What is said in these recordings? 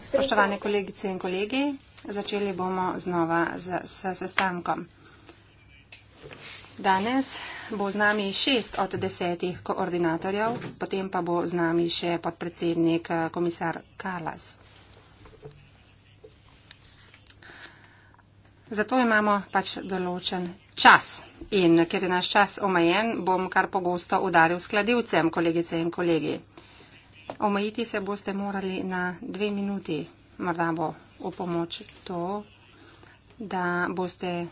Spoštovane kolegice in kolegi, začeli bomo znova z, s sestankom. Danes bo z nami šest od desetih koordinatorjev, potem pa bo z nami še podpredsednik eh, komisar Kalas. Zato imamo pač določen čas. In ker je naš čas omejen, bom kar pogosto udaril skladivcem, kolegice in kolegi. Omejiti se boste morali na dve minuti. Morda bo v pomoč to, da boste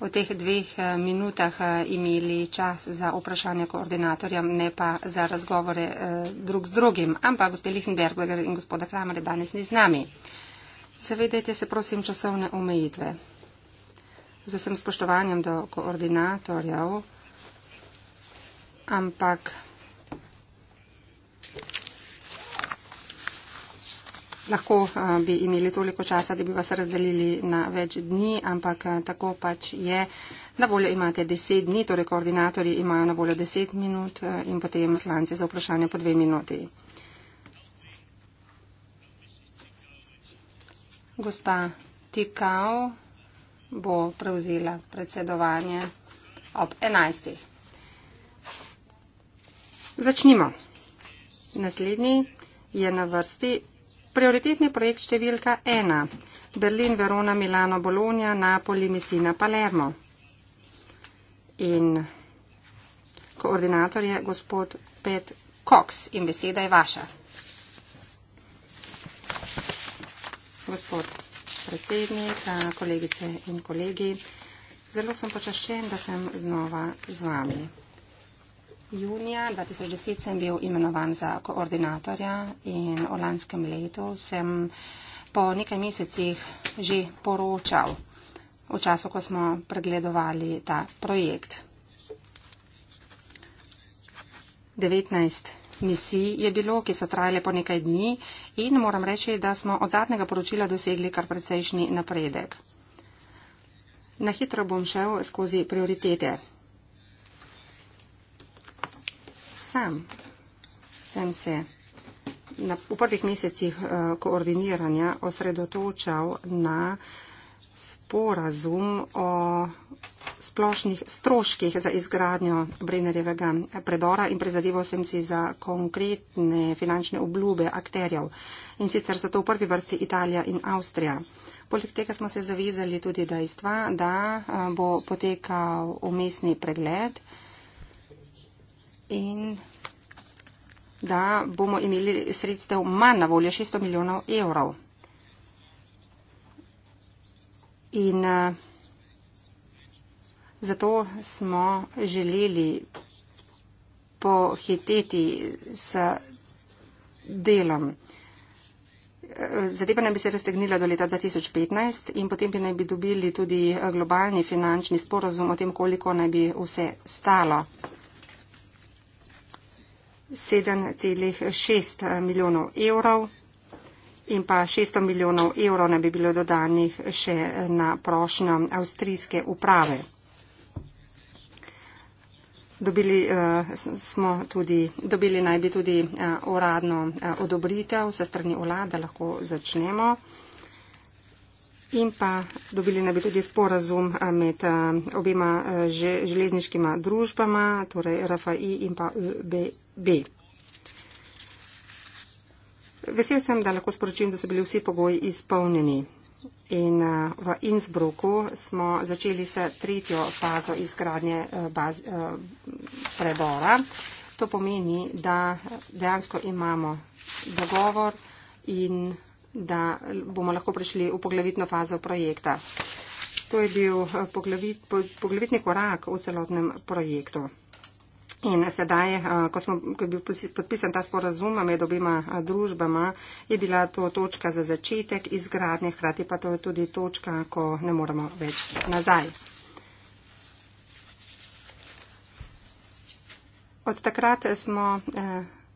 v teh dveh eh, minutah eh, imeli čas za vprašanje koordinatorjem, ne pa za razgovore eh, drug z drugim. Ampak gospod Lichtenberger in gospoda Kramere danes ni z nami. Zavedajte se, prosim, časovne omejitve. Z vsem spoštovanjem do koordinatorjev, ampak lahko eh, bi imeli toliko časa, da bi vas razdelili na več dni, ampak eh, tako pač je. Na voljo imate deset dni, torej koordinatorji imajo na voljo deset minut eh, in potem slanci za vprašanje po dve minuti. Gospa Tikau bo prevzela predsedovanje ob enajstih. Začnimo. Naslednji je na vrsti Prioritetni projekt številka 1. Berlin, Verona, Milano, Bolonija, Napoli, Messina, Palermo. In koordinator je gospod Pet Cox in beseda je vaša. Gospod predsednik, kolegice in kolegi, zelo sem počaščen, da sem znova z vami. Junija 2010 sem bil imenovan za koordinatorja in o lanskem letu sem po nekaj mesecih že poročal v času, ko smo pregledovali ta projekt. 19 misij je bilo, ki so trajale po nekaj dni in moram reči, da smo od zadnjega poročila dosegli kar precejšnji napredek. Na hitro bom šel skozi prioritete. sam sem se na, v prvih mesecih uh, koordiniranja osredotočal na sporazum o splošnih stroških za izgradnjo Brennerjevega predora in prezadeval sem si za konkretne finančne obljube akterjev. In sicer so to v prvi vrsti Italija in Avstrija. Poleg tega smo se zavezali tudi dejstva, da eh, bo potekal umestni pregled uh, in da bomo imeli sredstev manj na voljo 600 milijonov evrov. In uh, zato smo želeli pohiteti s delom. Eh, zadeva naj bi se raztegnila do leta 2015 in potem bi naj bi dobili tudi eh, globalni finančni sporozum o tem, koliko naj bi vse stalo. 7,6 milijonov evrov in pa 600 milijonov evrov ne bi bilo dodanih še na prošnjo avstrijske uprave. Dobili, eh, smo tudi, dobili naj bi tudi eh, uradno eh, odobritev sa strani vlade, da lahko začnemo in pa dobili naj bi tudi sporazum eh, med eh, obema eh, železniškima družbama, torej RFI in pa UBB. Vesel sem, da lahko sporočim, da so bili vsi pogoji izpolnjeni. In v Innsbrucku smo začeli se tretjo fazo izgradnje baz, prebora. To pomeni, da dejansko imamo dogovor in da bomo lahko prišli v poglavitno fazo projekta. To je bil eh, poglavit, poglavitni korak v celotnem projektu. In sedaj, eh, ko, smo, ko je bil podpisan ta sporazum med obima eh, družbama, je bila to točka za začetek izgradnje, hkrati pa to je tudi točka, ko ne moremo več nazaj. Od takrat smo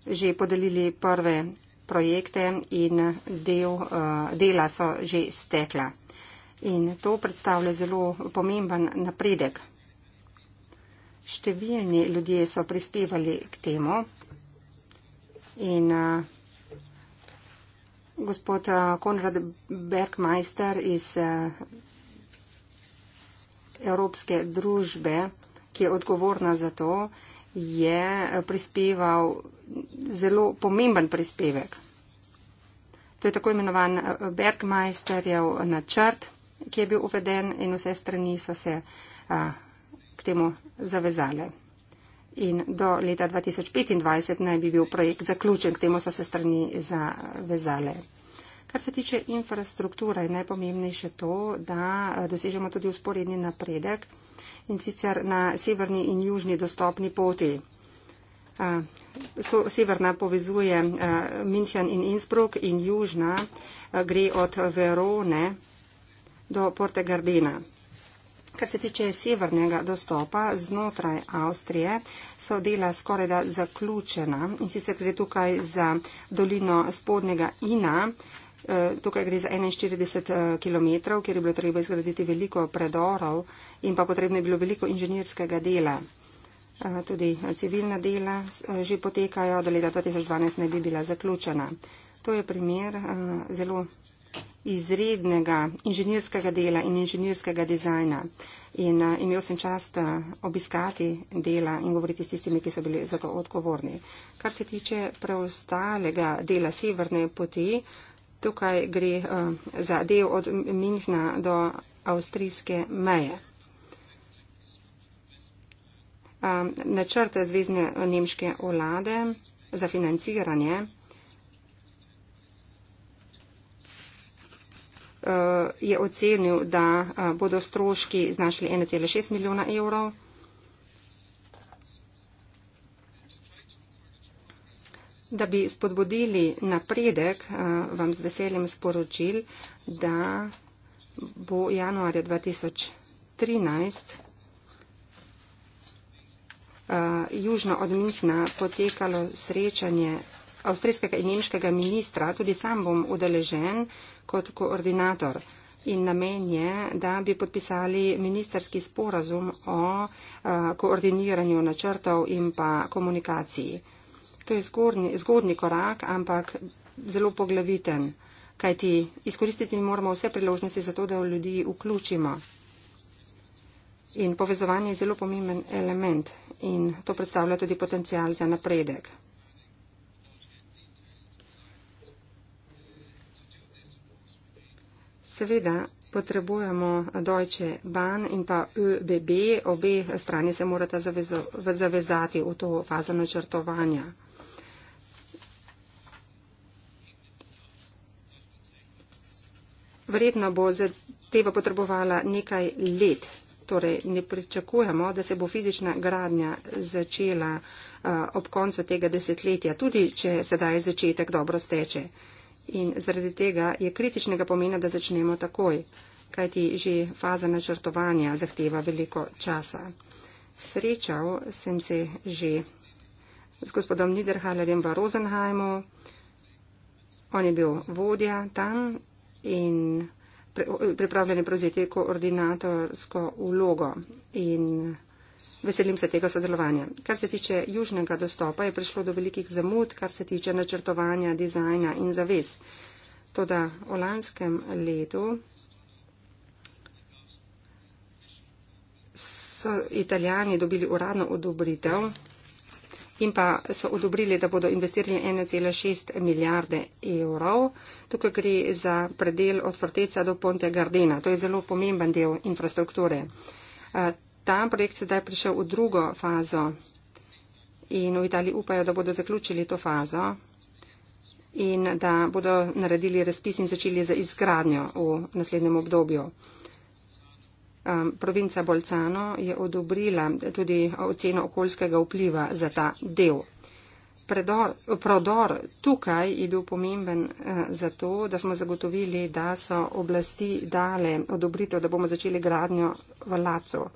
že podelili prve projekte in del, eh, dela so že stekla. In to predstavlja zelo pomemben napredek. Številni ljudje so prispevali k temu in eh, gospod eh, Konrad Bergmeister iz Evropske družbe, ki je odgovorna za to, je prispeval zelo pomemben prispevek. To je tako imenovan eh, Bergmeisterjev načrt, ki je bil uveden in vse strani so se a, k temu zavezale. In do leta 2025 naj bi bil projekt zaključen, k temu so se strani zavezale. Kar se tiče infrastrukture, je najpomembnejše to, da dosežemo tudi usporedni napredek in sicer na severni in južni dostopni poti so, severna povezuje uh, München in Innsbruck in južna uh, gre od Verone do Porte Gardena. Kar se tiče severnega dostopa znotraj Avstrije, so dela skoraj da zaključena in sicer gre tukaj za dolino spodnega Ina. E, tukaj gre za 41 e, km, kjer je bilo treba izgraditi veliko predorov in pa potrebno je bilo veliko inženirskega dela tudi civilna dela že potekajo, do leta 2012 ne bi bila zaključena. To je primer zelo izrednega inženirskega dela in inženirskega dizajna. In imel sem čast obiskati dela in govoriti s tistimi, ki so bili za to odgovorni. Kar se tiče preostalega dela severne poti, tukaj gre za del od Minhna do avstrijske meje. Um, načrte zvezdne nemške vlade za financiranje uh, je ocenil, da uh, bodo stroški znašli 1,6 milijona evrov. Da bi spodbudili napredek, uh, vam z veseljem sporočil, da bo januarja 2013 Eh, južno od Minhna potekalo srečanje avstrijskega in nemškega ministra, tudi sam bom udeležen kot koordinator. In namen je, da bi podpisali ministerski sporazum o a, eh, koordiniranju načrtov in pa komunikaciji. To je zgodni, zgodni korak, ampak zelo poglaviten, kajti izkoristiti moramo vse priložnosti za to, da ljudi vključimo. In povezovanje je zelo pomemben element in to predstavlja tudi potencial za napredek. Seveda potrebujemo Deutsche Bahn in pa ÖBB, obe strani se morata zavezo, zavezati v to fazo načrtovanja. Verjetno bo zadeva potrebovala nekaj let, torej ne pričakujemo, da se bo fizična gradnja začela eh, ob koncu tega desetletja, tudi če sedaj začetek dobro steče. In zaradi tega je kritičnega pomena, da začnemo takoj, kajti že faza načrtovanja zahteva veliko časa. Srečal sem se že s gospodom Niederhalerjem v Rosenheimu. On je bil vodja tam in pripravljeni prevzeti koordinatorsko vlogo in veselim se tega sodelovanja. Kar se tiče južnega dostopa, je prišlo do velikih zamud, kar se tiče načrtovanja, dizajna in zavez. Toda v lanskem letu so italijani dobili uradno odobritev in pa so odobrili, da bodo investirali 1,6 milijarde evrov. Tukaj gre za predel od Forteca do Ponte Gardena. To je zelo pomemben del infrastrukture. Ta projekt sedaj prišel v drugo fazo in v Italiji upajo, da bodo zaključili to fazo in da bodo naredili razpis in začeli za izgradnjo v naslednjem obdobju provinca Bolcano je odobrila tudi oceno okoljskega vpliva za ta del. Predor, prodor tukaj je bil pomemben eh, zato, da smo zagotovili, da so oblasti dale odobritev, da bomo začeli gradnjo v Laco.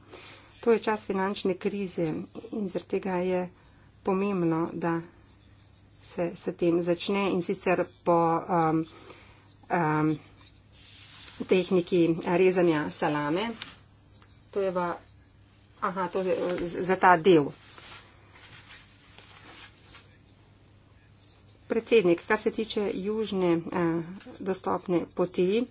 To je čas finančne krize in zaradi tega je pomembno, da se s tem začne in sicer po um, um, tehniki rezanja salame. To je v, aha, to je za ta del. Predsednik, kar se tiče južne eh, dostopne poti,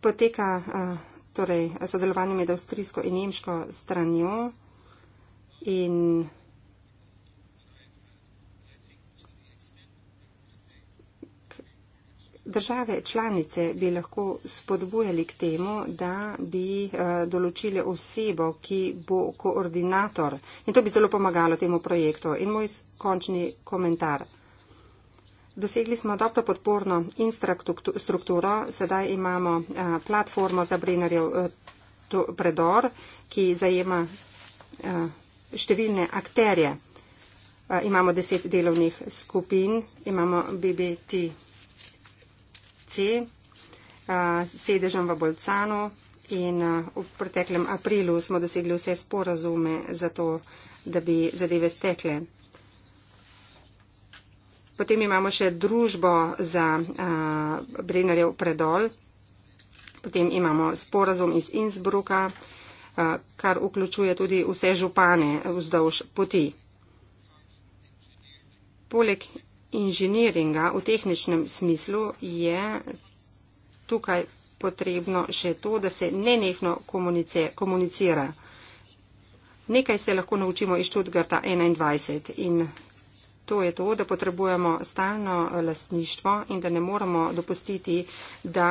poteka eh, torej, sodelovanje med avstrijsko in nemško stranjo in Države članice bi lahko spodbujali k temu, da bi eh, določile osebo, ki bo koordinator. In to bi zelo pomagalo temu projektu. In moj končni komentar. Dosegli smo dobro podporno infrastrukturo, sedaj imamo eh, platformo za Brennerjev eh, predor, ki zajema številne akterje. Imamo deset delovnih skupin, imamo BBT. C, s sedežem v Bolcanu in v preteklem aprilu smo dosegli vse sporazume za to, da bi zadeve stekle. Potem imamo še družbo za Brenarjev predol, potem imamo sporazum iz Innsbrucka, kar vključuje tudi vse župane vzdolž poti. Poleg inženiringa v tehničnem smislu je tukaj potrebno še to, da se nenehno komunicira. Nekaj se lahko naučimo iz Študgarta 21 in to je to, da potrebujemo stalno lastništvo in da ne moremo dopustiti, da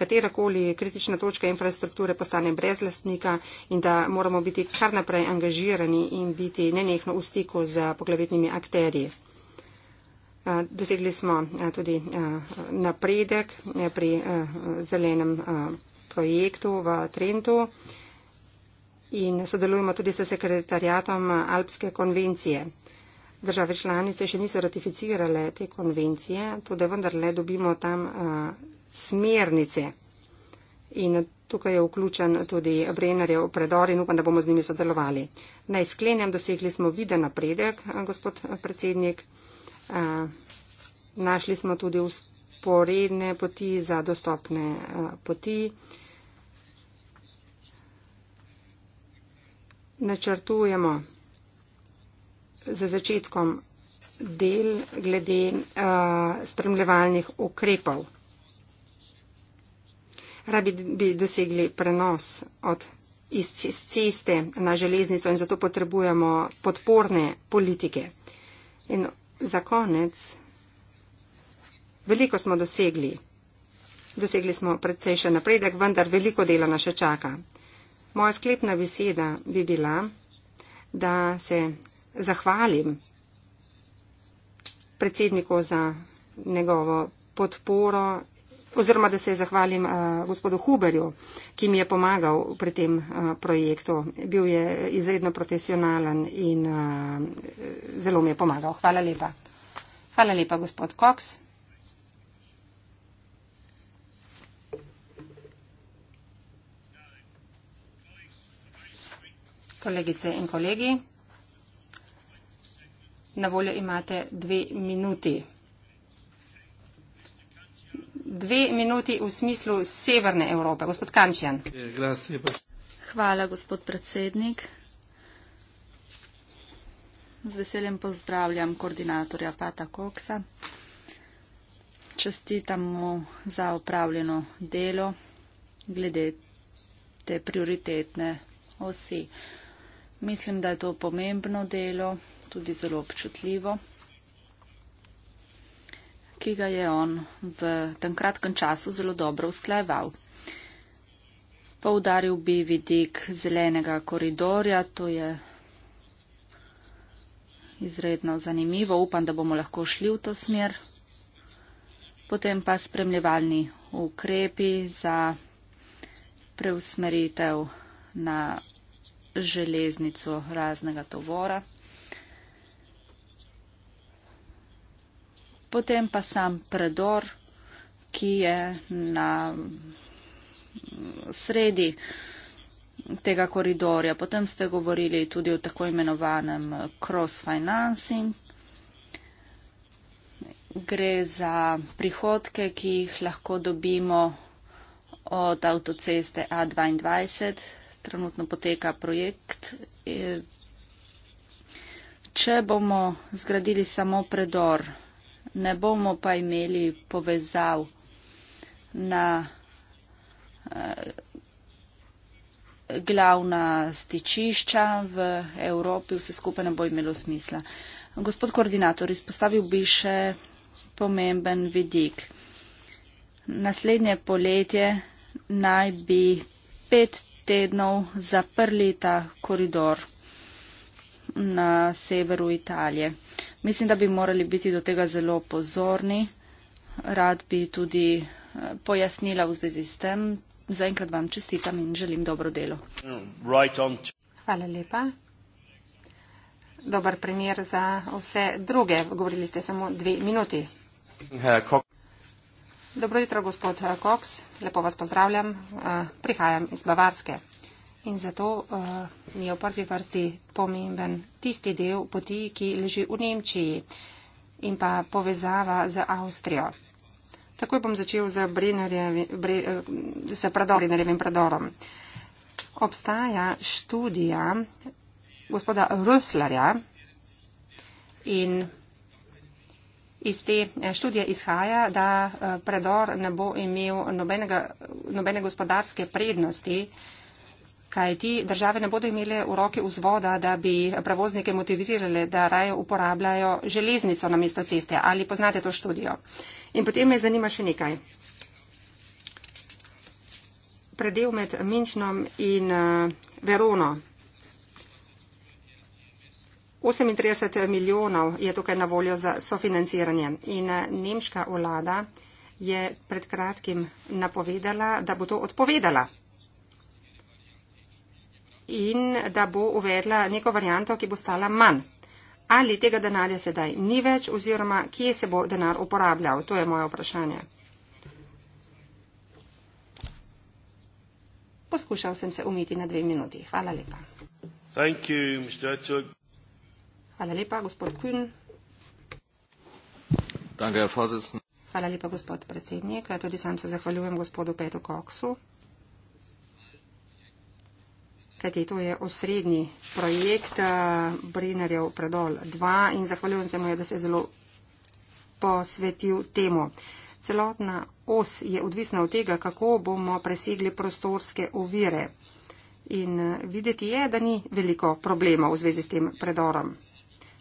katerakoli kritična točka infrastrukture postane brez lastnika in da moramo biti kar naprej angažirani in biti nenehno v stiku z poglavitnimi akterji. Eh, dosegli smo eh, tudi eh, napredek pri zelenem projektu v Trentu in sodelujemo tudi s sekretarjatom Alpske konvencije. Države članice še niso ratificirale te konvencije, tudi vendarle dobimo tam smernice. In tukaj je vključen tudi Brenarjev predor in upam, da bomo z njimi sodelovali. Naj sklenjam, dosegli smo viden napredek, gospod predsednik. Našli smo tudi usporedne poti za dostopne poti. Načrtujemo za začetkom del glede spremljevalnih ukrepov. Rabi bi dosegli prenos od iz ceste na železnico in zato potrebujemo podporne politike. In Za konec. Veliko smo dosegli. Dosegli smo precej še napredek, vendar veliko dela nas še čaka. Moja sklepna beseda bi bila, da se zahvalim predsedniku za njegovo podporo oziroma da se zahvalim uh, gospodu Huberju, ki mi je pomagal pri tem uh, projektu. Bil je izredno profesionalen in uh, zelo mi je pomagal. Hvala lepa. Hvala lepa, gospod Cox. Kolegice in kolegi, na voljo imate dve minuti dve minuti v smislu Severne Evrope. Gospod Kančjan. Hvala, gospod predsednik. Z veseljem pozdravljam koordinatorja Pata Koksa. Čestitam mu za opravljeno delo glede te prioritetne osi. Mislim, da je to pomembno delo, tudi zelo občutljivo ki ga je on v tem kratkem času zelo dobro uskleval. Poudaril bi vidik zelenega koridorja, to je izredno zanimivo, upam, da bomo lahko šli v to smer. Potem pa spremljevalni ukrepi za preusmeritev na železnico raznega tovora. potem pa sam predor, ki je na sredi tega koridorja. Potem ste govorili tudi o tako imenovanem cross-financing. Gre za prihodke, ki jih lahko dobimo od avtoceste A22. Trenutno poteka projekt. E, če bomo zgradili samo predor, ne bomo pa imeli povezav na eh, glavna stičišča v Evropi, vse skupaj ne bo imelo smisla. Gospod koordinator, izpostavil bi še pomemben vidik. Naslednje poletje naj bi pet tednov zaprli ta koridor na severu Italije. Mislim, da bi morali biti do tega zelo pozorni. Rad bi tudi eh, pojasnila v zvezi s tem. Zaenkrat vam čestitam in želim dobro delo. Right Hvala lepa. Dober primer za vse druge. Govorili ste samo dve minuti. Dobro jutro, gospod Cox. Lepo vas pozdravljam. Eh, prihajam iz Bavarske. In zato eh, mi uh, je v prvi vrsti pomemben tisti del poti, ki leži v Nemčiji in pa povezava z Avstrijo. Takoj bom začel z Brinerjevim eh, predorom. Obstaja študija gospoda Ruslarja in iz te eh, študije izhaja, da predor ne bo imel nobene gospodarske prednosti, kajti države ne bodo imele v roki vzvoda, da bi prevoznike motivirale, da raje uporabljajo železnico na mesto ceste. Ali poznate to študijo? In potem me zanima še nekaj. Predel med Minčnom in eh, Verono. 38 milijonov je tukaj na voljo za sofinanciranje in eh, nemška vlada je pred kratkim napovedala, da bo to odpovedala in da bo uvedla neko varianto, ki bo stala manj. Ali tega denarja sedaj ni več oziroma kje se bo denar uporabljal? To je moje vprašanje. Poskušal sem se umiti na dve minuti. Hvala lepa. You, Hvala lepa, gospod Kuhn. Hvala lepa, gospod predsednik. Tudi sam se zahvaljujem gospodu Petu Koksu kajti to je osrednji projekt eh, Brinerjev predol 2 in zahvaljujem se mu, da se je zelo posvetil temu. Celotna os je odvisna od tega, kako bomo presegli prostorske ovire. In eh, videti je, da ni veliko problema v zvezi s tem predorom.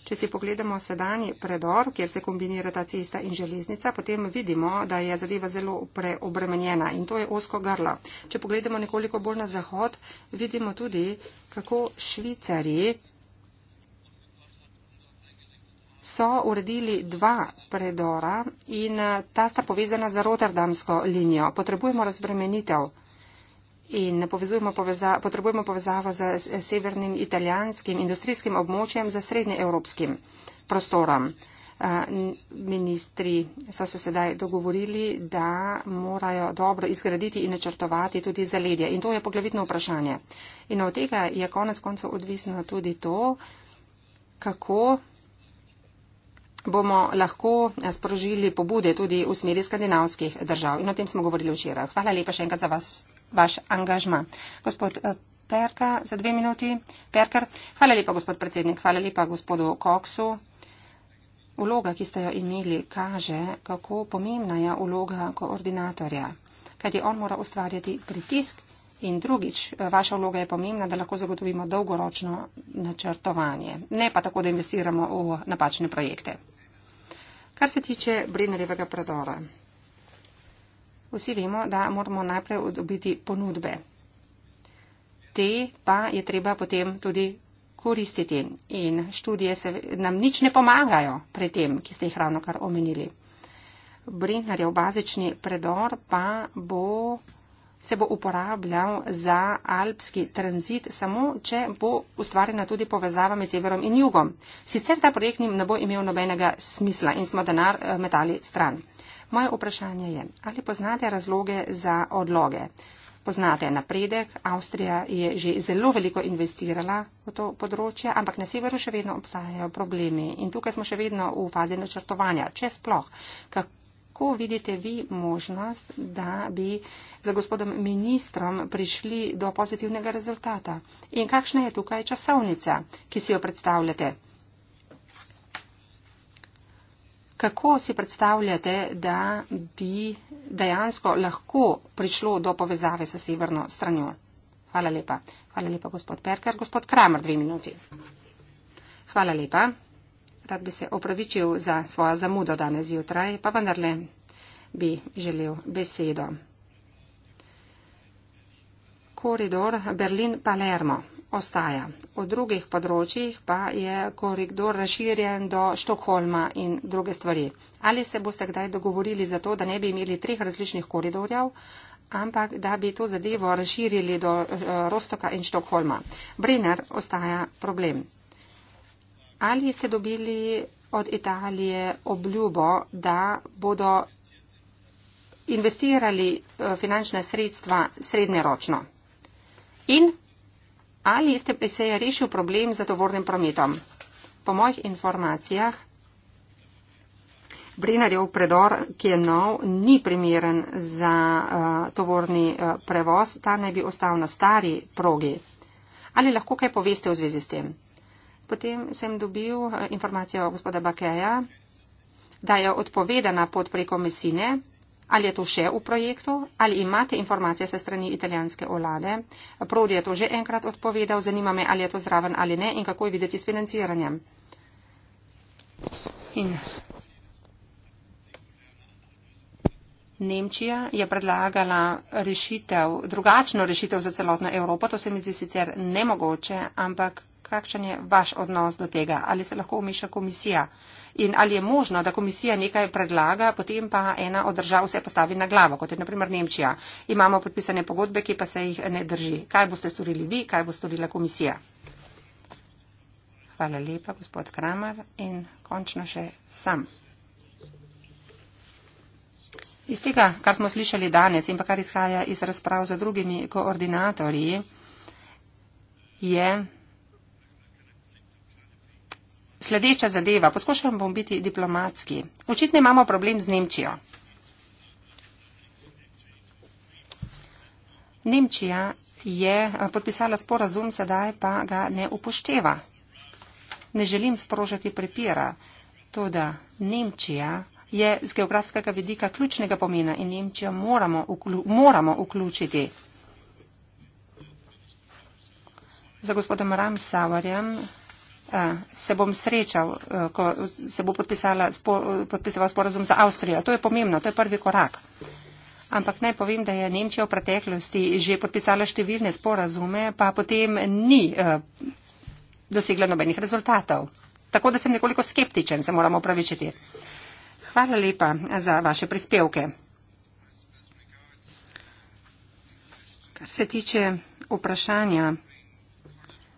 Če si pogledamo sedanji predor, kjer se kombinira ta cesta in železnica, potem vidimo, da je zadeva zelo preobremenjena in to je osko grlo. Če pogledamo nekoliko bolj na zahod, vidimo tudi, kako švicari so uredili dva predora in eh, ta sta povezana za rotterdamsko linijo. Potrebujemo razbremenitev in povezujemo poveza, potrebujemo povezavo z severnim italijanskim industrijskim območjem, z srednjeevropskim prostorom. Ministri so se sedaj dogovorili, da morajo dobro izgraditi in načrtovati tudi zaledje. In to je poglavitno vprašanje. In od tega je konec koncev odvisno tudi to, kako bomo lahko sprožili pobude tudi v smeri skandinavskih držav. In o tem smo govorili včeraj. Hvala lepa še enkrat za vas vaš angažma. Gospod eh, Perka, za dve minuti. Perkar, hvala lepa, gospod predsednik, hvala lepa, gospodu Koksu. Vloga, ki ste jo imeli, kaže, kako pomembna je vloga koordinatorja, kajti on mora ustvarjati pritisk in drugič, eh, vaša vloga je pomembna, da lahko zagotovimo dolgoročno načrtovanje, ne pa tako, da investiramo v napačne projekte. Kar se tiče Brinerjevega predora. Vsi vemo, da moramo najprej dobiti ponudbe. Te pa je treba potem tudi koristiti in študije se nam nič ne pomagajo pri tem, ki ste jih ravno kar omenili. Brinnerjev bazični predor pa bo se bo uporabljal za alpski tranzit, samo če bo ustvarjena tudi povezava med severom in jugom. Sicer ta projekt ne bo imel nobenega smisla in smo denar eh, metali stran. Moje vprašanje je, ali poznate razloge za odloge? Poznate napredek, Avstrija je že zelo veliko investirala v to področje, ampak na severu še vedno obstajajo problemi in tukaj smo še vedno v fazi načrtovanja. Če sploh, kako kako vidite vi možnost, da bi za gospodom ministrom prišli do pozitivnega rezultata? In kakšna je tukaj časovnica, ki si jo predstavljate? Kako si predstavljate, da bi dejansko lahko prišlo do povezave s severno stranjo? Hvala lepa. Hvala lepa, gospod Perker. Gospod Kramer, dve minuti. Hvala lepa. Rad bi se opravičil za svojo zamudo danes zjutraj, pa vendarle bi želel besedo. Koridor Berlin-Palermo ostaja. O drugih področjih pa je koridor razširjen do Štokholma in druge stvari. Ali se boste kdaj dogovorili za to, da ne bi imeli treh različnih koridorjev, ampak da bi to zadevo razširili do eh, Rostoka in Štokholma? Brenner ostaja problem. Ali ste dobili od Italije obljubo, da bodo investirali eh, finančna sredstva srednjeročno? In ali ste, se je rešil problem z tovornim prometom? Po mojih informacijah, Brinarjev predor, ki je nov, ni primeren za uh, tovorni uh, prevoz, ta naj bi ostal na stari progi. Ali lahko kaj poveste v zvezi s tem? Potem sem dobil eh, informacijo gospoda Bakeja, da je odpovedana pot preko Messine. Ali je to še v projektu, ali imate informacije se strani italijanske olade? Prodi je to že enkrat odpovedal, zanima me, ali je to zraven ali ne in kako je videti s financiranjem. In Nemčija je predlagala rešitev, drugačno rešitev za celotno Evropo, to se mi zdi sicer nemogoče, ampak kakšen je vaš odnos do tega, ali se lahko umiša komisija in ali je možno, da komisija nekaj predlaga, potem pa ena od držav vse postavi na glavo, kot je naprimer Nemčija. Imamo podpisane pogodbe, ki pa se jih ne drži. Kaj boste storili vi, kaj bo storila komisija? Hvala lepa, gospod Kramar. In končno še sam. Iz tega, kar smo slišali danes in pa kar izhaja iz razprav z drugimi koordinatorji, je Sledeča zadeva, poskušam bom biti diplomatski. Očitno imamo problem z Nemčijo. Nemčija je eh, podpisala sporazum, sedaj pa ga ne upošteva. Ne želim sprožati prepira, to da Nemčija je z geografskega vidika ključnega pomena in Nemčijo moramo, uklju, moramo vključiti. Za gospodom Ramsavarjem Eh, se bom srečal, eh, ko se bo spo, podpisoval sporazum za Avstrijo. To je pomembno, to je prvi korak. Ampak naj povem, da je Nemčija v preteklosti že podpisala številne sporazume, pa potem ni eh, dosegla nobenih rezultatov. Tako da sem nekoliko skeptičen, se moramo opravičiti. Hvala lepa za vaše prispevke. Kar se tiče vprašanja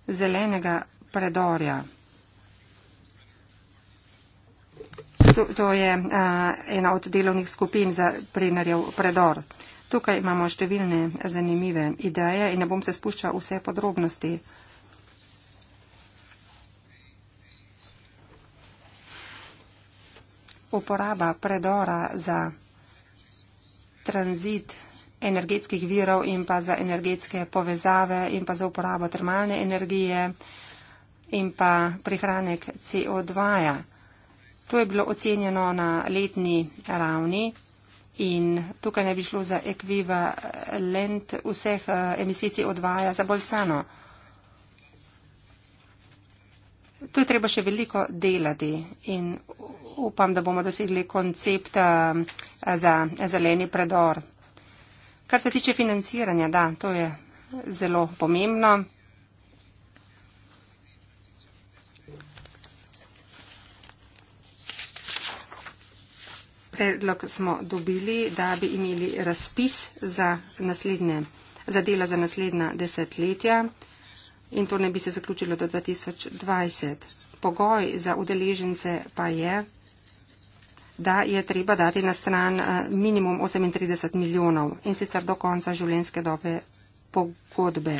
zelenega predorja. To, to je a, ena od delovnih skupin za prinarjev predor. Tukaj imamo številne zanimive ideje in ne bom se spuščal vse podrobnosti. Uporaba predora za tranzit energetskih virov in pa za energetske povezave in pa za uporabo termalne energije in pa prihranek CO2-ja. To je bilo ocenjeno na letni ravni in tukaj ne bi šlo za ekvivalent vseh eh, emisij CO2-ja za Bolcano. Tu je treba še veliko delati in upam, da bomo dosegli koncept eh, za zeleni predor. Kar se tiče financiranja, da, to je zelo pomembno. predlog smo dobili, da bi imeli razpis za, naslednje, za dela za naslednja desetletja in to ne bi se zaključilo do 2020. Pogoj za udeležence pa je, da je treba dati na stran eh, minimum 38 milijonov in sicer do konca življenjske dobe pogodbe.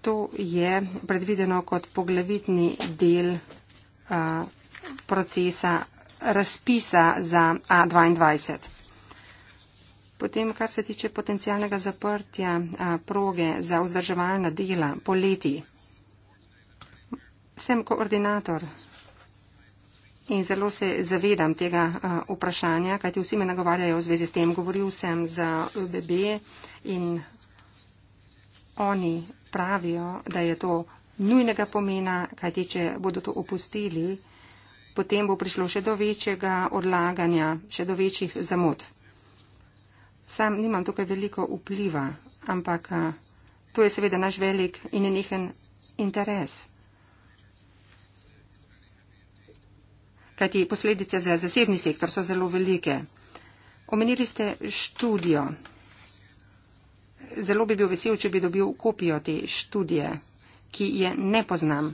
To je predvideno kot poglavitni del eh, procesa razpisa za A22. Potem, kar se tiče potencijalnega zaprtja a, proge za vzdrževalna dela po leti. Sem koordinator in zelo se zavedam tega a, vprašanja, kajti vsi me nagovarjajo v zvezi s tem. Govoril sem za UBB in oni pravijo, da je to nujnega pomena, kajti če bodo to opustili, potem bo prišlo še do večjega odlaganja, še do večjih zamot. Sam nimam tukaj veliko vpliva, ampak to je seveda naš velik in nenehen interes. Kajti posledice za zasebni sektor so zelo velike. Omenili ste študijo. Zelo bi bil vesel, če bi dobil kopijo te študije, ki je ne poznam.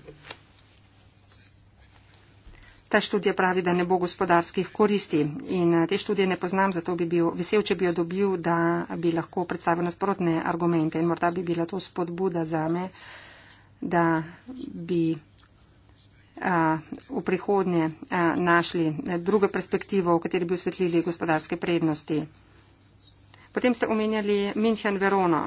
Ta študija pravi, da ne bo gospodarskih koristi in eh, te študije ne poznam, zato bi bil vesel, če bi jo dobil, da bi lahko predstavil nasprotne argumente in morda bi bila to spodbuda za me, da bi a, eh, v prihodnje a, eh, našli drugo perspektivo, v kateri bi osvetlili gospodarske prednosti. Potem ste omenjali München Verono.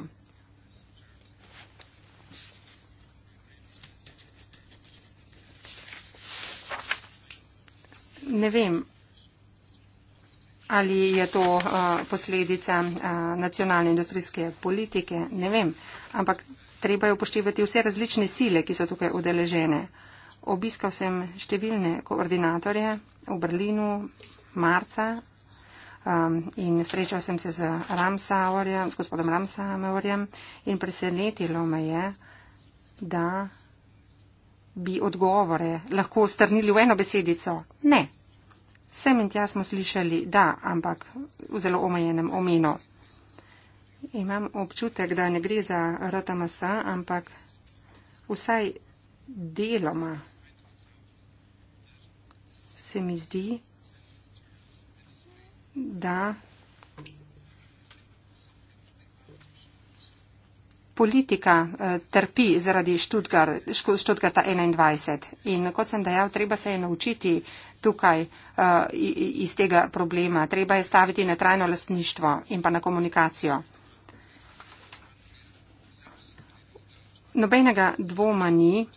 ne vem, ali je to uh, posledica uh, nacionalne industrijske politike, ne vem, ampak treba je upoštevati vse različne sile, ki so tukaj udeležene. Obiskal sem številne koordinatorje v Berlinu marca um, in srečal sem se z, z gospodom Ramsauerjem in presenetilo me je, da bi odgovore lahko strnili v eno besedico. Ne, Sem in tja smo slišali, da, ampak v zelo omejenem omenu. Imam občutek, da ne gre za RTMS, ampak vsaj deloma se mi zdi, da politika eh, trpi zaradi Študgarta 21. In kot sem dejal, treba se je naučiti tukaj Eh, iz tega problema. Treba je staviti na trajno lastništvo in pa na komunikacijo. Nobenega dvoma ni,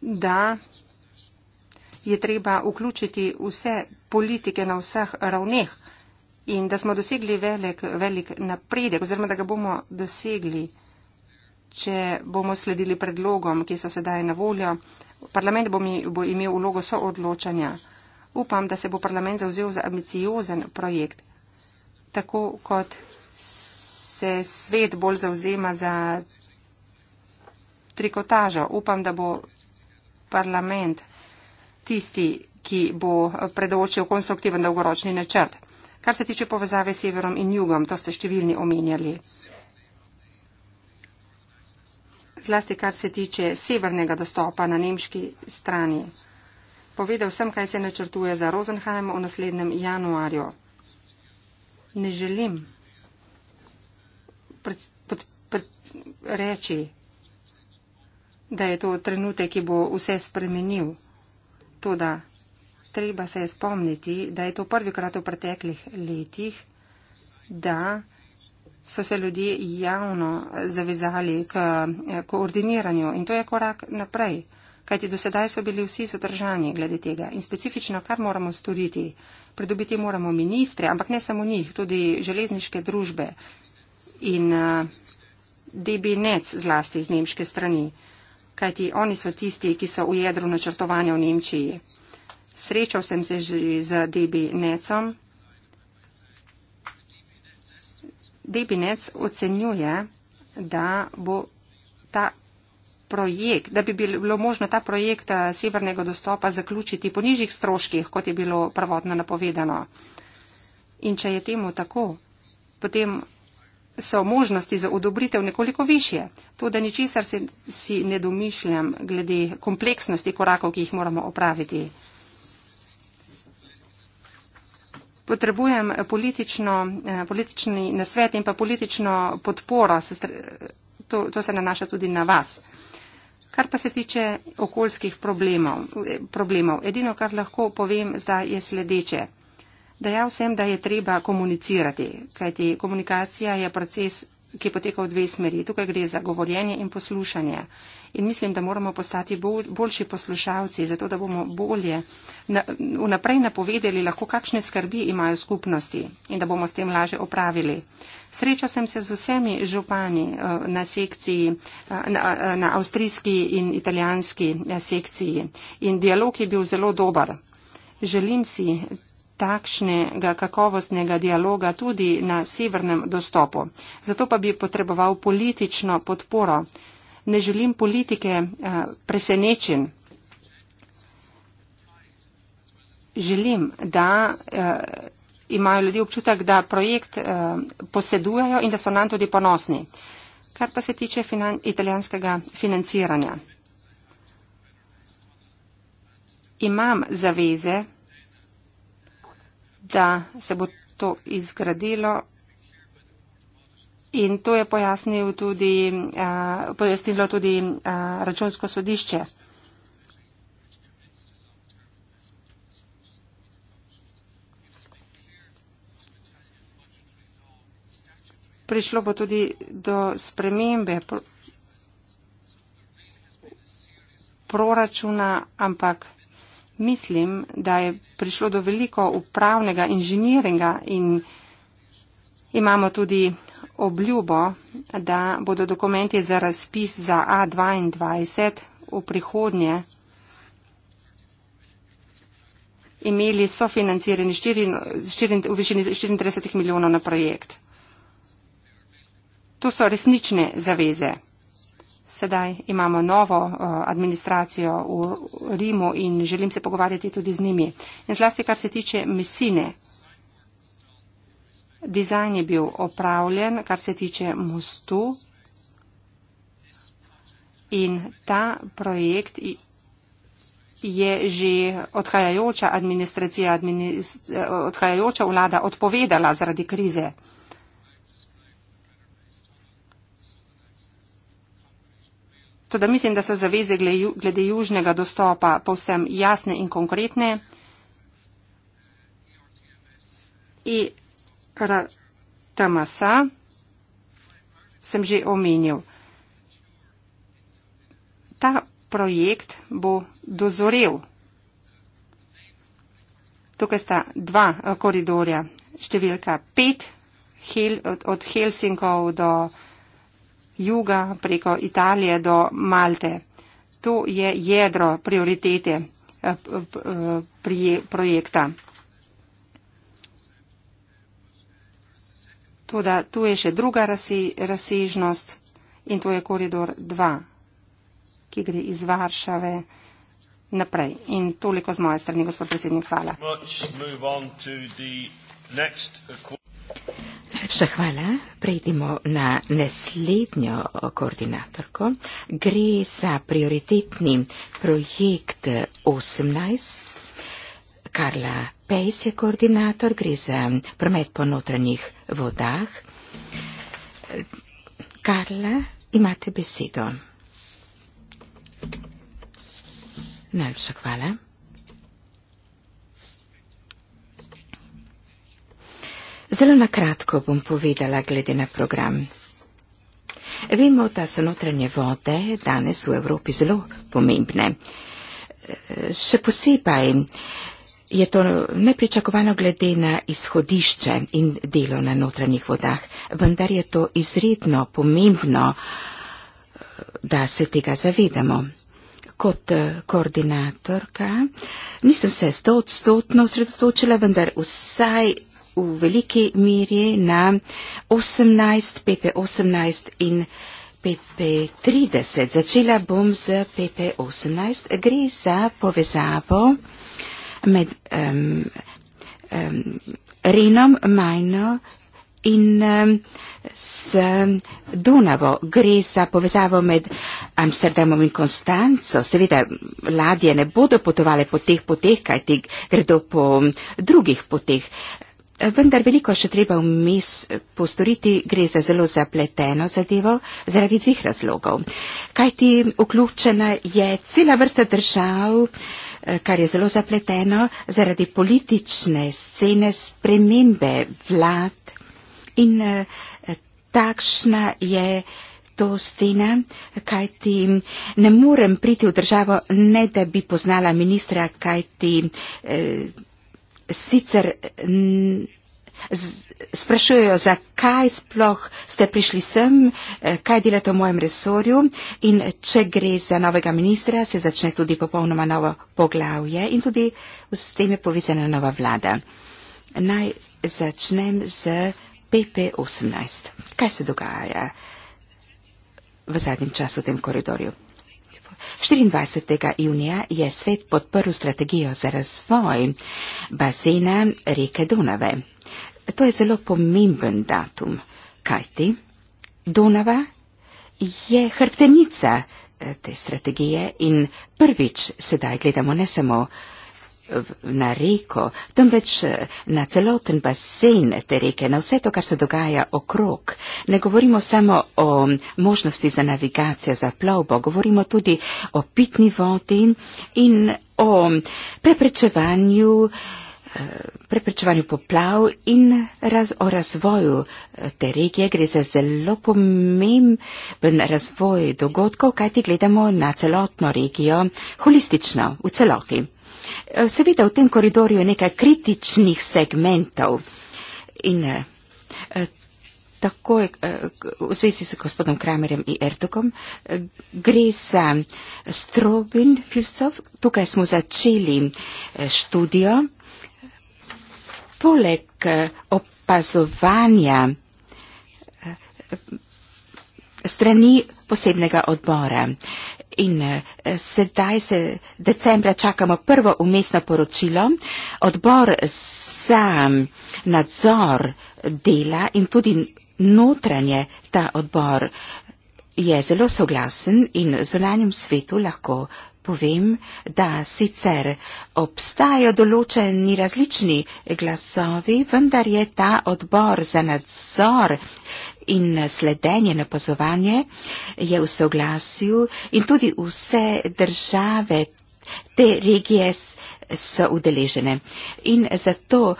da je treba vključiti vse politike na vseh ravneh in da smo dosegli velik, velik napredek oziroma da ga bomo dosegli, če bomo sledili predlogom, ki so sedaj na voljo. Parlament bo, mi, bo imel vlogo soodločanja. Upam, da se bo parlament zauzel za ambiciozen projekt, tako kot se svet bolj zauzema za trikotažo. Upam, da bo parlament tisti, ki bo predočil konstruktiven dolgoročni načrt. Kar se tiče povezave s severom in jugom, to ste številni omenjali zlasti kar se tiče severnega dostopa na nemški strani. Povedal sem, kaj se načrtuje za Rosenheim v naslednjem januarju. Ne želim pred, pod, pred, reči, da je to trenutek, ki bo vse spremenil. Toda treba se je spomniti, da je to prvi krat v preteklih letih, da so se ljudje javno zavezali k eh, koordiniranju in to je korak naprej. Kajti do sedaj so bili vsi zadržani glede tega in specifično, kar moramo storiti. Pridobiti moramo ministre, ampak ne samo njih, tudi železniške družbe in uh, eh, DB NEC zlasti z nemške strani. Kajti oni so tisti, ki so v jedru načrtovanja v Nemčiji. Srečal sem se že z DB NECom. Debinec ocenjuje, da bo ta projekt, da bi bilo možno ta projekt eh, severnega dostopa zaključiti po nižjih stroških, kot je bilo prvotno napovedano. In če je temu tako, potem so možnosti za odobritev nekoliko više. To, da ničesar si, si ne domišljam glede kompleksnosti korakov, ki jih moramo opraviti. potrebujem politično, eh, politični nasvet in pa politično podporo. To, to se nanaša tudi na vas. Kar pa se tiče okoljskih problemov, eh, problemov, edino, kar lahko povem zdaj, je sledeče. Dejal sem, da je treba komunicirati, kajti komunikacija je proces ki poteka v dve smeri. Tukaj gre za govorjenje in poslušanje. In mislim, da moramo postati bolj, boljši poslušalci, zato da bomo bolje vnaprej na, napovedali, lahko kakšne skrbi imajo skupnosti in da bomo s tem laže opravili. Srečo sem se z vsemi župani eh, na sekciji, eh, na, eh, na avstrijski in italijanski sekciji in dialog je bil zelo dober. Želim si takšnega kakovostnega dialoga tudi na severnem dostopu. Zato pa bi potreboval politično podporo. Ne želim politike eh, presenečen. Želim, da eh, imajo ljudje občutek, da projekt eh, posedujejo in da so nam tudi ponosni. Kar pa se tiče finan italijanskega financiranja. Imam zaveze da se bo to izgradilo. In to je pojasnil tudi, uh, pojasnilo tudi uh, računsko sodišče. Prišlo bo tudi do spremembe proračuna, ampak Mislim, da je prišlo do veliko upravnega inženiringa in imamo tudi obljubo, da bodo dokumenti za razpis za A22 v prihodnje imeli sofinancirani v višini 34 milijonov na projekt. To so resnične zaveze. Sedaj imamo novo eh, administracijo v Rimu in želim se pogovarjati tudi z njimi. In zlasti, kar se tiče Messine, dizajn je bil opravljen, kar se tiče mostu in ta projekt je že odhajajoča, administracija, administ, eh, odhajajoča vlada odpovedala zaradi krize. Toda mislim, da so zaveze glede južnega dostopa povsem jasne in konkretne. I e Tamasa sem že omenil. Ta projekt bo dozorel. Tukaj sta dva eh, koridorja, številka pet, od Helsinkov do juga preko Italije do Malte. To je jedro prioritete eh, eh, projekta. Toda tu je še druga razsežnost in to je koridor 2, ki gre iz Varšave naprej. In toliko z moje strani, gospod predsednik, hvala. Vse hvala. Prejdimo na naslednjo koordinatorko. Gre za prioritetni projekt 18. Karla Pejs je koordinator, gre za promet po notranjih vodah. Karla, imate besedo. Najlepša hvala. Zelo na kratko bom povedala glede na program. Vemo, da so notranje vode danes v Evropi zelo pomembne. Še posebej je to nepričakovano glede na izhodišče in delo na notranjih vodah, vendar je to izredno pomembno, da se tega zavedamo. Kot eh, koordinatorka nisem se stotno osredotočila, vendar vsaj v veliki miri na 18, PP18 in PP30. Začela bom z PP18. Gre za povezavo med um, um, Renom, Majno in um, s Dunavo. Gre za povezavo med Amsterdamom in Konstanco. Seveda ladje ne bodo potovali po teh poteh, kaj ti gredo po drugih poteh. Vendar veliko še treba vmes postoriti, gre za zelo zapleteno zadevo zaradi dveh razlogov. Kaj ti vključena je cela vrsta držav, eh, kar je zelo zapleteno zaradi politične scene spremembe vlad in eh, takšna je to scena, kaj ti ne morem priti v državo, ne da bi poznala ministra, kaj ti. Eh, sicer mm, sprašujejo, zakaj sploh ste prišli sem, eh, kaj delate v mojem resorju in če gre za novega ministra, se začne tudi popolnoma novo poglavje in tudi s tem je povezana nova vlada. Naj začnem z PP18. Kaj se dogaja v zadnjem času v tem koridorju? 24. junija je svet podprl strategijo za razvoj bazena reke Donave. To je zelo pomemben datum, kajti Donava je hrbtenica eh, te strategije in prvič sedaj gledamo ne samo na reko, temveč eh, na celoten basen te reke, na vse to, kar se dogaja okrog. Ne govorimo samo o možnosti za navigacijo, za plovbo, govorimo tudi o pitni vodi in o preprečevanju, eh, preprečevanju poplav in raz, o razvoju eh, te regije. Gre za zelo pomemben razvoj dogodkov, kajti gledamo na celotno regijo holistično, v celoti. Eh, seveda v tem koridorju je nekaj kritičnih segmentov in eh, eh, takoj v zvezi s gospodom Kramerjem in Ertogom gre za Strobin filozof, tukaj smo začeli študijo. Poleg opazovanja strani posebnega odbora in eh, sedaj se decembra čakamo prvo umestno poročilo. Odbor za nadzor dela in tudi notranje ta odbor je zelo soglasen in zunanjem svetu lahko povem, da sicer obstajajo določeni različni glasovi, vendar je ta odbor za nadzor eh, in sledenje na pozovanje je v soglasju in tudi vse države te regije so udeležene. In zato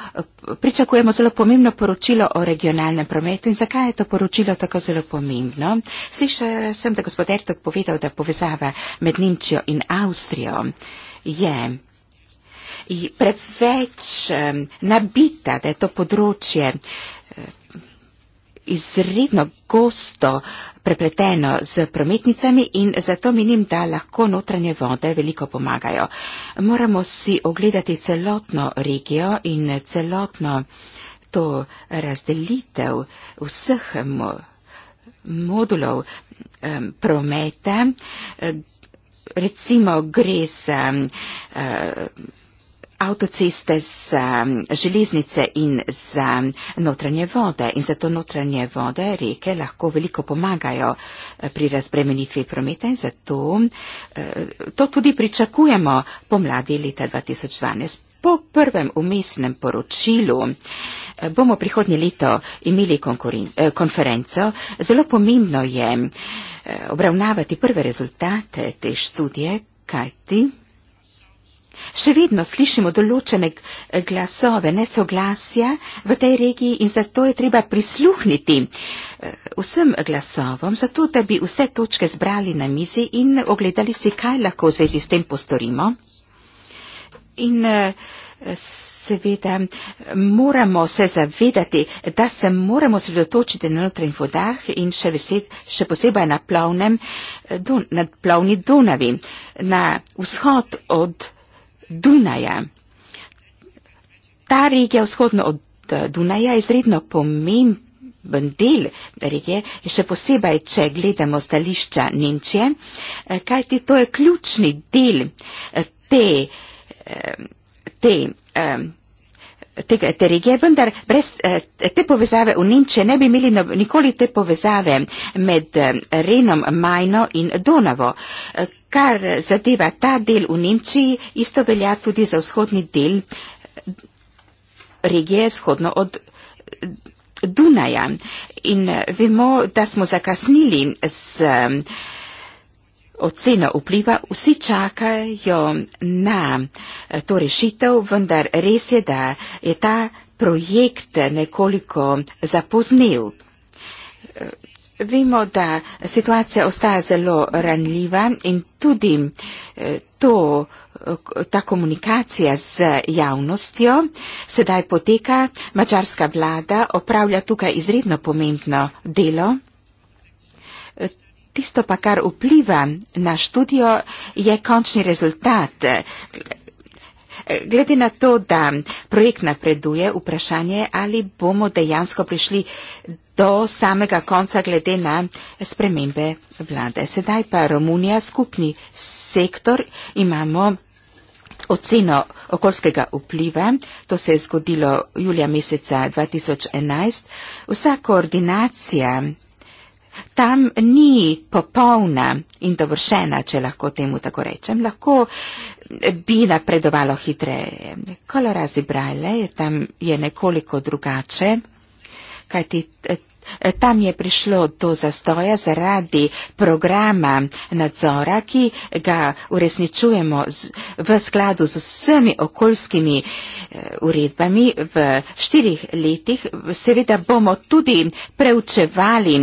pričakujemo zelo pomembno poročilo o regionalnem prometu in zakaj je to poročilo tako zelo pomembno. Slišala sem, da gospod Ertok povedal, da povezava med Nemčijo in Avstrijo je preveč nabita, da je to področje izredno gosto prepleteno z prometnicami in zato menim, da lahko notranje vode veliko pomagajo. Moramo si ogledati celotno regijo in celotno to razdelitev vseh modulov um, prometa. Recimo gre za. Um, avtoceste za um, železnice in za um, notranje vode. In zato notranje vode, reke lahko veliko pomagajo eh, pri razbremenitvi prometa in zato eh, to tudi pričakujemo pomladi leta 2012. Po prvem umestnem poročilu eh, bomo prihodnje leto imeli konferenco. Zelo pomembno je obravnavati prve rezultate te študije, kajti Še vedno slišimo določene eh, glasove nesoglasja v tej regiji in zato je treba prisluhniti eh, vsem glasovom, zato da bi vse točke zbrali na mizi in ogledali si, kaj lahko v zvezi s tem postorimo. In eh, seveda moramo se zavedati, da se moramo sredotočiti na notranjih vodah in še, vesed, še posebej na plavnem, don, na plavni Donavi, na vzhod od. Dunaja. Ta regija vzhodno od eh, Dunaja je izredno pomemben del regije, še posebej, če gledamo stališča Nemčije, eh, kajti to je ključni del eh, te, te, te, te regije, vendar brez te povezave v Nemčije ne bi imeli no, nikoli te povezave med Renom, Majno in Donavo. Kar zadeva ta del v Nemčiji, isto velja tudi za vzhodni del regije vzhodno od Dunaja. In vemo, da smo zakasnili z oceno vpliva, vsi čakajo na to rešitev, vendar res je, da je ta projekt nekoliko zapoznil. Vemo, da situacija ostaja zelo ranljiva in tudi eh, to, eh, ta komunikacija z javnostjo sedaj poteka. Mačarska vlada opravlja tukaj izredno pomembno delo. Eh, tisto pa, kar vpliva na študijo, je končni rezultat. Glede na to, da projekt napreduje, vprašanje je, ali bomo dejansko prišli do samega konca glede na spremembe vlade. Sedaj pa Romunija, skupni sektor, imamo oceno okoljskega vpliva, to se je zgodilo julija meseca 2011. Vsa koordinacija tam ni popolna in dovršena, če lahko temu tako rečem. Lahko bi napredovalo hitreje. Kolorazi Braille je tam je nekoliko drugače kajti eh, eh, tam je prišlo do zastoja zaradi programa nadzora, ki ga uresničujemo v skladu z vsemi okoljskimi eh, uredbami v štirih letih. Seveda bomo tudi preučevali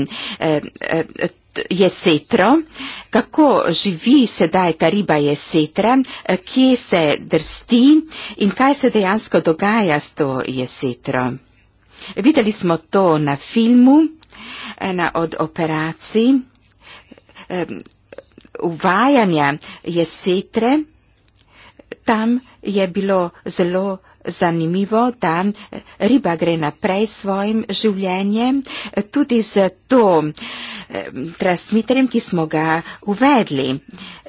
jesetro, kako živi sedaj ta riba jesetra, kje se drsti in kaj se dejansko dogaja s to jesetro. Videli smo to na filmu, ena od operacij, uvajanja jesetre, tam je bilo zelo zanimivo, da riba gre naprej s svojim življenjem, tudi z to transmiterjem, ki smo ga uvedli.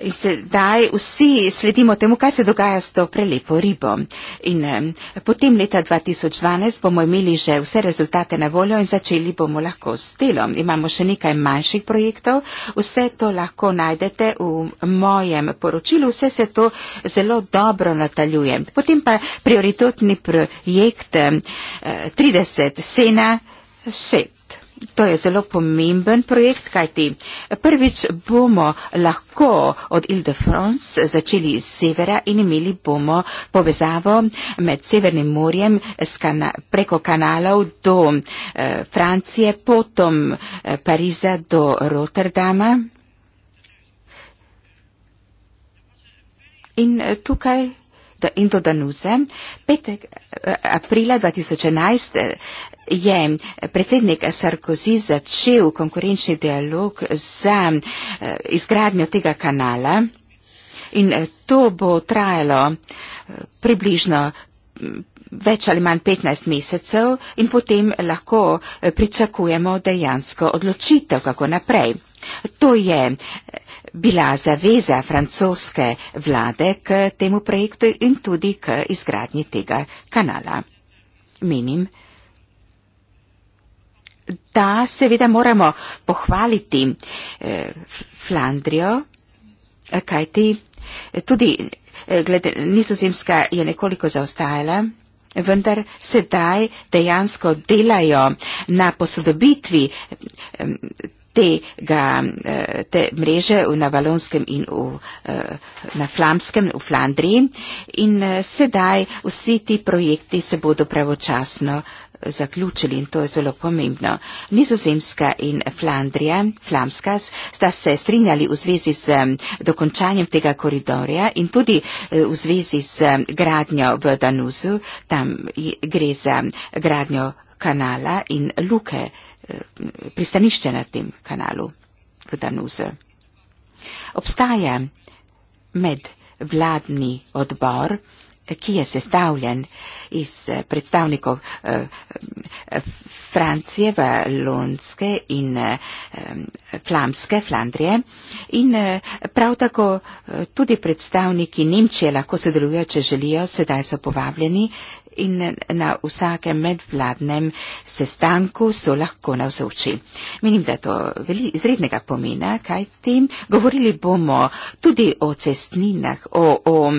In sedaj vsi sledimo temu, kaj se dogaja s to prelepo ribo. In potem leta 2012 bomo imeli že vse rezultate na voljo in začeli bomo lahko s delom. Imamo še nekaj manjših projektov, vse to lahko najdete v mojem poročilu, vse se to zelo dobro nataljuje. Potem pa prioritet pilotni projekt 30 eh, Sena 6. To je zelo pomemben projekt, kajti prvič bomo lahko od Ile-de-France začeli iz severa in imeli bomo povezavo med Severnim morjem kana preko kanalov do eh, Francije, potom eh, Pariza do Rotterdama. In eh, tukaj Indodanuse. 5. Eh, aprila 2011 eh, je predsednik Sarkozy začel konkurenčni dialog za eh, izgradnjo tega kanala in to bo trajalo približno mm, več ali manj 15 mesecev in potem lahko pričakujemo dejansko odločitev, kako naprej. To je bila zaveza francoske vlade k temu projektu in tudi k izgradnji tega kanala. Menim, da seveda moramo pohvaliti eh, Flandrijo, eh, kajti eh, tudi glede, nizozemska je nekoliko zaostajala, vendar sedaj dejansko delajo na posodobitvi tega, eh, te mreže na Valonskem in v, eh, na Flamskem v Flandriji in eh, sedaj vsi ti projekti se bodo pravočasno zaključili in to je zelo pomembno. Nizozemska in Flandrija, Flamska, sta se strinjali v zvezi z dokončanjem tega koridorja in tudi v zvezi z gradnjo v Danuzu, tam gre za gradnjo kanala in luke. Eh, pristanišče na tem kanalu v Danuzu. Obstaja medvladni odbor, ki je sestavljen iz eh, predstavnikov eh, Francije, Valonske in Flamske, Flandrije in prav tako tudi predstavniki Nemčije lahko sodelujo, če želijo, sedaj so povabljeni in na vsakem medvladnem sestanku so lahko navzoči. Menim, da je to izrednega pomena, kaj ti. Govorili bomo tudi o cestninah, o, o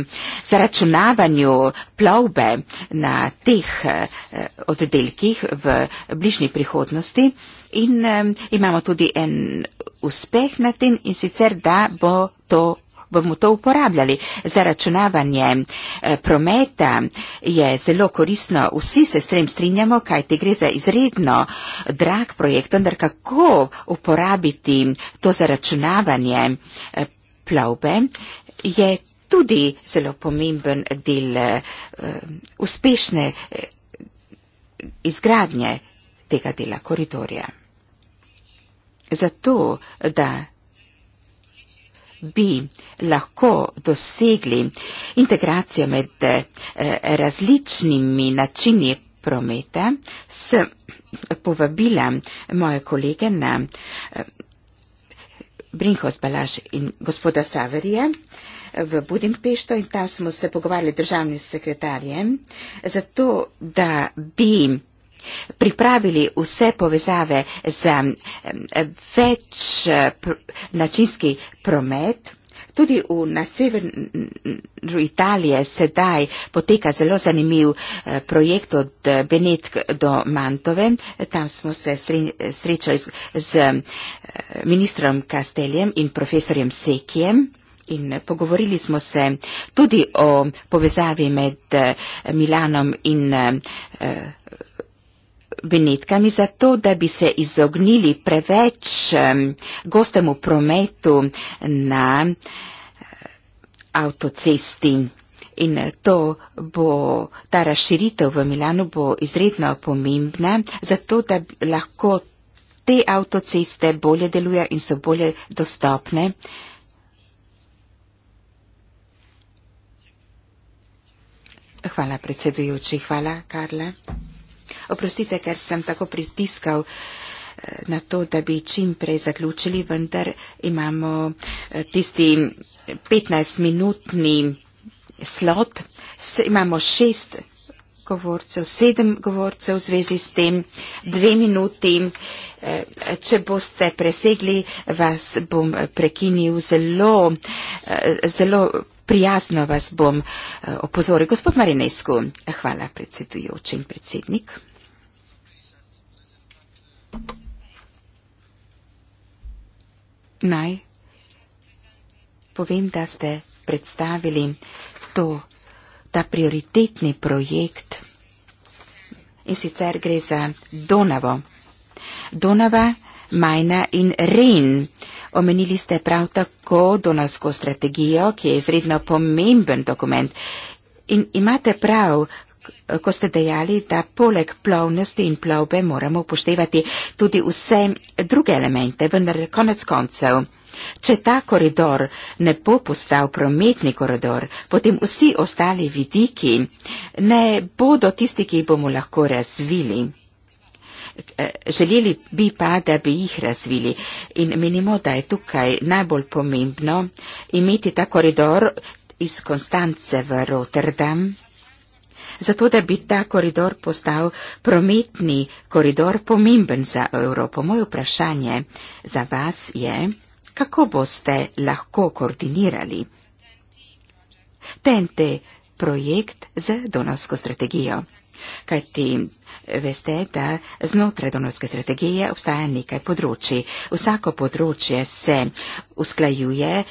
zaračunavanju plovbe na teh eh, oddelkih v bližnji prihodnosti. In um, imamo tudi en uspeh na tem in sicer, da bo to bomo to uporabljali. Za računavanje eh, prometa je zelo koristno, vsi se s tem strinjamo, kaj ti gre za izredno drag projekt, vendar kako uporabiti to za računavanje eh, plavbe je tudi zelo pomemben del uh, uspešne izgradnje tega dela koridorja. Zato, da bi lahko dosegli integracijo med eh, različnimi načini prometa, sem povabila moje kolege na eh, Brinkos Balaš in gospoda Saverije eh, v Budimpešto in tam smo se pogovarjali državnim sekretarjem, zato da bi pripravili vse povezave za več načinski promet. Tudi v, na severu Italije sedaj poteka zelo zanimiv eh, projekt od eh, Benetk do Mantove. Tam smo se srečali z eh, ministrom Kasteljem in profesorjem Sekijem. In pogovorili smo se tudi o povezavi med Milanom in vinetkami zato, da bi se izognili preveč gostemu prometu na avtocesti. In eh, to bo, ta razširitev v Milano bo izredno pomembna, zato da lahko te avtoceste bolje delujejo in so bolje dostopne. Hvala predsedujoči, hvala Karla. Oprostite, ker sem tako pritiskal eh, na to, da bi čim prej zaključili, vendar imamo eh, tisti 15-minutni slot. Se, imamo šest govorcev, sedem govorcev v zvezi s tem, dve minuti. Eh, če boste presegli, vas bom prekinil zelo, zelo prijazno vas bom opozoril. Gospod Marinesku, hvala predsedujoči in predsednik. Naj povem, da ste predstavili to, ta prioritetni projekt in sicer gre za Donavo. Donava, Majna in Rin. Omenili ste prav tako donavsko strategijo, ki je izredno pomemben dokument. In imate prav, ko ste dejali, da poleg plovnosti in plovbe moramo upoštevati tudi vse druge elemente, vendar konec koncev. Če ta koridor ne bo postal prometni koridor, potem vsi ostali vidiki ne bodo tisti, ki jih bomo lahko razvili. Želeli bi pa, da bi jih razvili in menimo, da je tukaj najbolj pomembno imeti ta koridor iz Konstance v Rotterdam zato da bi ta koridor postal prometni koridor pomemben za Evropo. Moje vprašanje za vas je, kako boste lahko koordinirali TNT projekt z donosko strategijo. Kajti veste, da znotraj donorske strategije obstaja nekaj področji. Vsako področje se usklajuje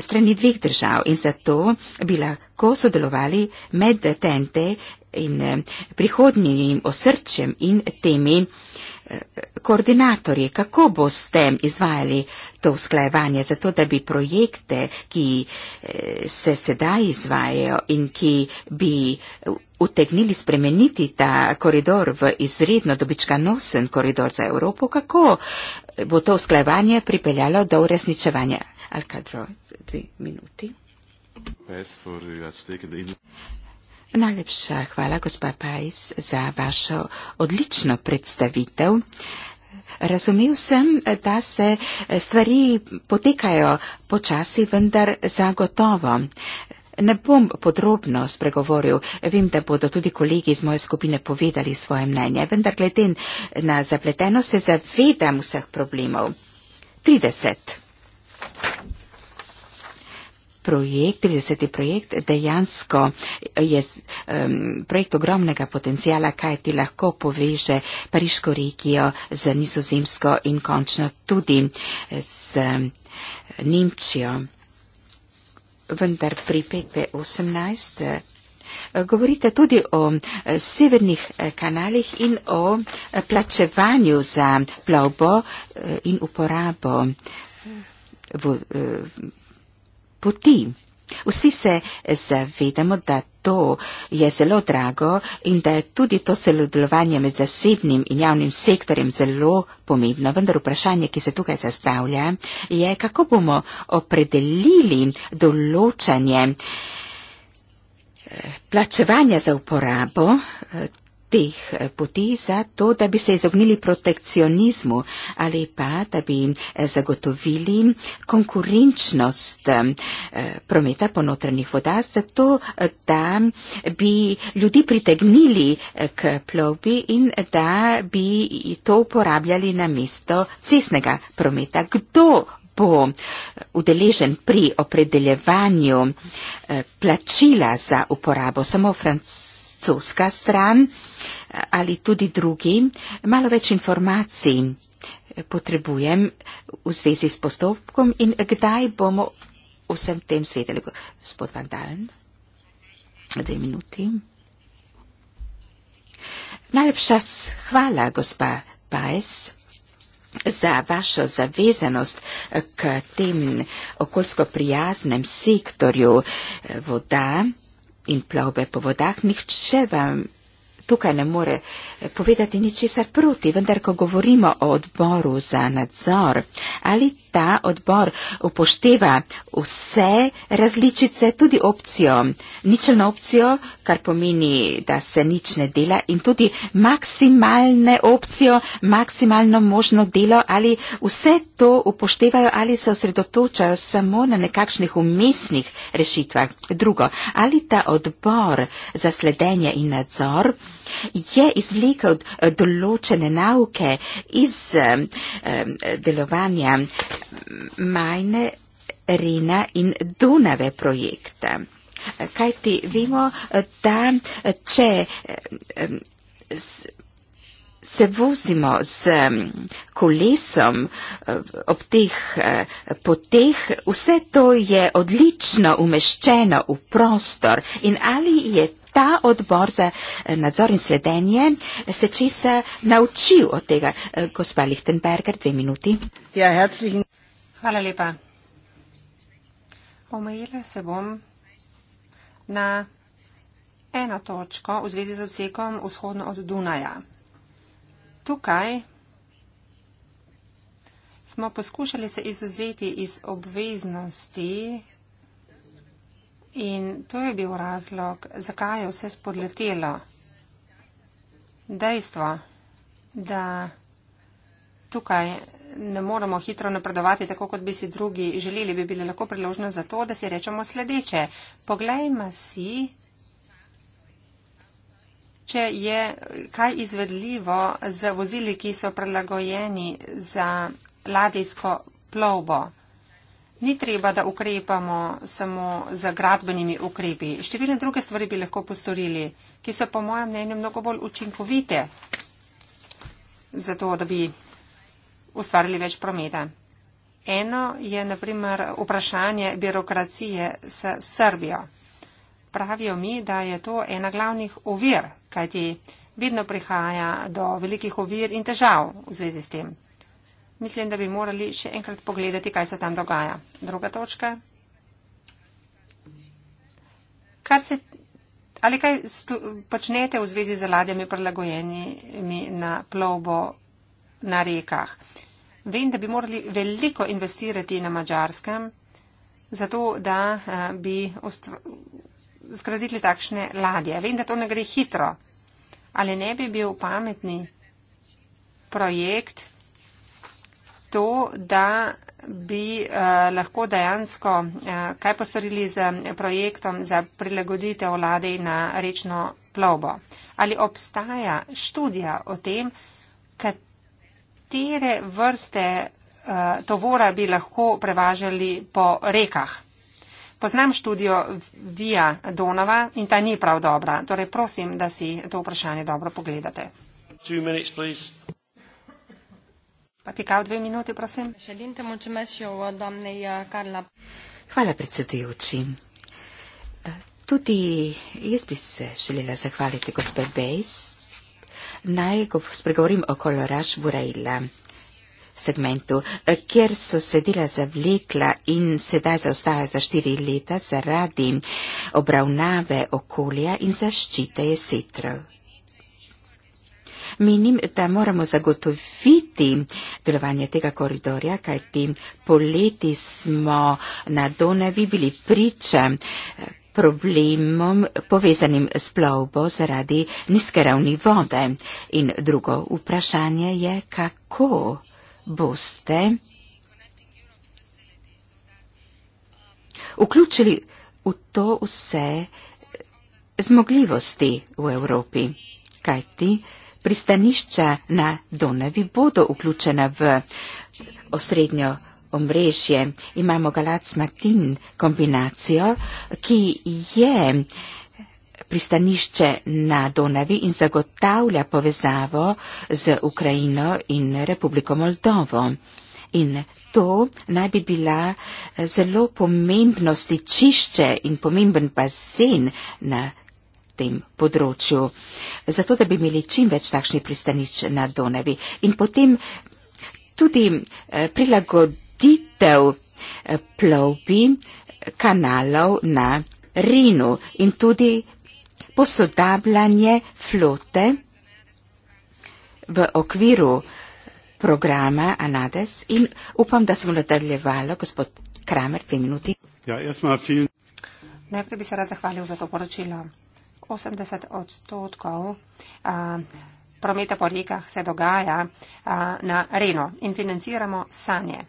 strani dveh držav in zato bi lahko sodelovali med tente in eh, prihodnjim osrčem in temi eh, koordinatorji. Kako boste izvajali to usklajevanje, zato da bi projekte, ki eh, se sedaj izvajajo in ki bi utegnili spremeniti ta koridor v izredno dobičkanosen koridor za Evropo, kako bo to usklajevanje pripeljalo do uresničevanja Alcatraz? dve minuti. Uh, Najlepša hvala, gospa Pajs, za vašo odlično predstavitev. Razumev sem, da se stvari potekajo počasi, vendar zagotovo. Ne bom podrobno spregovoril, vem, da bodo tudi kolegi iz moje skupine povedali svoje mnenje, vendar glede na zapleteno se zavedam vseh problemov. 30 projekt, 30. projekt, dejansko je um, projekt ogromnega potencijala, kaj ti lahko poveže Pariško regijo z Nizozemsko in končno tudi z Nemčijo. Vendar pri PP18 eh, govorite tudi o eh, severnih eh, kanalih in o plačevanju za plovbo in uporabo. V, poti. Vsi se zavedamo, da to je zelo drago in da je tudi to sodelovanje med zasebnim in javnim sektorjem zelo pomembno, vendar vprašanje, ki se tukaj zastavlja, je, kako bomo opredelili določanje eh, plačevanja za uporabo eh, teh eh, poti za to, da bi se izognili protekcionizmu ali pa, da bi eh, zagotovili konkurenčnost eh, prometa po notranjih vodah, zato da bi ljudi pritegnili k plovbi in da bi to uporabljali na mesto cesnega prometa. Kdo bo udeležen pri opredeljevanju plačila za uporabo samo francoska stran? ali tudi drugi, malo več informacij eh, potrebujem v zvezi s postopkom in kdaj bomo vsem tem svedeli. Gospod Van Dalen, dve minuti. Najlepša hvala, gospa Pajs, za vašo zavezanost k tem okoljsko prijaznem sektorju eh, voda in plovbe po vodah. Nihče vam tukaj ne more eh, povedati ničesar proti, vendar ko govorimo o odboru za nadzor, ali ta odbor upošteva vse različice, tudi opcijo, ničelno opcijo, kar pomeni, da se nič ne dela in tudi maksimalne opcijo, maksimalno možno delo ali vse to upoštevajo ali se osredotočajo samo na nekakšnih umestnih rešitvah. Drugo, ali ta odbor za sledenje in nadzor je izvlekel eh, določene nauke iz eh, eh, delovanja mm, Majne, Rena in Dunave projekta. Kaj ti vemo, da če mm, se vozimo z mm, kolesom ob teh poteh, vse to je odlično umeščeno v prostor in ali je ta odbor za eh, nadzor in sledenje eh, se česa naučil od tega. Eh, gospa Lichtenberger, dve minuti. Ja, herzlichen. Hvala lepa. Omejila se bom na eno točko v zvezi z odsekom vzhodno od Dunaja. Tukaj smo poskušali se izuzeti iz obveznosti In to je bil razlog, zakaj je vse spodletelo. Dejstvo, da tukaj ne moremo hitro napredovati, tako kot bi si drugi želeli, bi bile lahko priložno za to, da si rečemo sledeče. Poglejmo si, če je kaj izvedljivo za vozili, ki so prilagojeni za ladijsko plovbo ni treba, da ukrepamo samo z gradbenimi ukrepi. Številne druge stvari bi lahko postorili, ki so po mojem mnenju mnogo bolj učinkovite za to, da bi ustvarili več prometa. Eno je naprimer vprašanje birokracije s Srbijo. Pravijo mi, da je to ena glavnih ovir, kajti vedno prihaja do velikih ovir in težav v zvezi s tem mislim, da bi morali še enkrat pogledati, kaj se tam dogaja. Druga točka. Kar se, ali kaj stu, počnete v zvezi z ladjami prilagojenimi na plovbo na rekah? Vem, da bi morali veliko investirati na mačarskem, zato da eh, bi zgradili takšne ladje. Vem, da to ne gre hitro. Ali ne bi bil pametni projekt to, da bi uh, lahko dejansko uh, kaj postorili z projektom za prilagoditev vlade na rečno plovbo. Ali obstaja študija o tem, katere vrste uh, tovora bi lahko prevažali po rekah? Poznam študijo Vija Donova in ta ni prav dobra. Torej prosim, da si to vprašanje dobro pogledate. Patikal dve minute, prosim. Šelinte, močmeš jo, domnej Karla. Uh, Hvala, predsedujoči. Eh, tudi jaz bi se želela zahvaliti gospe Bejs. Naj spregovorim o koloraž Buraila segmentu, eh, kjer so sedela zavlekla in sedaj zaostaja za štiri leta zaradi obravnave okolja in zaščite jesetrov menim, da moramo zagotoviti delovanje tega koridorja, kajti poleti smo na Donavi bili priče eh, problemom povezanim s plovbo zaradi nizke ravni vode. In drugo vprašanje je, kako boste vključili v to vse zmogljivosti v Evropi. Kajti, pristanišča na Donavi bodo vključena v osrednjo omrežje. Imamo Galac-Martin kombinacijo, ki je pristanišče na Donavi in zagotavlja povezavo z Ukrajino in Republiko Moldovo. In to naj bi bila zelo pomembnosti čišče in pomemben bazen na Donavi tem področju, zato da bi imeli čim več takšnih pristanič na Donavi in potem tudi eh, prilagoditev eh, plovbi kanalov na Rinu in tudi posodabljanje flote v okviru programa Anades in upam, da smo nadaljevali, gospod Kramer, dve minuti. Ja, Najprej bi se rad zahvalil za to poročilo. 80 odstotkov prometa po rekah se dogaja na Reno in financiramo sanje.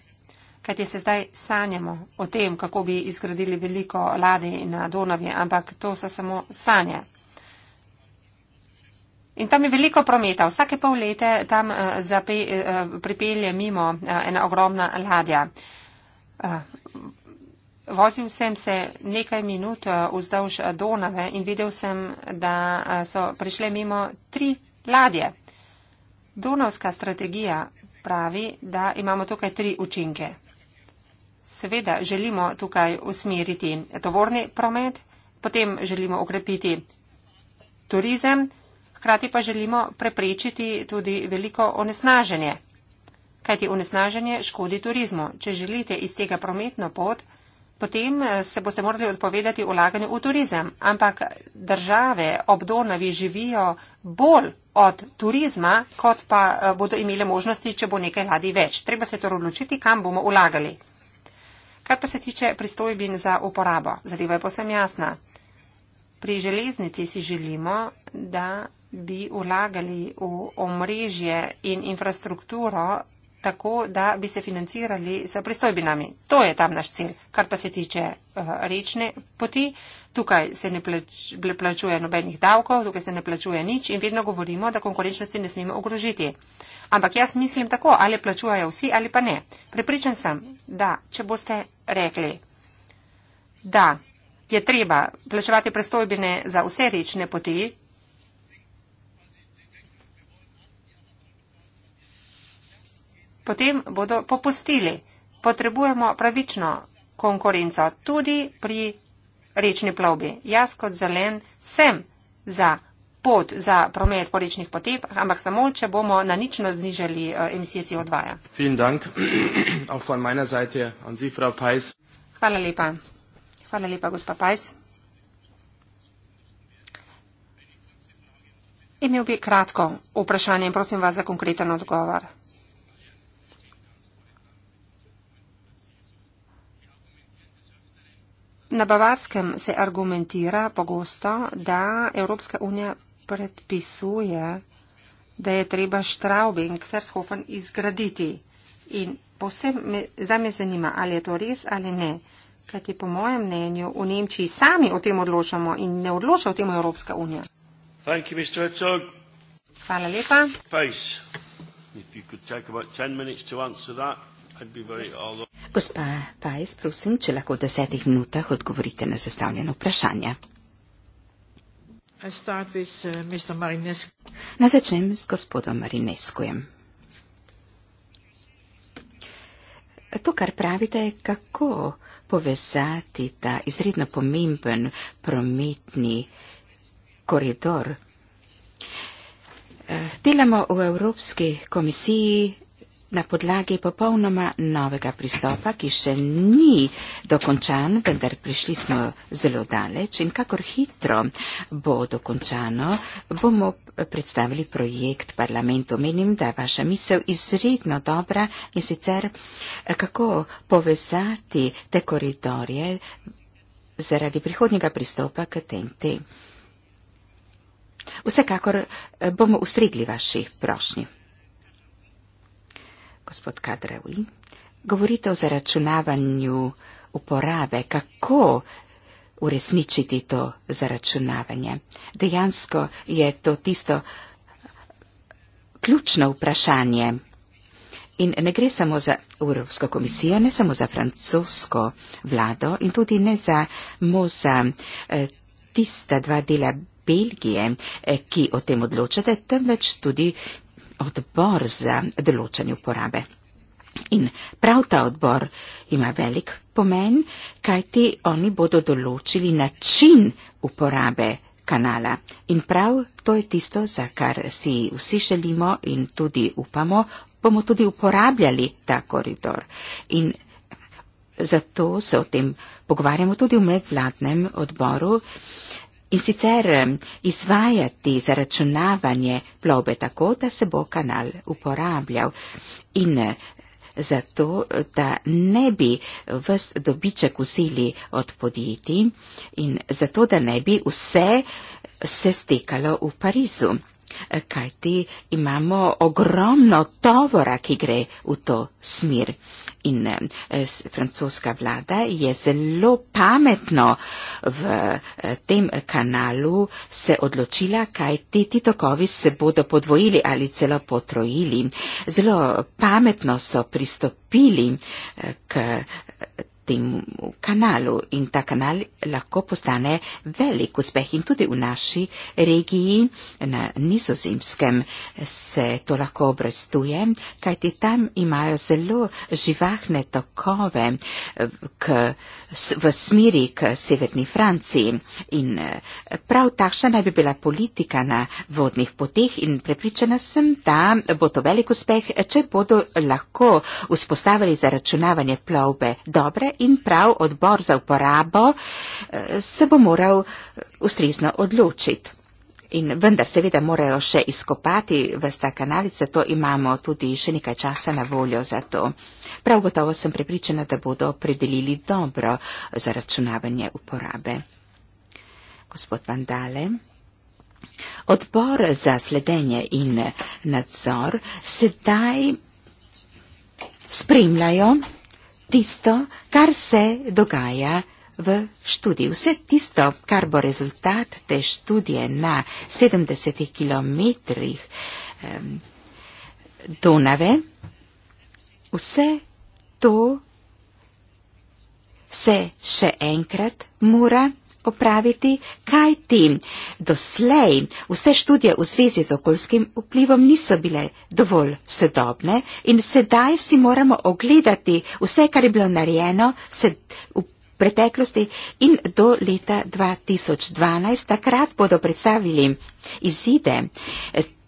Kajti se zdaj sanjamo o tem, kako bi izgradili veliko ladi na Donavi, ampak to so samo sanje. In tam je veliko prometa. Vsake pol leta tam eh, zape, eh, pripelje mimo eh, ena ogromna ladja. Vozil sem se nekaj minut eh, vzdolž eh, Donave in videl sem, da eh, so prišle mimo tri ladje. Donavska strategija pravi, da imamo tukaj tri učinke. Seveda želimo tukaj usmeriti tovorni promet, potem želimo ukrepiti turizem, hkrati pa želimo preprečiti tudi veliko onesnaženje. Kajti onesnaženje škodi turizmu. Če želite iz tega prometno pot, Potem eh, se boste morali odpovedati vlaganju v turizem. Ampak države ob Donavi živijo bolj od turizma, kot pa eh, bodo imele možnosti, če bo nekaj ladij več. Treba se torej odločiti, kam bomo vlagali. Kar pa se tiče pristojbin za uporabo, zadeva je posem jasna. Pri železnici si želimo, da bi vlagali v omrežje in infrastrukturo tako, da bi se financirali s pristojbinami. To je tam naš cilj. Kar pa se tiče uh, rečne poti, tukaj se ne plač, plačuje nobenih davkov, tukaj se ne plačuje nič in vedno govorimo, da konkurenčnosti ne smemo ogrožiti. Ampak jaz mislim tako, ali plačujejo vsi ali pa ne. Prepričan sem, da če boste rekli, da je treba plačevati pristojbine za vse rečne poti, potem bodo popustili. Potrebujemo pravično konkurenco tudi pri rečni plovbi. Jaz kot zelen sem za pot za promet po rečnih potep, ampak samo, če bomo na nično znižali eh, emisije CO2. Hvala lepa. Hvala lepa, gospa Pajs. Imel bi kratko vprašanje in prosim vas za konkreten odgovor. Na Bavarskem se argumentira pogosto, da Evropska unija predpisuje, da je treba Straubing Vershofen izgraditi. In posebej me, za me zanima, ali je to res ali ne. Kajti po mojem mnenju v Nemčiji sami o tem odločamo in ne odloča o tem Evropska unija. You, Hvala lepa. Face, Gospa Pajs, prosim, če lahko v desetih minutah odgovorite na zastavljeno vprašanje. Uh, na začnem s gospodom Marineskujem. To, kar pravite, kako povezati ta izredno pomemben prometni koridor. Eh, delamo v Evropski komisiji Na podlagi popolnoma novega pristopa, ki še ni dokončan, vendar prišli smo zelo daleč in kakor hitro bo dokončano, bomo predstavili projekt parlamentu. Menim, da je vaša misel izredno dobra in sicer kako povezati te koridorje zaradi prihodnjega pristopa k TNT. Vsekakor eh, bomo ustregli vaših prošnjih gospod Kadrevi, govorite o zaračunavanju uporabe, kako uresničiti to zaračunavanje. Dejansko je to tisto ključno vprašanje. In ne gre samo za Evropsko komisijo, ne samo za francosko vlado in tudi ne za moza eh, tista dva dela Belgije, eh, ki o tem odločate, temveč tudi odbor za določanje uporabe. In prav ta odbor ima velik pomen, kajti oni bodo določili način uporabe kanala. In prav to je tisto, za kar si vsi želimo in tudi upamo, bomo tudi uporabljali ta koridor. In zato se o tem pogovarjamo tudi v medvladnem odboru in sicer izvajati zaračunavanje plobe tako, da se bo kanal uporabljal. In eh, zato, da ne bi vst dobiček vzeli od podjetij in zato, da ne bi vse se stekalo v Parizu. Eh, kaj ti imamo ogromno tovora, ki gre v to smer. In eh, francoska vlada je zelo pametno v eh, tem kanalu se odločila, kaj ti ti tokovi se bodo podvojili ali celo potrojili. Zelo pametno so pristopili eh, k temu kanalu in ta kanal lahko postane velik uspeh in tudi v naši regiji na nizozemskem se to lahko obrestuje, kajti tam imajo zelo živahne tokove eh, k, v smeri k severni Franciji in eh, prav takšna naj bi bila politika na vodnih poteh in prepričana sem, da bo to velik uspeh, če bodo lahko vzpostavili zaračunavanje plovbe dobre in prav odbor za uporabo eh, se bo moral eh, ustrezno odločiti. In vendar seveda morajo še izkopati vsta kanalica, to imamo tudi še nekaj časa na voljo za to. Prav gotovo sem prepričana, da bodo predelili dobro za računavanje uporabe. Gospod Vandale. Odbor za sledenje in nadzor sedaj spremljajo tisto, kar se dogaja v študiji. Vse tisto, kar bo rezultat te študije na 70 km eh, Donave, vse to se še enkrat mora opraviti, kaj ti doslej vse študije v zvezi z okoljskim vplivom niso bile dovolj sodobne in sedaj si moramo ogledati vse, kar je bilo narejeno v preteklosti in do leta 2012. Takrat bodo predstavili izide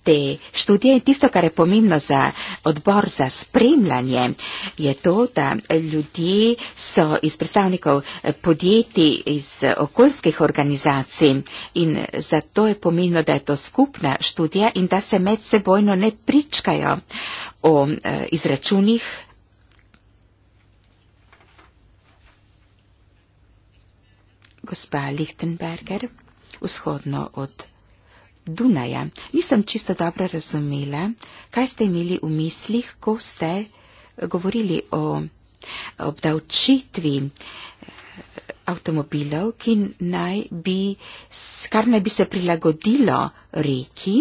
te študije in tisto, kar je pomembno za odbor za spremljanje, je to, da ljudje so iz predstavnikov podjetij, iz okoljskih organizacij in zato je pomembno, da je to skupna študija in da se med sebojno ne pričkajo o e, izračunih. Gospa Lichtenberger, vzhodno od Dunaja. Nisem čisto dobro razumela, kaj ste imeli v mislih, ko ste eh, govorili o obdavčitvi eh, avtomobilov, naj bi, kar naj bi se prilagodilo reki,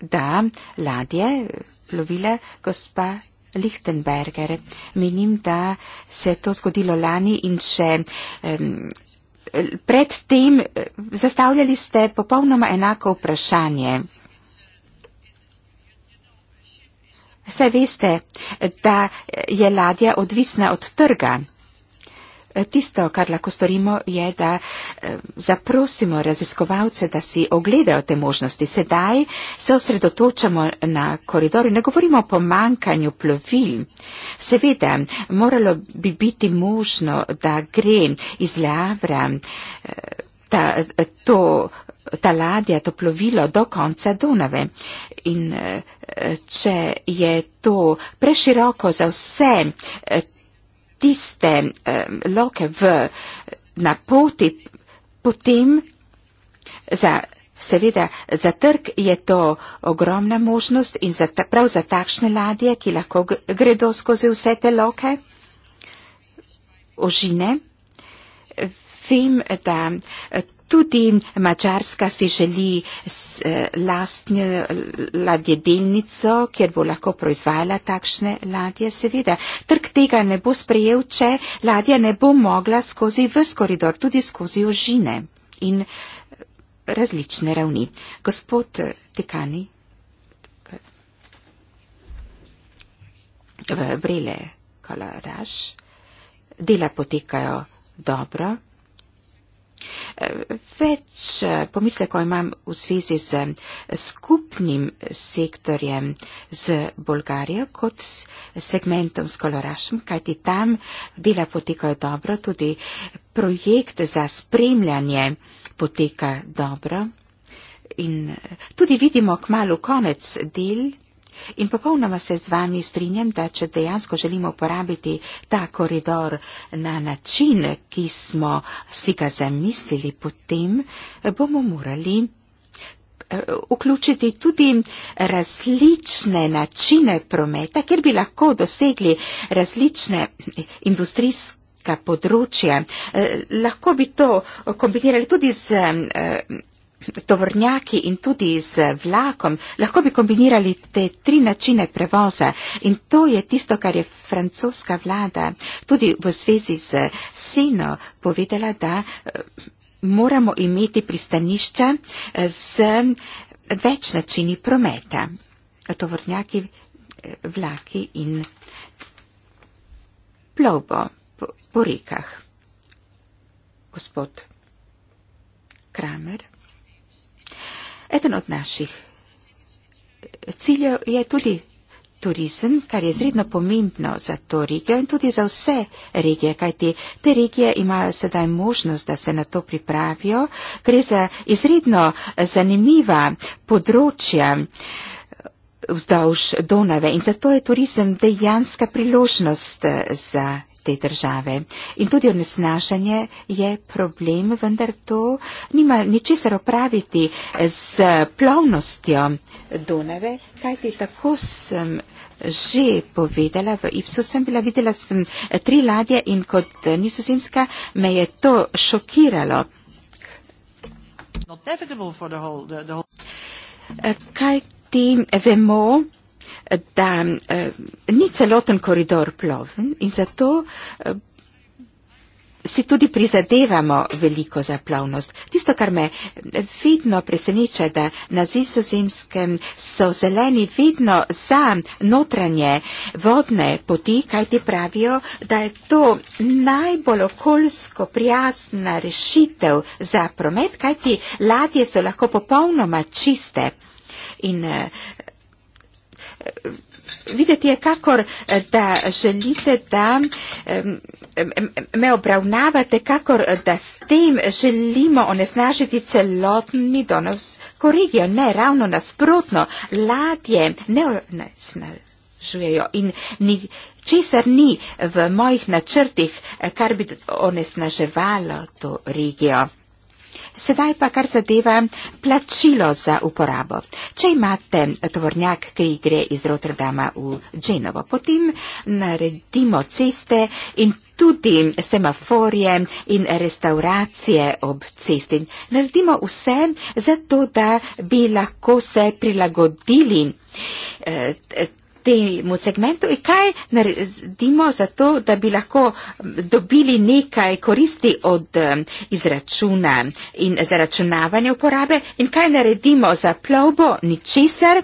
da ladje plovile eh, gospa Lichtenberger. Menim, da se je to zgodilo lani in če um, predtem eh, zastavljali ste popolnoma enako vprašanje. Saj veste, da je ladja odvisna od trga tisto, kar lahko storimo, je, da eh, zaprosimo raziskovalce, da si ogledajo te možnosti. Sedaj se osredotočamo na koridorju, ne govorimo o pomankanju plovil. Seveda, moralo bi biti možno, da gre iz Leavra eh, ta, to, ta ladja, to plovilo do konca Dunave. In eh, če je to preširoko za vse, tiste eh, loke v, na poti, potem za, seveda za trg je to ogromna možnost in za ta, prav za takšne ladje, ki lahko gredo skozi vse te loke, ožine. Vem, da. Eh, Tudi Mačarska si želi eh, lastno eh, ladjedelnico, kjer bo lahko proizvajala takšne ladje, seveda. Trg tega ne bo sprejel, če ladja ne bo mogla skozi vse koridor, tudi skozi ožine in različne ravni. Gospod Tekani, eh, Brele, Kolaraš, dela potekajo dobro. Več eh, pomislekov imam v zvezi z eh, skupnim sektorjem z Bolgarijo kot s segmentom s Kolorašem, kajti tam dela potekajo dobro, tudi projekt za spremljanje poteka dobro. In eh, tudi vidimo k malu konec del. In popolnoma se z vami strinjam, da če dejansko želimo uporabiti ta koridor na način, ki smo si ga zamislili, potem eh, bomo morali eh, vključiti tudi različne načine prometa, ker bi lahko dosegli različne eh, industrijske področja. Eh, lahko bi to kombinirali tudi z eh, tovornjaki in tudi z vlakom, lahko bi kombinirali te tri načine prevoza in to je tisto, kar je francoska vlada tudi v zvezi z Sino povedala, da eh, moramo imeti pristanišča eh, z eh, več načini prometa, tovornjaki, vlaki in plovbo po, po rekah. Gospod Kramer. Eden od naših ciljev je tudi turizem, kar je izredno pomembno za to regijo in tudi za vse regije, kajti te regije imajo sedaj možnost, da se na to pripravijo. Gre za izredno zanimiva področja vzdolž Donave in zato je turizem dejanska priložnost eh, za te države. In tudi onesnašanje je problem, vendar to nima ničesar opraviti z plovnostjo Donave, kajti tako sem. Že povedala, v Ipsu sem bila, videla sem eh, tri ladje in kot eh, nizozemska me je to šokiralo. Eh, Kaj ti vemo? da eh, ni celoten koridor ploven in zato eh, si tudi prizadevamo veliko za plovnost. Tisto, kar me eh, vedno preseneča, da na Zizozemskem so zeleni vedno za notranje vodne poti, kaj ti pravijo, da je to najbolj okoljsko prijazna rešitev za promet, kaj ti ladje so lahko popolnoma čiste. In uh, videti je kakor, eh, da želite, da me obravnavate, kakor eh, da s tem želimo onesnažiti celotni donos korigijo. Ne, ravno nasprotno, ladje ne onesnažujejo in ni, česar ni v mojih načrtih, eh, kar bi onesnaževalo to regijo. Sedaj pa kar zadeva plačilo za uporabo. Če imate tovornjak, ki gre iz Rotterdama v Dženovo, potem naredimo ceste in tudi semaforje in restauracije ob cesti. Naredimo vse zato, da bi lahko se prilagodili. Eh, temu segmentu in kaj naredimo za to, da bi lahko dobili nekaj koristi od izračuna in zaračunavanja uporabe in kaj naredimo za plovbo, ničesar.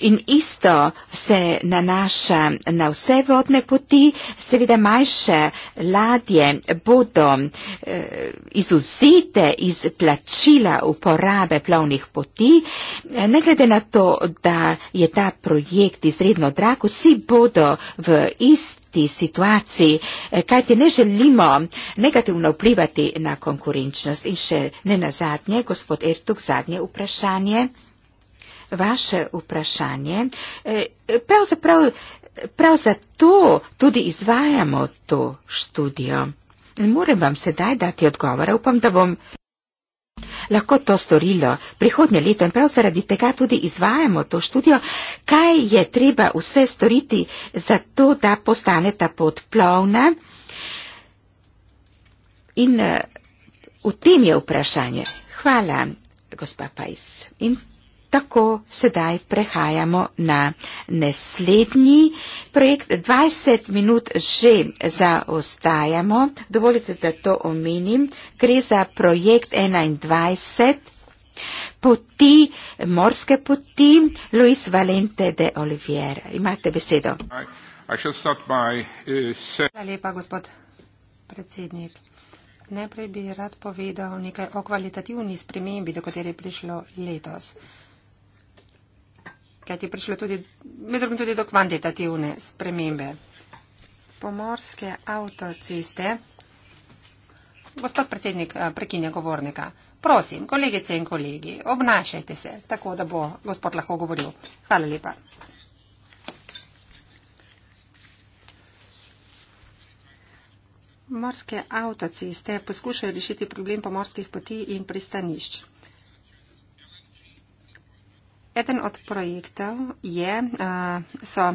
In isto se nanaša na vse vodne poti, seveda manjše ladje bodo eh, izuzete iz plačila uporabe plovnih poti. Eh, ne glede na to, da je ta projekt izredno drag, vsi bodo v isti situaciji, eh, kajti ne želimo negativno vplivati na konkurenčnost. In še ne nazadnje, gospod Ertuk, zadnje vprašanje vaše vprašanje. E, pravzaprav prav zato tudi izvajamo to študijo. Moram vam sedaj dati odgovore, upam, da bom lahko to storilo prihodnje leto in prav zaradi tega tudi izvajamo to študijo, kaj je treba vse storiti za to, da postane ta pot plovna. In uh, v tem je vprašanje. Hvala, gospa Pajs. In Tako sedaj prehajamo na naslednji projekt. 20 minut že zaostajamo. Dovolite, da to omenim. Gre za projekt 21. Poti, morske poti, Luis Valente de Oliveira. Imate besedo. Uh, Hvala lepa, gospod predsednik. Najprej bi rad povedal nekaj o kvalitativni spremembi, do katere je prišlo letos kajti prišlo tudi, med drugim tudi do kvantitativne spremembe. Pomorske avtoceste. Gospod predsednik eh, prekinja govornika. Prosim, kolegice in kolegi, obnašajte se, tako da bo gospod lahko govoril. Hvala lepa. Morske avtoceste poskušajo rešiti problem pomorskih poti in pristanišč. Eden od projektov je, uh, so, uh,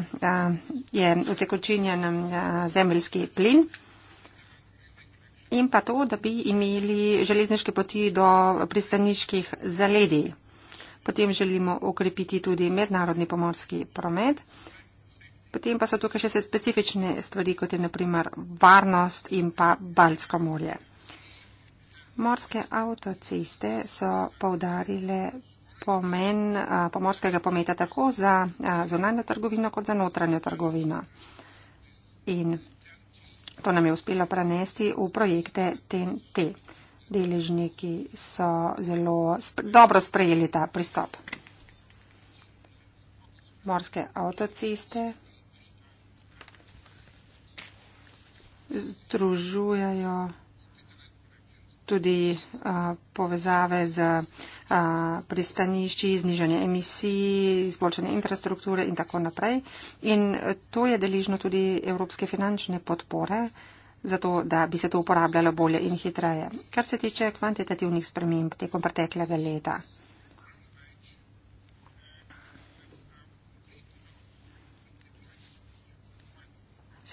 je utekočinjen uh, eh, zemljski plin in pa to, da bi imeli železniške poti do pristaniških zaledi. Potem želimo ukrepiti tudi mednarodni pomorski promet. Potem pa so tukaj še specifične stvari, kot je naprimer varnost in pa Balsko morje. Morske avtoceste so poudarile pomen pomorskega pometa tako za zunanjo trgovino kot za notranjo trgovino. In to nam je uspelo prenesti v projekte TNT. Deležniki so zelo sp dobro sprejeli ta pristop. Morske avtociste združujejo tudi uh, povezave z uh, pristanišči, znižanje emisij, izboljšanje infrastrukture in tako naprej. In e, to je deližno tudi evropske finančne podpore, zato da bi se to uporabljalo bolje in hitreje. Kar se tiče kvantitativnih sprememb tekom preteklega leta.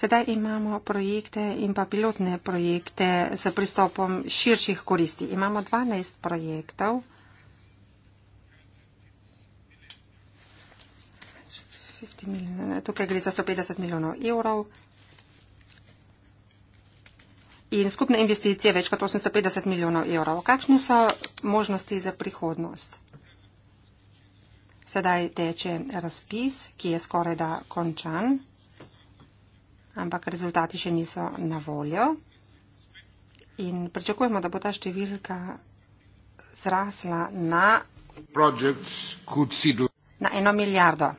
Sedaj imamo projekte in pa pilotne projekte s pristopom širših koristi. Imamo 12 projektov. Tukaj gre za 150 milijonov evrov. In skupne investicije več kot 850 milijonov evrov. Kakšne so možnosti za prihodnost? Sedaj teče razpis, ki je skoraj da končan ampak rezultati še niso na voljo. In pričakujemo, da bo ta številka zrasla na, na eno milijardo.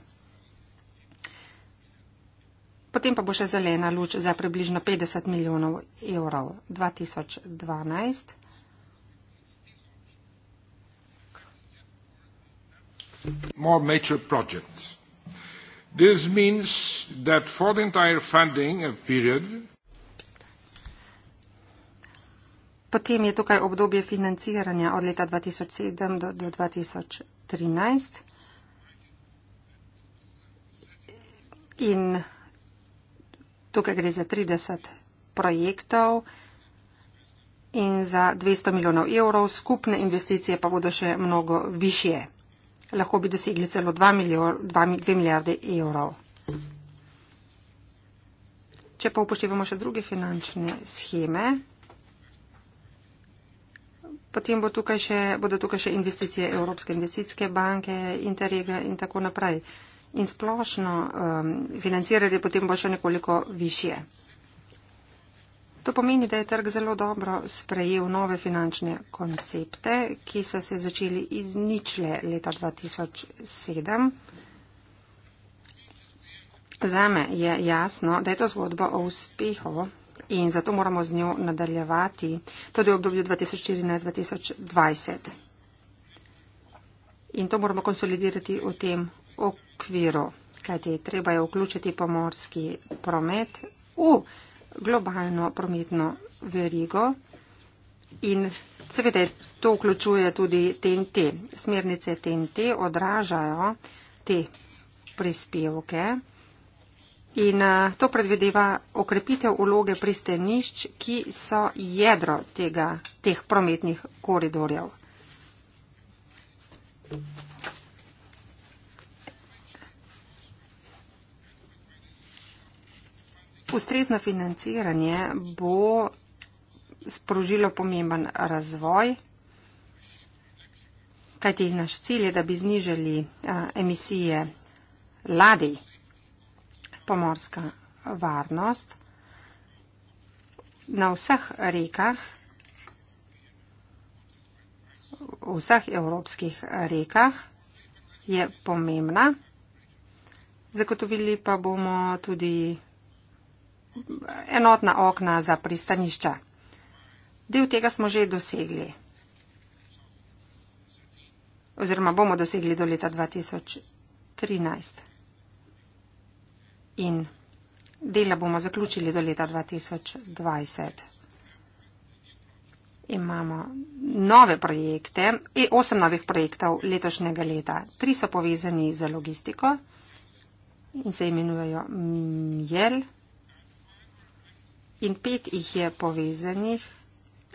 Potem pa bo še zelena luč za približno 50 milijonov evrov 2012. More major projects. This means that for the entire funding period. Potem je tukaj obdobje financiranja od leta 2007 do 2013. In tukaj gre za 30 projektov in za 200 milijonov evrov, skupne investicije pa bodo še mnogo višje lahko bi dosegli celo 2 milijarde evrov. Če pa upoštevamo še druge finančne scheme, potem bo tukaj še, bodo tukaj še investicije Evropske investicijske banke, Interrega in tako naprej. In splošno um, financiranje potem bo še nekoliko više. To pomeni, da je trg zelo dobro sprejel nove finančne koncepte, ki so se začeli iz ničle leta 2007. Zame je jasno, da je to zgodba o uspehu in zato moramo z njo nadaljevati tudi v obdobju 2014-2020. In to moramo konsolidirati v tem okviru, kajti treba je vključiti pomorski promet. Uh, globalno prometno verigo in seveda to vključuje tudi TNT. Smernice TNT odražajo te prispevke in eh, to predvedeva okrepitev uloge pristanišč, ki so jedro tega, teh prometnih koridorjev. Thank you. ustrezno financiranje bo sprožilo pomemben razvoj, kajti naš cilj je, da bi znižali emisije ladij, pomorska varnost na vseh rekah, v vseh evropskih rekah je pomembna. Zagotovili pa bomo tudi enotna okna za pristanišča. Del tega smo že dosegli. Oziroma bomo dosegli do leta 2013. In dela bomo zaključili do leta 2020. Imamo nove projekte, e, osem novih projektov letošnjega leta. Tri so povezani z logistiko in se imenujejo MJEL in pet jih je povezanih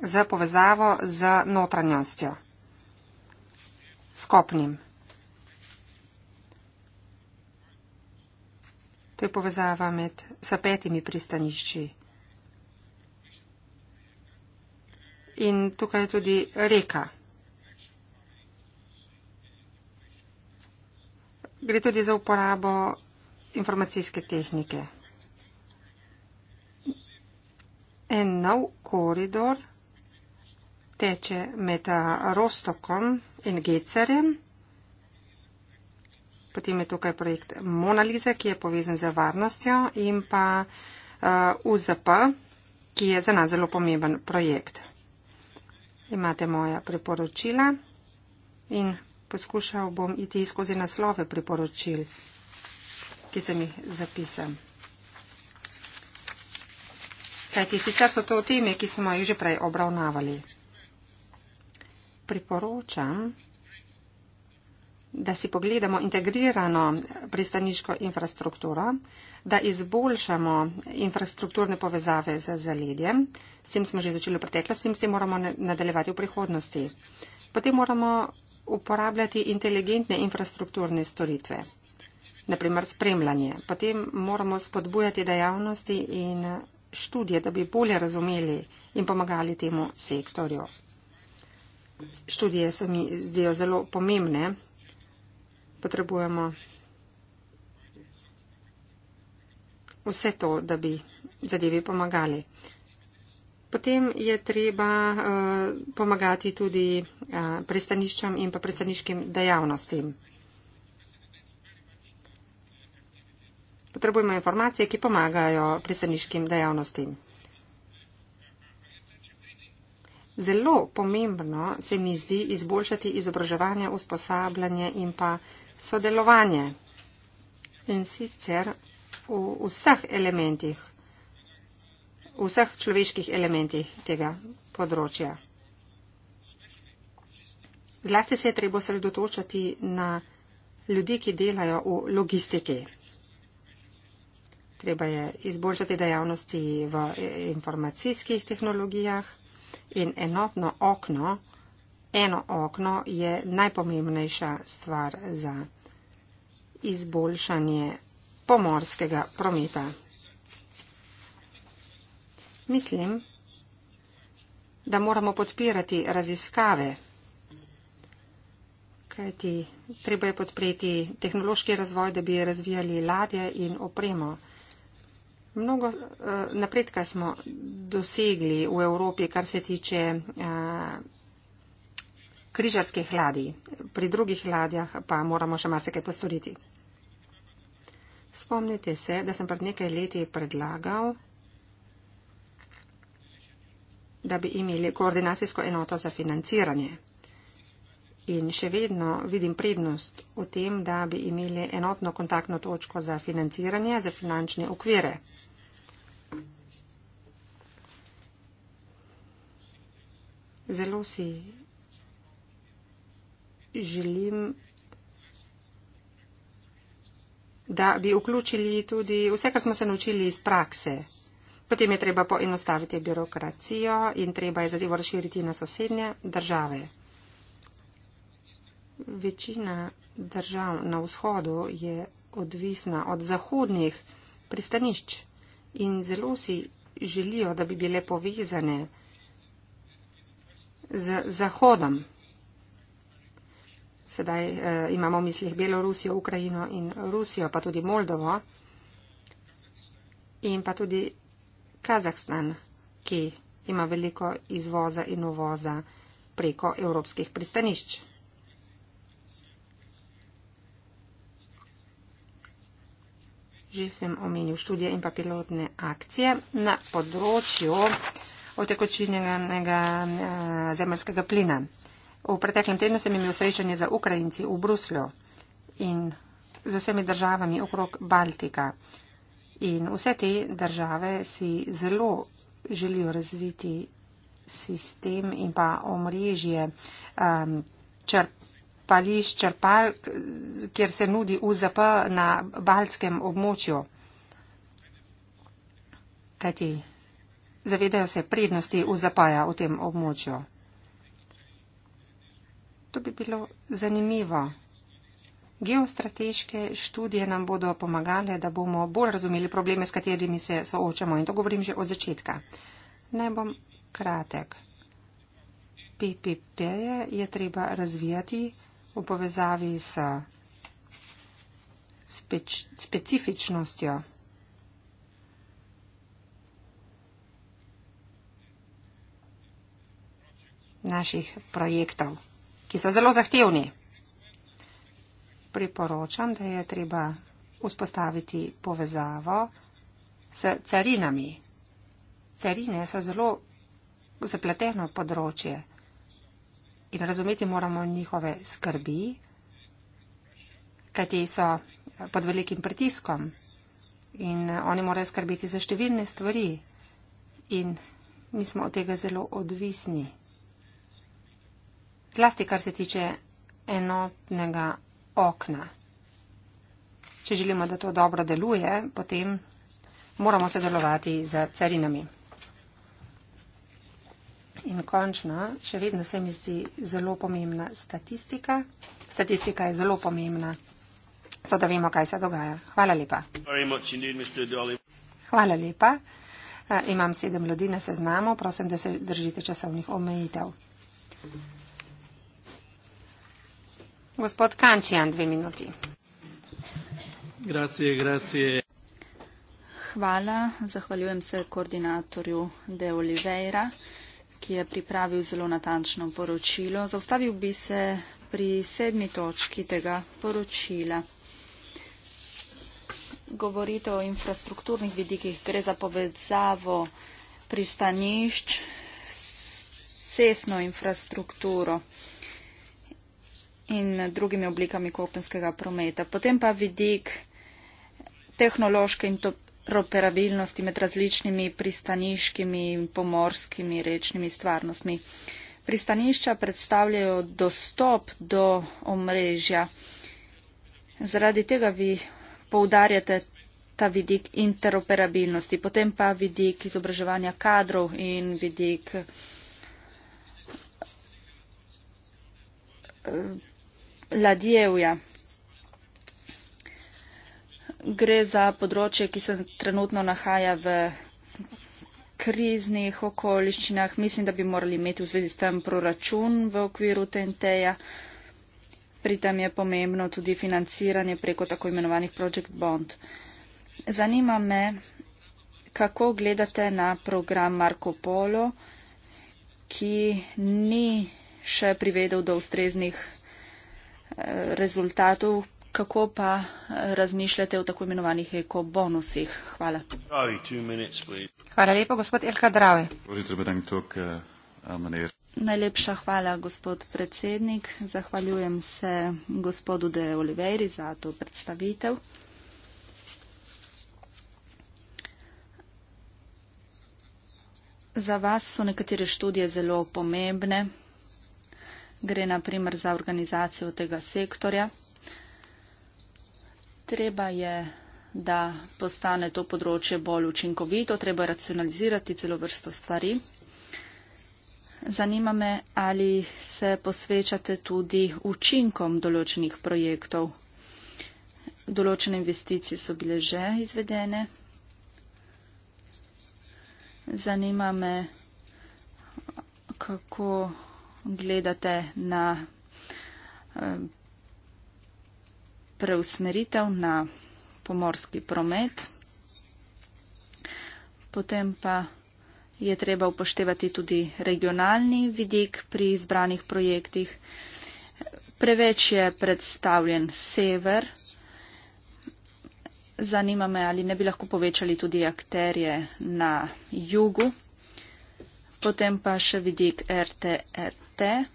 z povezavo z notranjostjo, skopnim. To je povezava med s petimi pristanišči. In tukaj je tudi reka. Gre tudi za uporabo informacijske tehnike. En nov koridor teče med Rostokom in Gecerjem. Potem je tukaj projekt Monalize, ki je povezan z varnostjo in pa uh, UZP, ki je za nas zelo pomemben projekt. Imate moja priporočila in poskušal bom iti skozi naslove priporočil, ki sem jih zapisal. Kajti sicer so to teme, ki smo jih že prej obravnavali. Priporočam, da si pogledamo integrirano pristaniško infrastrukturo, da izboljšamo infrastrukturne povezave z zaledjem. S tem smo že začeli v preteklosti in s tem moramo nadaljevati v prihodnosti. Potem moramo uporabljati inteligentne infrastrukturne storitve, naprimer spremljanje. Potem moramo spodbujati dejavnosti in študije, da bi bolje razumeli in pomagali temu sektorju. Študije se mi zdijo zelo pomembne. Potrebujemo vse to, da bi zadevi pomagali. Potem je treba uh, pomagati tudi uh, eh, pristaniščam in pa pristaniškim dejavnostim. potrebujemo informacije, ki pomagajo pristaniškim dejavnostim. Zelo pomembno se mi zdi izboljšati izobraževanje, usposabljanje in pa sodelovanje. In sicer v vseh elementih, v vseh človeških elementih tega področja. Zlasti se je treba sredotočati na ljudi, ki delajo v logistiki. Treba je izboljšati dejavnosti v informacijskih tehnologijah in enotno okno, eno okno je najpomembnejša stvar za izboljšanje pomorskega prometa. Mislim, da moramo podpirati raziskave, kajti treba je podpreti tehnološki razvoj, da bi razvijali ladje in opremo. Mnogo uh, napredka smo dosegli v Evropi, kar se tiče uh, eh, križarskih ladij. Pri drugih ladjah pa moramo še marsikaj postoriti. Spomnite se, da sem pred nekaj leti predlagal, da bi imeli koordinacijsko enoto za financiranje. In še vedno vidim prednost v tem, da bi imeli enotno kontaktno točko za financiranje, za finančne okvire. zelo si želim, da bi vključili tudi vse, kar smo se naučili iz prakse. Potem je treba poenostaviti birokracijo in treba je zadevo razširiti na sosednje države. Večina držav na vzhodu je odvisna od zahodnih pristanišč in zelo si želijo, da bi bile povezane z Zahodom. Sedaj eh, imamo v mislih Belorusijo, Ukrajino in Rusijo, pa tudi Moldovo in pa tudi Kazahstan, ki ima veliko izvoza in uvoza preko evropskih pristanišč. Že sem omenil študije in pa pilotne akcije na področju otekočinjenega eh, zemljskega plina. V preteklem tednu sem imel srečanje za Ukrajinci v Bruslju in z vsemi državami okrog Baltika. In vse te države si zelo želijo razviti sistem in pa omrežje um, črpališč, črpalk, kjer se nudi UZP na baltskem območju. Kaj ti? zavedajo se prednosti v zapaja v tem območju. To bi bilo zanimivo. Geostrateške študije nam bodo pomagale, da bomo bolj razumeli probleme, s katerimi se soočamo. In to govorim že od začetka. Naj bom kratek. PPP -je, je treba razvijati v povezavi s specifičnostjo naših projektov, ki so zelo zahtevni. Priporočam, da je treba vzpostaviti povezavo s carinami. Carine so zelo zapleteno področje in razumeti moramo njihove skrbi, kajti so pod velikim pritiskom in oni morajo skrbeti za številne stvari in mi smo od tega zelo odvisni zlasti kar se tiče enotnega okna. Če želimo, da to dobro deluje, potem moramo sodelovati z carinami. In končno, še vedno se mi zdi zelo pomembna statistika. Statistika je zelo pomembna, so da vemo, kaj se dogaja. Hvala lepa. Indeed, Hvala lepa. Eh, imam sedem ljudi na seznamu, prosim, da se držite časovnih omejitev. Mm -hmm. Gospod Kančijan, dve minuti. Grazie, grazie. Hvala, zahvaljujem se koordinatorju De Oliveira, ki je pripravil zelo natančno poročilo. Zaustavil bi se pri sedmi točki tega poročila. Govorite o infrastrukturnih vidikih, gre za povezavo pristanišč s cestno infrastrukturo in drugimi oblikami kopenskega prometa. Potem pa vidik tehnološke interoperabilnosti med različnimi pristaniškimi, pomorskimi, rečnimi stvarnostmi. Pristanišča predstavljajo dostop do omrežja. Zaradi tega vi poudarjate ta vidik interoperabilnosti, potem pa vidik izobraževanja kadrov in vidik eh, ladjevja. Gre za področje, ki se trenutno nahaja v kriznih okoliščinah. Mislim, da bi morali imeti v zvezi s tem proračun v okviru TNT-ja. Pri tem je pomembno tudi financiranje preko tako imenovanih Project Bond. Zanima me, kako gledate na program Marko Polo, ki ni še privedel do ustreznih rezultatov. Kako pa eh, razmišljate o tako imenovanih ekobonusih? Hvala. Hvala lepa, gospod Elka Drave. Eh, Najlepša hvala, gospod predsednik. Zahvaljujem se gospodu De Oliveri za to predstavitev. Za vas so nekatere študije zelo pomembne gre naprimer za organizacijo tega sektorja. Treba je, da postane to področje bolj učinkovito, treba racionalizirati celo vrsto stvari. Zanima me, ali se posvečate tudi učinkom določenih projektov. Določene investicije so bile že izvedene. Zanima me, kako gledate na eh, preusmeritev na pomorski promet. Potem pa je treba upoštevati tudi regionalni vidik pri izbranih projektih. Preveč je predstavljen sever. Zanima me, ali ne bi lahko povečali tudi akterje na jugu. Potem pa še vidik RTR debate.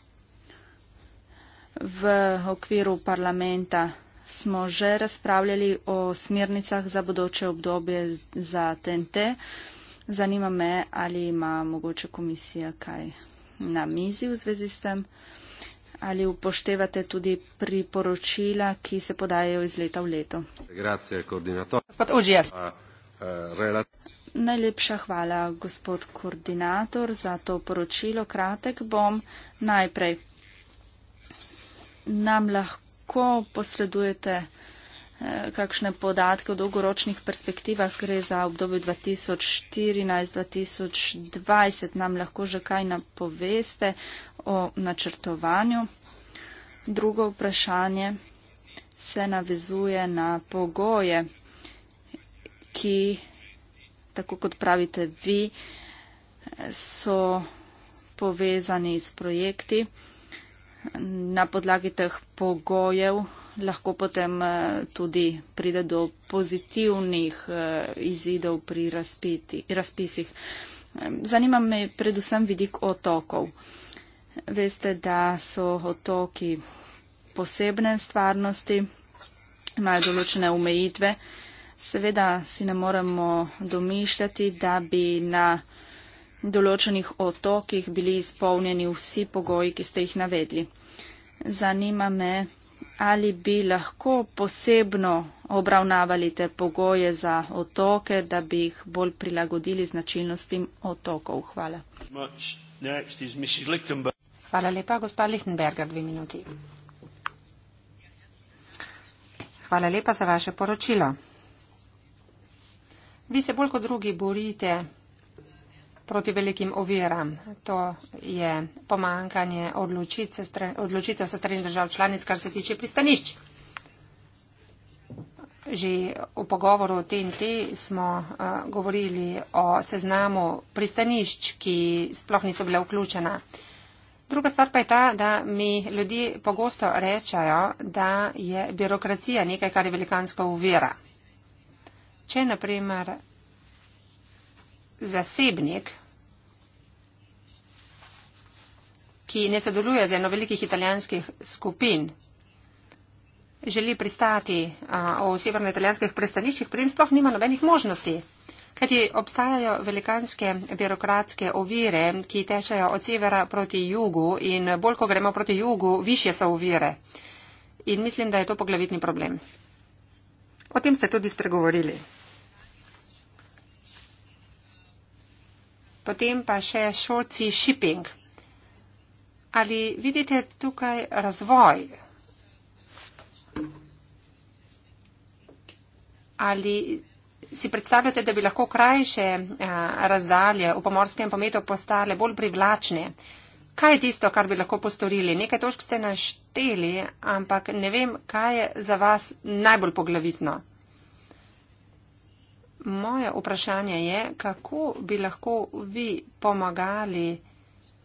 V okviru parlamenta smo že razpravljali o smernicah za bodoče obdobje za TNT. Zanima me, ali ima mogoče komisija kaj na mizi v zvezi s tem, ali upoštevate tudi priporočila, ki se podajajo iz leta v leto. Najlepša hvala, gospod koordinator, za to poročilo. Kratek bom najprej. Nam lahko posredujete eh, kakšne podatke o dolgoročnih perspektivah, gre za obdobje 2014-2020, nam lahko že kaj napoveste o načrtovanju. Drugo vprašanje se navezuje na pogoje, ki tako kot pravite vi, so povezani s projekti. Na podlagi teh pogojev lahko potem eh, tudi pride do pozitivnih eh, izidov pri razpiti, razpisih. Zanima me predvsem vidik otokov. Veste, da so otoki posebne stvarnosti, imajo določene omejitve. Seveda si ne moremo domišljati, da bi na določenih otokih bili izpolnjeni vsi pogoji, ki ste jih navedli. Zanima me, ali bi lahko posebno obravnavali te pogoje za otoke, da bi jih bolj prilagodili značilnostim otokov. Hvala. Hvala lepa, gospod Lichtenberger, dve minuti. Hvala lepa za vaše poročilo. Vi se bolj kot drugi borite proti velikim oviram. To je pomankanje odločitev se strani držav članic, kar se tiče pristanišč. Že v pogovoru TNT smo eh, govorili o seznamu pristanišč, ki sploh niso bile vključena. Druga stvar pa je ta, da mi ljudje pogosto rečajo, da je birokracija nekaj, kar je velikanska uvira. Če naprimer zasebnik, ki ne sodeluje z eno velikih italijanskih skupin, želi pristati v severno-italijanskih pristaniščih, pri tem sploh nima nobenih možnosti. Kajti obstajajo velikanske birokratske ovire, ki tešajo od severa proti jugu in bolj, ko gremo proti jugu, više so ovire. In mislim, da je to poglavitni problem. O tem ste tudi spregovorili. Potem pa še šolci shipping. Ali vidite tukaj razvoj? Ali si predstavljate, da bi lahko krajše razdalje v pomorskem pometu postale bolj privlačne? Kaj je tisto, kar bi lahko postorili? Nekaj točk ste našteli, ampak ne vem, kaj je za vas najbolj poglavitno. Moje vprašanje je, kako bi lahko vi pomagali,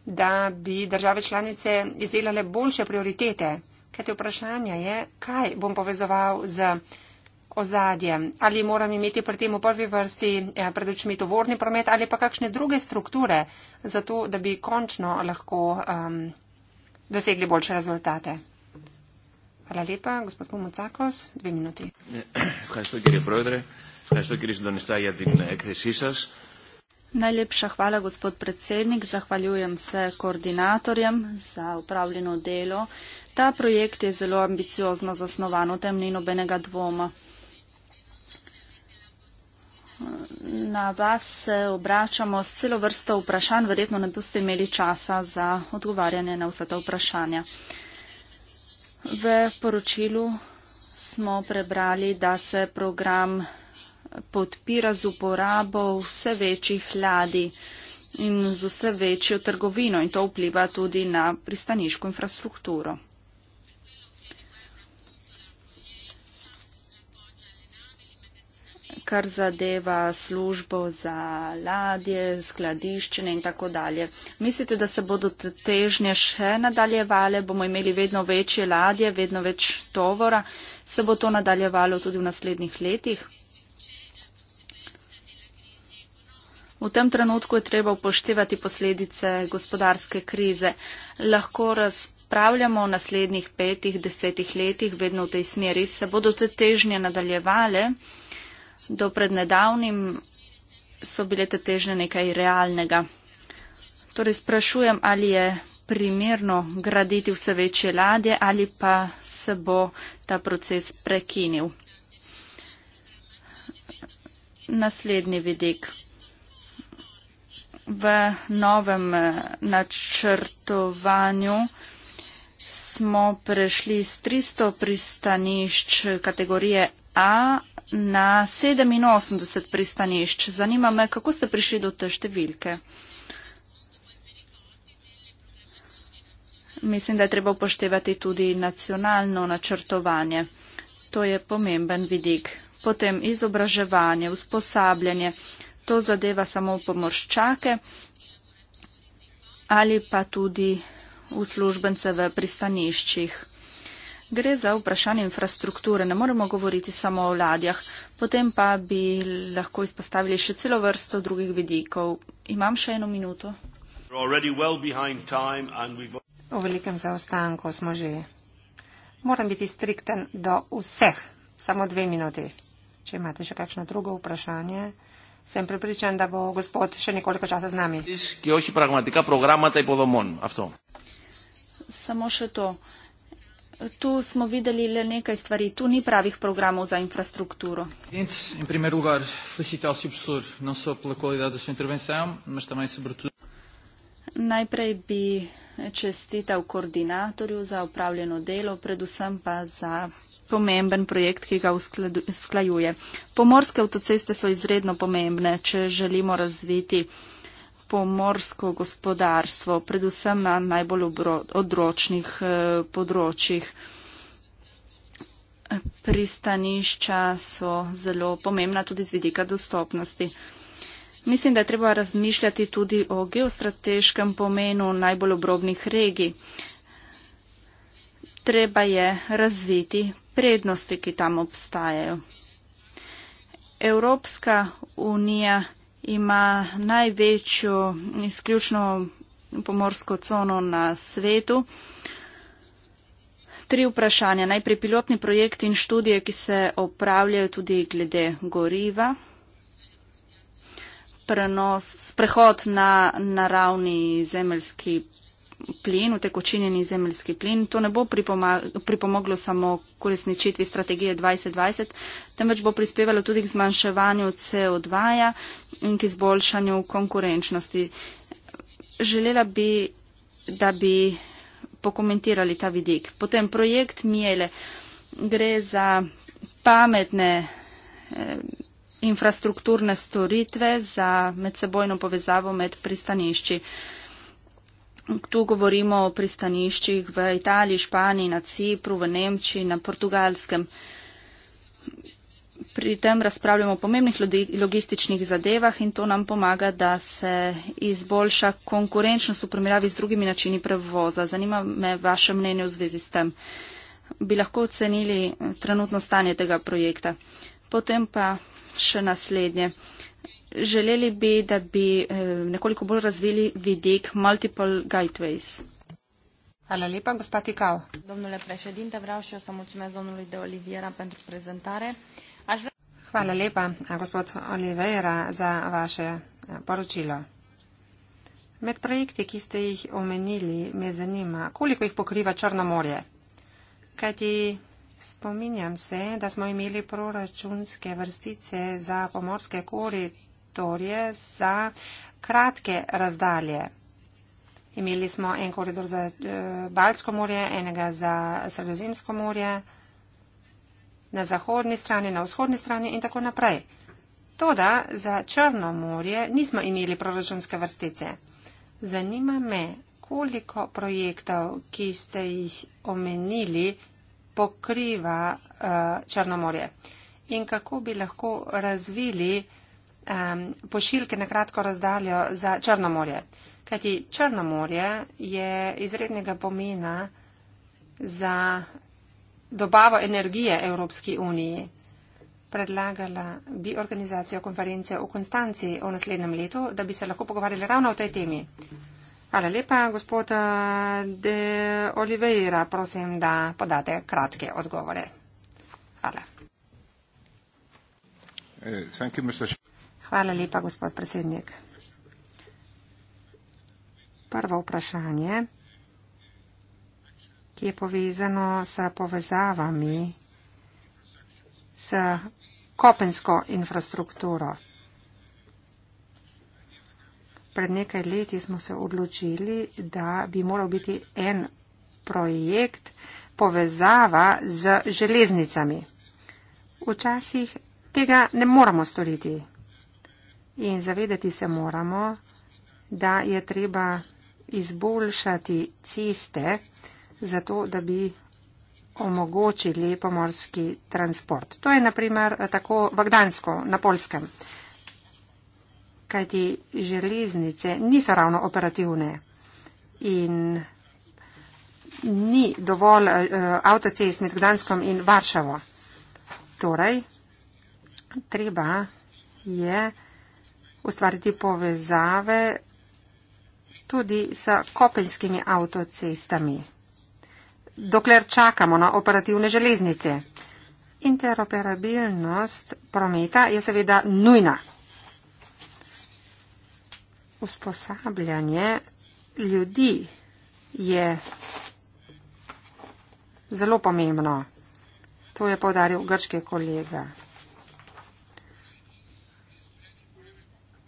da bi države članice izdelale boljše prioritete. Kaj te vprašanje je, kaj bom povezoval z ozadje. Ali moram imeti pri tem v prvi vrsti ja, pred očmi tovorni promet ali pa kakšne druge strukture, zato da bi končno lahko um, dosegli boljše rezultate. Hvala lepa, gospod Pomocakos, dve minuti. Najlepša hvala, gospod predsednik. Zahvaljujem se koordinatorjem za upravljeno delo. Ta projekt je zelo ambiciozno zasnovan, o tem ni nobenega dvoma. Na vas se obračamo s celo vrsto vprašanj, verjetno ne boste imeli časa za odgovarjanje na vsa ta vprašanja. V poročilu smo prebrali, da se program podpira z uporabo vse večjih ladij in z vse večjo trgovino in to vpliva tudi na pristaniško infrastrukturo. kar zadeva službo za ladje, skladiščenje in tako dalje. Mislite, da se bodo težnje še nadaljevale, bomo imeli vedno večje ladje, vedno več tovora, se bo to nadaljevalo tudi v naslednjih letih? V tem trenutku je treba upoštevati posledice gospodarske krize. Lahko razpravljamo o naslednjih petih, desetih letih, vedno v tej smeri se bodo te težnje nadaljevale do prednedavnim so bile te težnje nekaj realnega. Torej sprašujem, ali je primerno graditi vse večje ladje ali pa se bo ta proces prekinil. Naslednji vidik. V novem eh, načrtovanju smo prešli z 300 pristanišč kategorije A na 87 pristanišč. Zanima me, kako ste prišli do te številke. Mislim, da je treba upoštevati tudi nacionalno načrtovanje. To je pomemben vidik. Potem izobraževanje, usposabljanje. To zadeva samo pomorščake ali pa tudi uslužbence v pristaniščih gre za vprašanje infrastrukture. Ne moremo govoriti samo o ladjah, potem pa bi lahko izpostavili še celo vrsto drugih vidikov. Imam še eno minuto. Well v velikem zaostanku smo že. Moram biti strikten do vseh. Samo dve minuti. Če imate še kakšno drugo vprašanje. Sem pripričan, da bo gospod še nekoliko časa z nami. Samo še to. Tu smo videli le nekaj stvari. Tu ni pravih programov za infrastrukturo. Najprej bi čestital koordinatorju za upravljeno delo, predvsem pa za pomemben projekt, ki ga usklajuje. Pomorske avtoceste so izredno pomembne, če želimo razviti pomorsko gospodarstvo, predvsem na najbolj odročnih eh, področjih. Pristanišča so zelo pomembna tudi z vidika dostopnosti. Mislim, da je treba razmišljati tudi o geostrateškem pomenu najbolj obrobnih regij. Treba je razviti prednosti, ki tam obstajajo. Evropska unija ima največjo izključno pomorsko cono na svetu. Tri vprašanja. Najprej pilotni projekt in študije, ki se opravljajo tudi glede goriva, prenos, prehod na naravni zemeljski plin, utekočinjeni zemljski plin. To ne bo pripomoglo samo k uresničitvi strategije 2020, temveč bo prispevalo tudi k zmanjševanju CO2-ja in k izboljšanju konkurenčnosti. Želela bi, da bi pokomentirali ta vidik. Potem projekt Miele gre za pametne eh, infrastrukturne storitve za medsebojno povezavo med pristanišči. Tu govorimo o pristaniščih v Italiji, Španiji, na Cipru, v Nemčiji, na Portugalskem. Pri tem razpravljamo o pomembnih logističnih zadevah in to nam pomaga, da se izboljša konkurenčnost v primerjavi z drugimi načini prevoza. Zanima me vaše mnenje v zvezi s tem. Bi lahko ocenili eh, trenutno stanje tega projekta. Potem pa še naslednje. Želeli bi, da bi eh, nekoliko bolj razvili vidik multiple gateways. Hvala lepa, gospod Tikal. Domnule predsednik, vravšal sem od smeja domnule de Oliviera pentru prezentare. Až... Hvala lepa, gospod Oliveira, za vaše eh, poročilo. Med projekti, ki ste jih omenili, me zanima, koliko jih pokriva Črno morje. Kajti spominjam se, da smo imeli proračunske vrstice za pomorske korit koridorje za kratke razdalje. Imeli smo en koridor za eh, Baltsko morje, enega za Sredozemsko morje, na zahodni strani, na vzhodni strani in tako naprej. Toda za Črno morje nismo imeli proračunske vrstice. Zanima me, koliko projektov, ki ste jih omenili, pokriva uh, Črno morje in kako bi lahko razvili uh, um, pošiljke na kratko razdaljo za Črnomorje. Kajti Črnomorje je izrednega pomena za dobavo energije Evropski uniji. Predlagala bi organizacijo konference v Konstanci v naslednjem letu, da bi se lahko pogovarjali ravno o tej temi. Hvala lepa, gospod eh, De Oliveira, prosim, da podate kratke odgovore. Hvala. Hey, eh, thank you, Hvala lepa, gospod predsednik. Prvo vprašanje, ki je povezano s povezavami s kopensko infrastrukturo. Pred nekaj leti smo se odločili, da bi moral biti en projekt povezava z železnicami. Včasih tega ne moramo storiti. In zavedati se moramo, da je treba izboljšati ceste, zato da bi omogočili pomorski transport. To je naprimer tako v Gdansko, na Polskem. Kajti železnice niso ravno operativne in ni dovolj uh, avtocest med Gdanskom in Varšavo. Torej, treba je. Uh, ustvariti povezave tudi s kopenskimi avtocestami, dokler čakamo na operativne železnice. Interoperabilnost prometa je seveda nujna. Usposabljanje ljudi je zelo pomembno. To je povdaril grški kolega.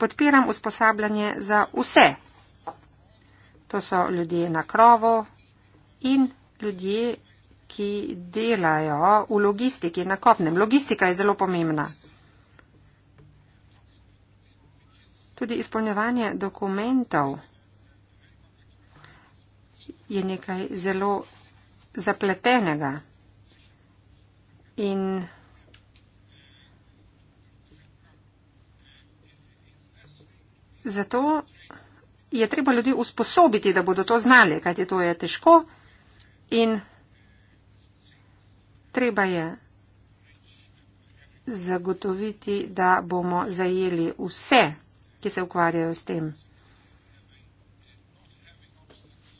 podpiram usposabljanje za vse. To so ljudje na krovu in ljudje, ki delajo v logistiki na kopnem. Logistika je zelo pomembna. Tudi izpolnjevanje dokumentov je nekaj zelo zapletenega. In Zato je treba ljudi usposobiti, da bodo to znali, kajti to je težko. In treba je zagotoviti, da bomo zajeli vse, ki se ukvarjajo s tem.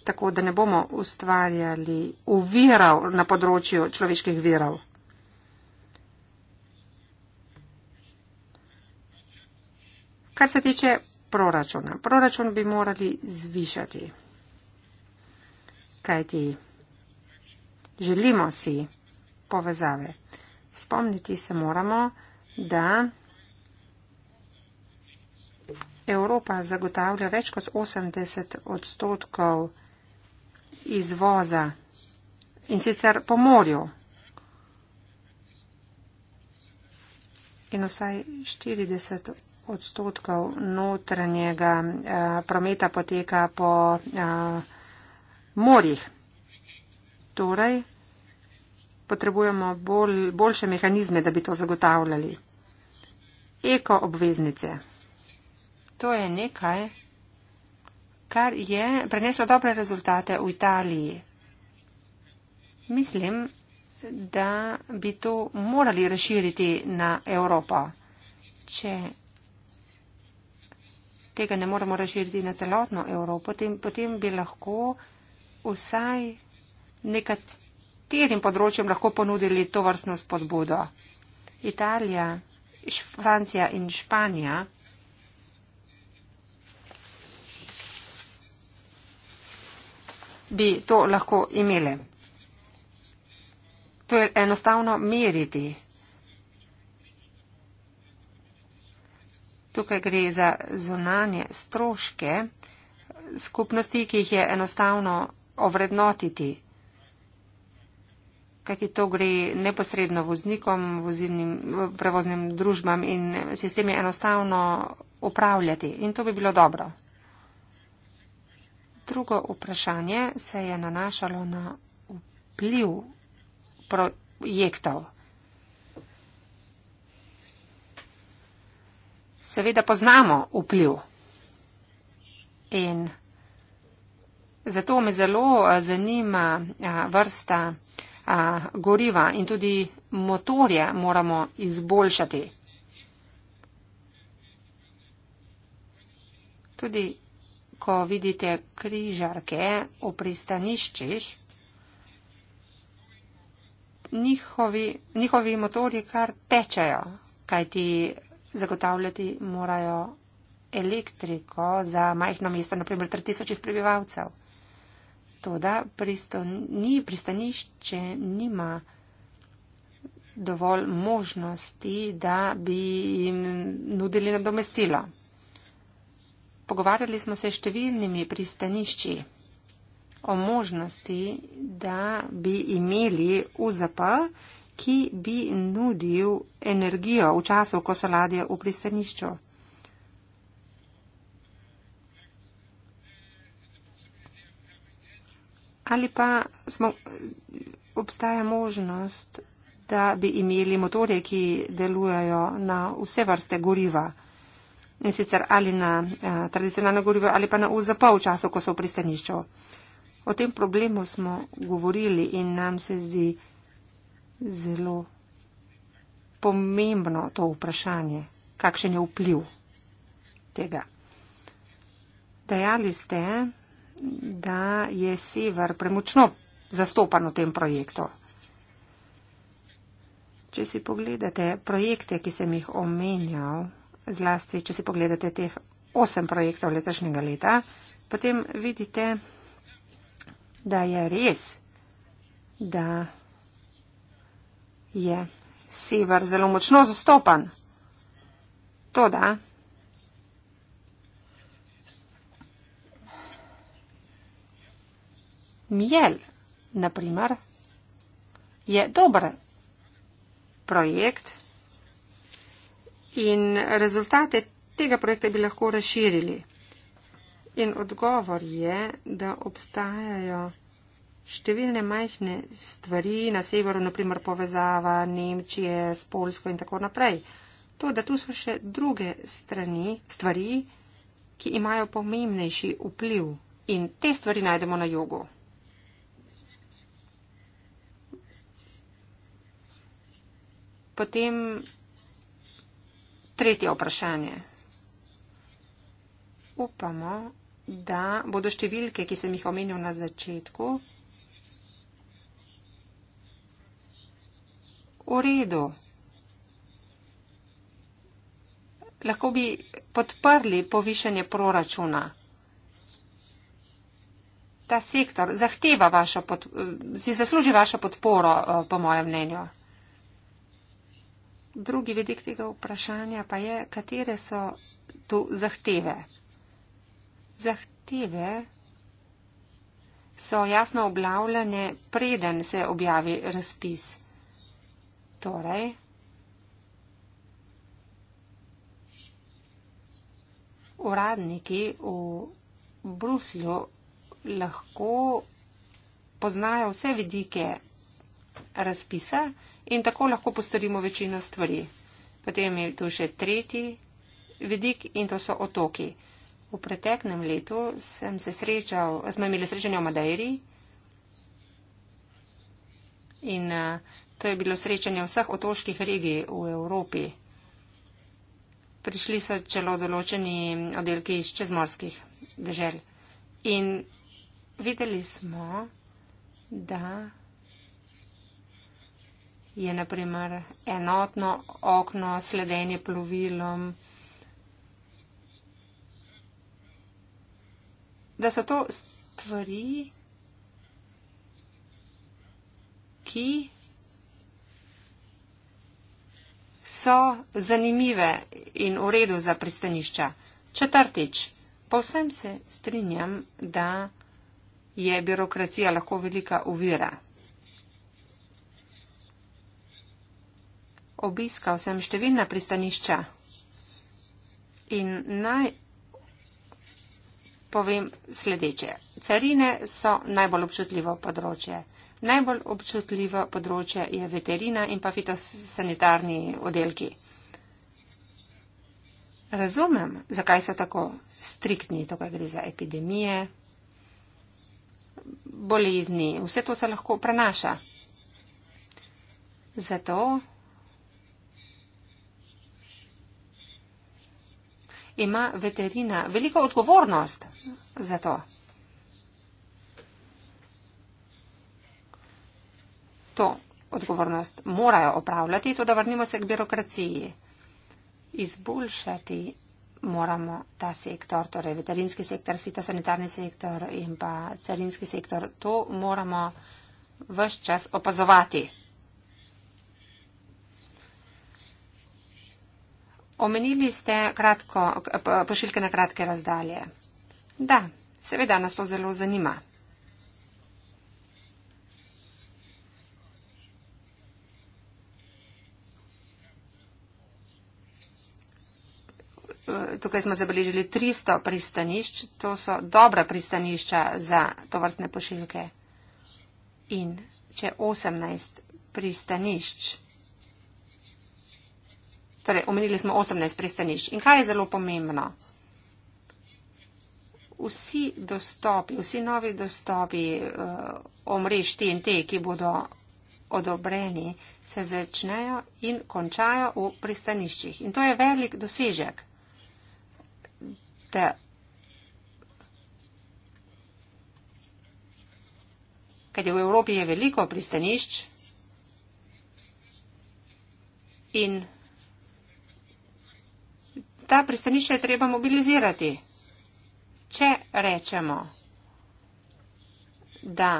Tako da ne bomo ustvarjali uviral na področju človeških virov. Kar se tiče proračuna. Proračun bi morali zvišati. Kaj ti? Želimo si povezave. Spomniti se moramo, da Evropa zagotavlja več kot 80 odstotkov izvoza in sicer po morju. In vsaj 40 odstotkov notranjega eh, prometa poteka po eh, morjih. Torej, potrebujemo bolj, boljše mehanizme, da bi to zagotavljali. Eko obveznice. To je nekaj, kar je preneslo dobre rezultate v Italiji. Mislim, da bi to morali razširiti na Evropo. Če tega ne moremo razširiti na celotno Evropo, potem, potem bi lahko vsaj nekaterim področjem lahko ponudili to vrstno spodbudo. Italija, Francija in Španija bi to lahko imele. To je enostavno meriti. Tukaj gre za zunanje stroške skupnosti, ki jih je enostavno ovrednotiti. Kajti to gre neposredno voznikom, vozilnim, prevoznim družbam in sistem je enostavno upravljati in to bi bilo dobro. Drugo vprašanje se je nanašalo na vpliv projektov. seveda poznamo vpliv. In zato me zelo zanima vrsta goriva in tudi motorje moramo izboljšati. Tudi ko vidite križarke v pristaniščih, njihovi, njihovi motori kar tečejo, kajti zagotavljati morajo elektriko za majhno mesto, naprimer 3000 prebivalcev. Toda pristani, pristanišče nima dovolj možnosti, da bi jim nudili nadomestilo. Pogovarjali smo se s številnimi pristanišči o možnosti, da bi imeli UZP ki bi nudil energijo v času, ko se ladje v pristanišču. Ali pa smo, obstaja možnost, da bi imeli motorje, ki delujejo na vse vrste goriva, in sicer ali na eh, tradicionalno gorivo ali pa na UZP v času, ko so v pristanišču. O tem problemu smo govorili in nam se zdi, zelo pomembno to vprašanje, kakšen je vpliv tega. Dejali ste, da je sever premočno zastopan v tem projektu. Če si pogledate projekte, ki sem jih omenjal, zlasti če si pogledate teh osem projektov letošnjega leta, potem vidite, da je res, da je sever zelo močno zastopan. To da. Mjel, naprimer, je dober projekt in rezultate tega projekta bi lahko razširili. In odgovor je, da obstajajo številne majhne stvari na severu, naprimer povezava Nemčije s Polsko in tako naprej. To, da tu so še druge strani, stvari, ki imajo pomembnejši vpliv in te stvari najdemo na jogu. Potem tretje vprašanje. Upamo, da bodo številke, ki sem jih omenil na začetku, v redu. Lahko bi podprli povišanje proračuna. Ta sektor zahteva vašo podporo, si zasluži vašo podporo, eh, po mojem mnenju. Drugi vedik tega vprašanja pa je, katere so tu zahteve. Zahteve so jasno objavljene, preden se objavi razpis. Torej. Uradniki v Bruslju lahko poznajo vse vidike razpisa in tako lahko postorimo večino stvari. Potem je tu še tretji vidik in to so otoki. V preteknem letu sem se srečal, smo imeli srečanje v Madeiri in To je bilo srečanje vseh otoških regij v Evropi. Prišli so čelo določeni oddelki iz čezmorskih držav. In videli smo, da je naprimer enotno okno sledenje plovilom, da so to stvari, ki so zanimive in v redu za pristanišča. Četrtič, povsem se strinjam, da je birokracija lahko velika uvira. Obiskal sem številna pristanišča in naj povem sledeče. Carine so najbolj občutljivo področje. Najbolj občutljivo področje je veterina in pa fitosanitarni oddelki. Razumem, zakaj so tako striktni, tukaj gre za epidemije, bolezni, vse to se lahko prenaša. Zato ima veterina veliko odgovornost za to. to odgovornost morajo opravljati, tudi vrnimo se k birokraciji. Izboljšati moramo ta sektor, torej veterinski sektor, fitosanitarni sektor in pa carinski sektor. To moramo vse čas opazovati. Omenili ste pošiljke na kratke razdalje. Da, seveda nas to zelo zanima. tukaj smo zabeležili 300 pristanišč, to so dobra pristanišča za tovrstne pošiljke. In če 18 pristanišč. Torej, omenili smo 18 pristanišč. In kaj je zelo pomembno? Vsi dostopi, vsi novi dostopi uh, eh, omrež TNT, ki bodo odobreni, se začnejo in končajo v pristaniščih. In to je velik dosežek. って。Kaj je v Evropi je veliko pristanišč in ta pristanišča je treba mobilizirati. Če rečemo, da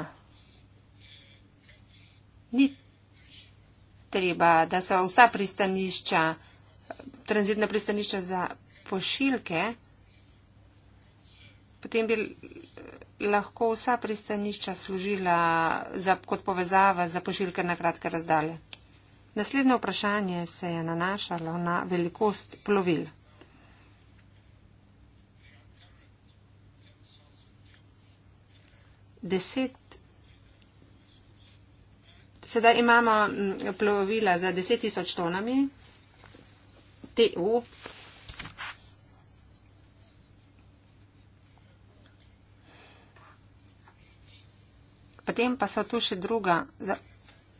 ni treba, da so vsa pristanišča, tranzitna pristanišča za pošiljke, potem bi lahko vsa pristanišča služila za, kot povezava za pošiljke na kratke razdalje. Naslednje vprašanje se je nanašalo na velikost plovil. Deset. Sedaj imamo plovila za 10 tisoč tonami, TU, Potem pa so tu še druga,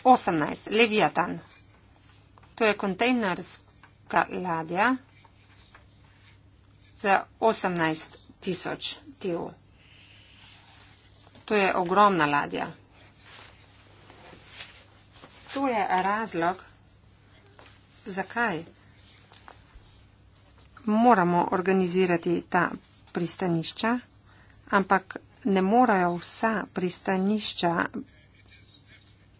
18, Leviatan. To je kontejnerska ladja za 18 tisoč TU. To je ogromna ladja. To je razlog, zakaj moramo organizirati ta pristanišča, ampak ne morajo vsa pristanišča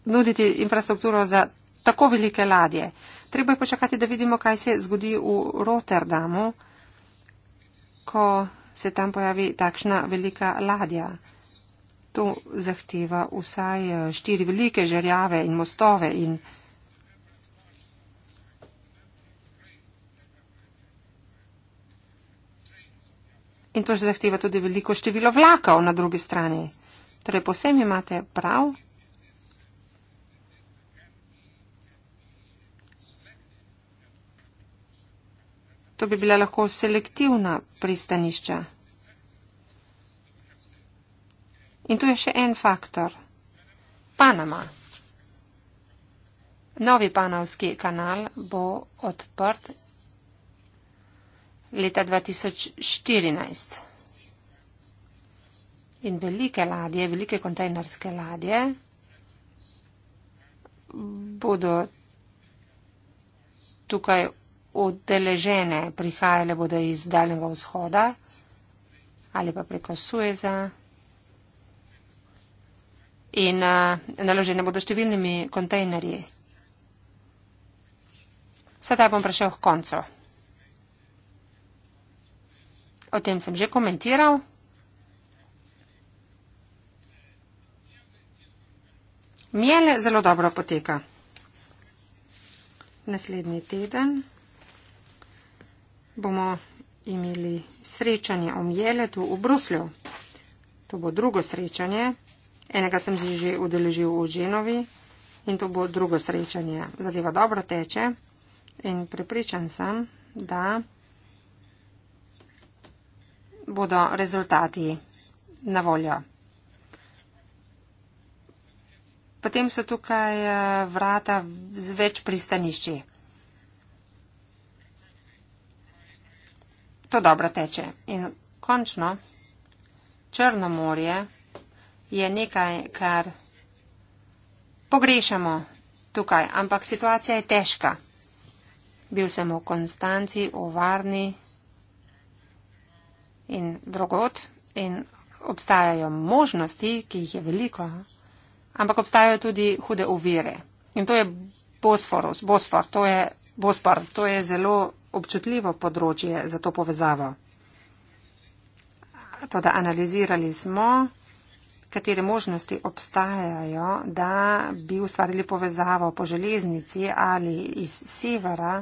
nuditi infrastrukturo za tako velike ladje. Treba je počakati, da vidimo, kaj se zgodi v Rotterdamu, ko se tam pojavi takšna velika ladja. To zahteva vsaj eh, štiri velike žerjave in mostove in. in to že zahteva tudi veliko število vlakov na drugi strani. Torej, posem imate prav. To bi bila lahko selektivna pristanišča. In tu je še en faktor. Panama. Novi panavski kanal bo odprt leta 2014. In velike ladje, velike kontejnerske ladje bodo tukaj odeležene, prihajale bodo iz Daljnega vzhoda ali pa preko Sueza. In uh, naložene bodo številnimi kontejnerji. Sedaj bom prišel k koncu. O tem sem že komentiral. Mjele zelo dobro poteka. Naslednji teden bomo imeli srečanje o mjele tu v Bruslju. To bo drugo srečanje. Enega sem si že udeležil v Ženovi in to bo drugo srečanje. Zadeva dobro teče in prepričan sem, da bodo rezultati na voljo. Potem so tukaj eh, vrata z več pristanišči. To dobro teče. In končno, Črno morje je nekaj, kar pogrešamo tukaj, ampak situacija je težka. Bil sem v Konstanci, v Varni in drugot in obstajajo možnosti, ki jih je veliko, ampak obstajajo tudi hude uvire. In to je Bosforus, Bosfor, to je Bospor, to je zelo občutljivo področje za to povezavo. Toda analizirali smo, katere možnosti obstajajo, da bi ustvarili povezavo po železnici ali iz severa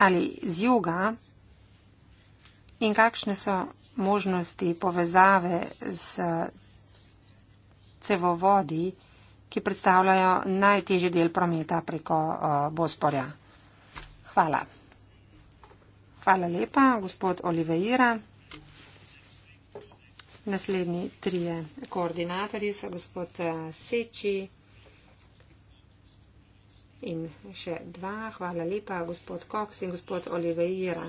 ali z juga In kakšne so možnosti povezave z cevovodi, ki predstavljajo najtežji del prometa preko eh, Bosporja? Hvala. Hvala lepa, gospod Oliveira. Naslednji trije koordinatorji so gospod eh, Seči in še dva. Hvala lepa, gospod Cox in gospod Oliveira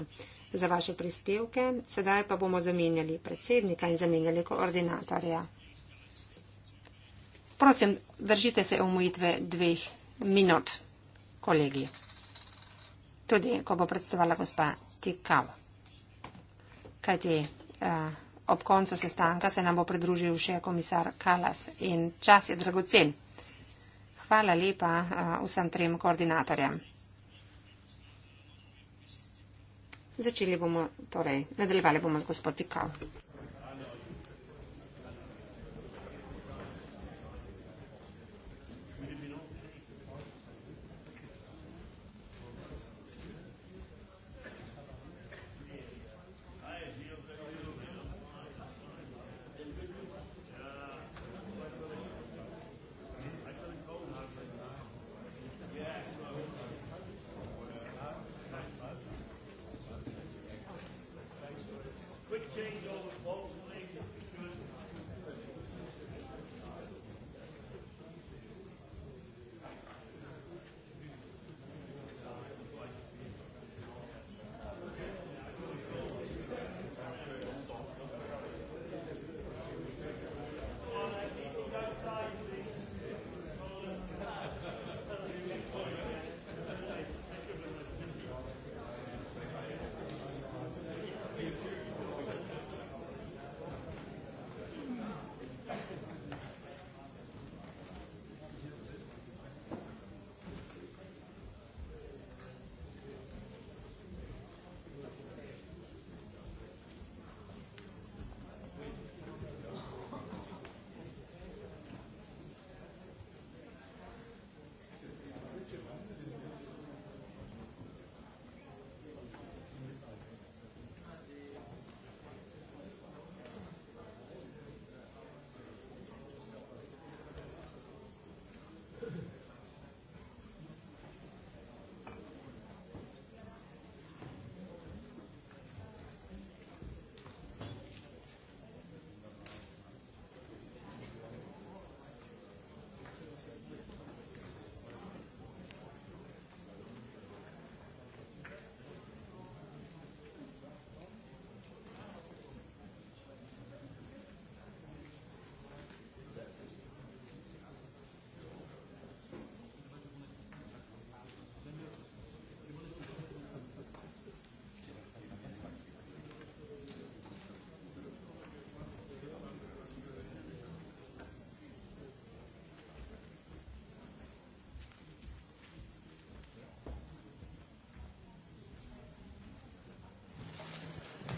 za vaše prispevke. Sedaj pa bomo zamenjali predsednika in zamenjali koordinatorja. Prosim, držite se omojitve dveh minut, kolegi. Tudi, ko bo predstavila gospa Tikav. Kajti uh, ob koncu sestanka se nam bo pridružil še komisar Kalas in čas je dragocen. Hvala lepa uh, vsem trem koordinatorjem. Začeli bomo, torej, nadaljevali bomo z gospodom Tikal.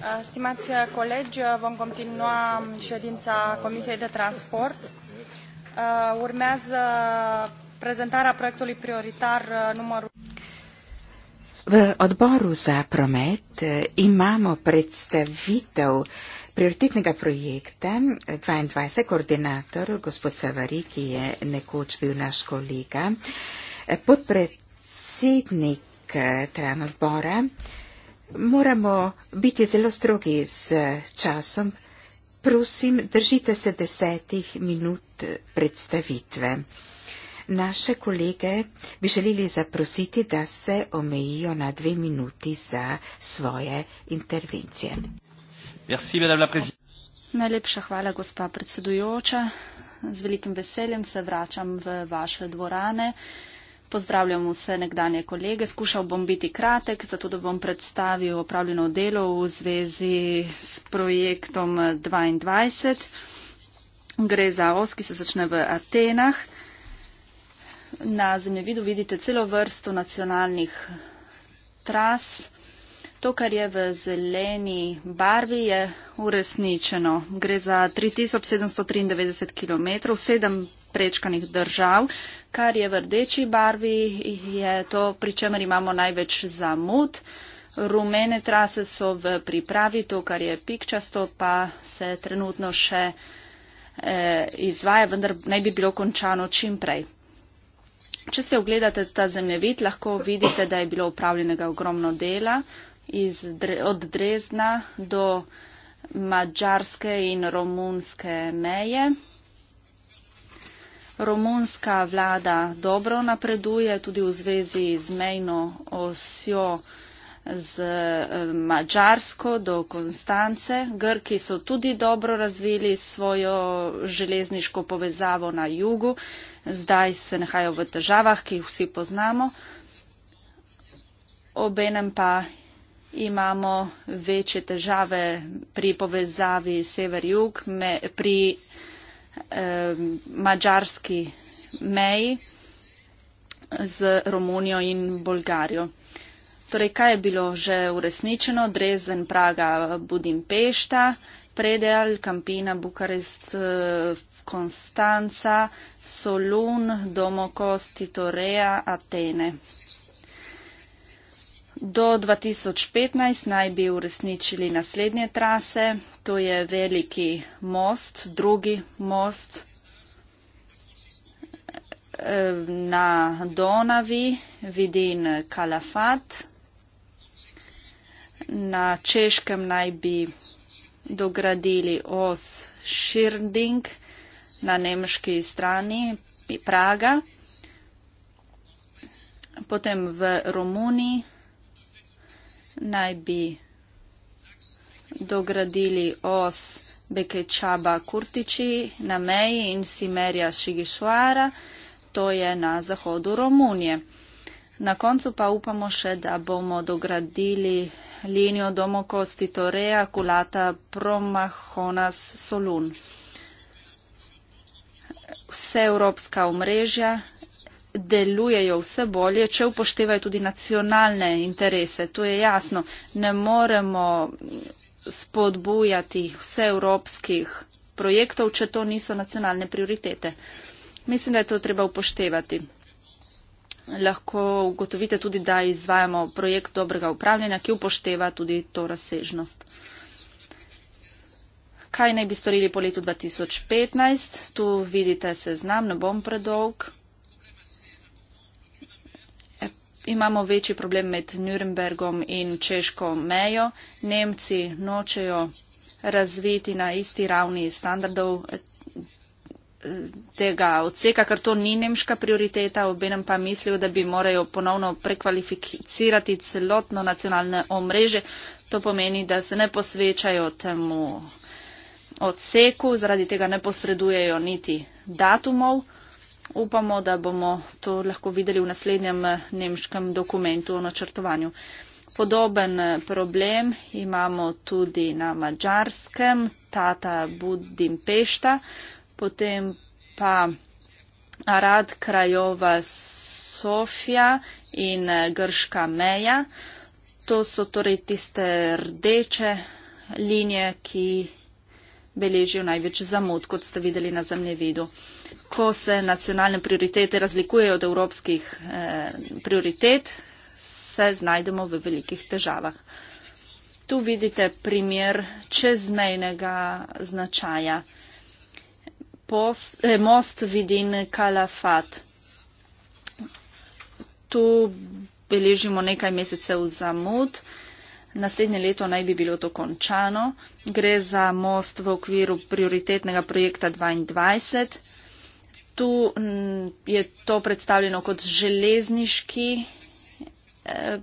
Uh, stimați uh, colegi, uh, vom continua um, ședința Comisiei de Transport. Urmează prezentarea proiectului prioritar numărul... В отбору за промет имамо представител приоритетнега проекта 22 координатор, господ Саварики е некој бил наш колега, подпредседник трен отбора, Moramo biti zelo strogi z časom. Prosim, držite se desetih minut predstavitve. Naše kolege bi želeli zaprositi, da se omejijo na dve minuti za svoje intervencije. Merci, Najlepša hvala, gospa predsedujoča. Z velikim veseljem se vračam v vaše dvorane. Uh, pozdravljam vse nekdanje kolege. Skušal bom biti kratek, zato da bom predstavil opravljeno delo v zvezi s projektom 22. Gre za os, ki se začne v Atenah. Na zemljevidu vidite celo vrsto nacionalnih tras. To, kar je v zeleni barvi, je uresničeno. Gre za 3793 km, sedem prečkanih držav, kar je v rdeči barvi, je to, pri čemer imamo največ zamud. Rumene trase so v pripravi, to, kar je pikčasto, pa se trenutno še eh, izvaja, vendar naj bi bilo končano čim prej. Če se ogledate ta zemljevid, lahko vidite, da je bilo upravljenega ogromno dela iz, od Drezna do mađarske in romunske meje. Romunska vlada dobro napreduje tudi v zvezi z mejno osjo z eh, Mačarsko do Konstance. Grki so tudi dobro razvili svojo železniško povezavo na jugu, zdaj se nahajajo v težavah, ki jih vsi poznamo. Obenem pa imamo večje težave pri povezavi sever-jug, pri eh, mađarski meji z Romunijo in Bolgarijo. Torej, kaj je bilo že uresničeno? Drezden, Praga, Budimpešta, Predel, Kampina, Bukarest, eh, Konstanca, Solun, Domokosti, Toreja, Atene. Do 2015 naj bi uresničili naslednje trase, to je veliki most, drugi most eh, na Donavi, vidin Kalafat. Na Češkem naj bi dogradili os Širding na nemški strani Praga. Potem v Romuniji naj bi dogradili os Bekečaba Kurtiči na meji in Simerja Šigišvara, to je na zahodu Romunije. Na koncu pa upamo še, da bomo dogradili linijo domokosti Torea Kulata Promahonas Solun. Vse evropska omrežja delujejo vse bolje, če upoštevajo tudi nacionalne interese. To je jasno. Ne moremo spodbujati vse evropskih projektov, če to niso nacionalne prioritete. Mislim, da je to treba upoštevati. Lahko ugotovite tudi, da izvajamo projekt dobrega upravljanja, ki upošteva tudi to razsežnost. Kaj naj bi storili po letu 2015? Tu vidite seznam, ne bom predolg imamo večji problem med Nürnbergom in češko mejo. Nemci nočejo razviti na isti ravni standardov eh, tega odseka, ker to ni nemška prioriteta, obenem pa mislijo, da bi morajo ponovno prekvalificirati celotno nacionalne omreže. To pomeni, da se ne posvečajo temu odseku, zaradi tega ne posredujejo niti datumov upamo, da bomo to lahko videli v naslednjem eh, nemškem dokumentu o načrtovanju. Podoben eh, problem imamo tudi na mačarskem, Tata Budimpešta, potem pa Arad Krajova Sofija in eh, Grška meja. To so torej tiste rdeče linije, ki beležijo največ zamud, kot ste videli na zemljevidu kako se nacionalne prioritete razlikujejo od evropskih eh, prioritet, se znajdemo v velikih težavah. Tu vidite primer čezmejnega značaja. Post, eh, most vidin Kalafat. Tu beležimo nekaj mesecev zamud. Naslednje leto naj bi bilo to končano. Gre za most v okviru prioritetnega projekta 22 tu mm, je to predstavljeno kot železniški eh,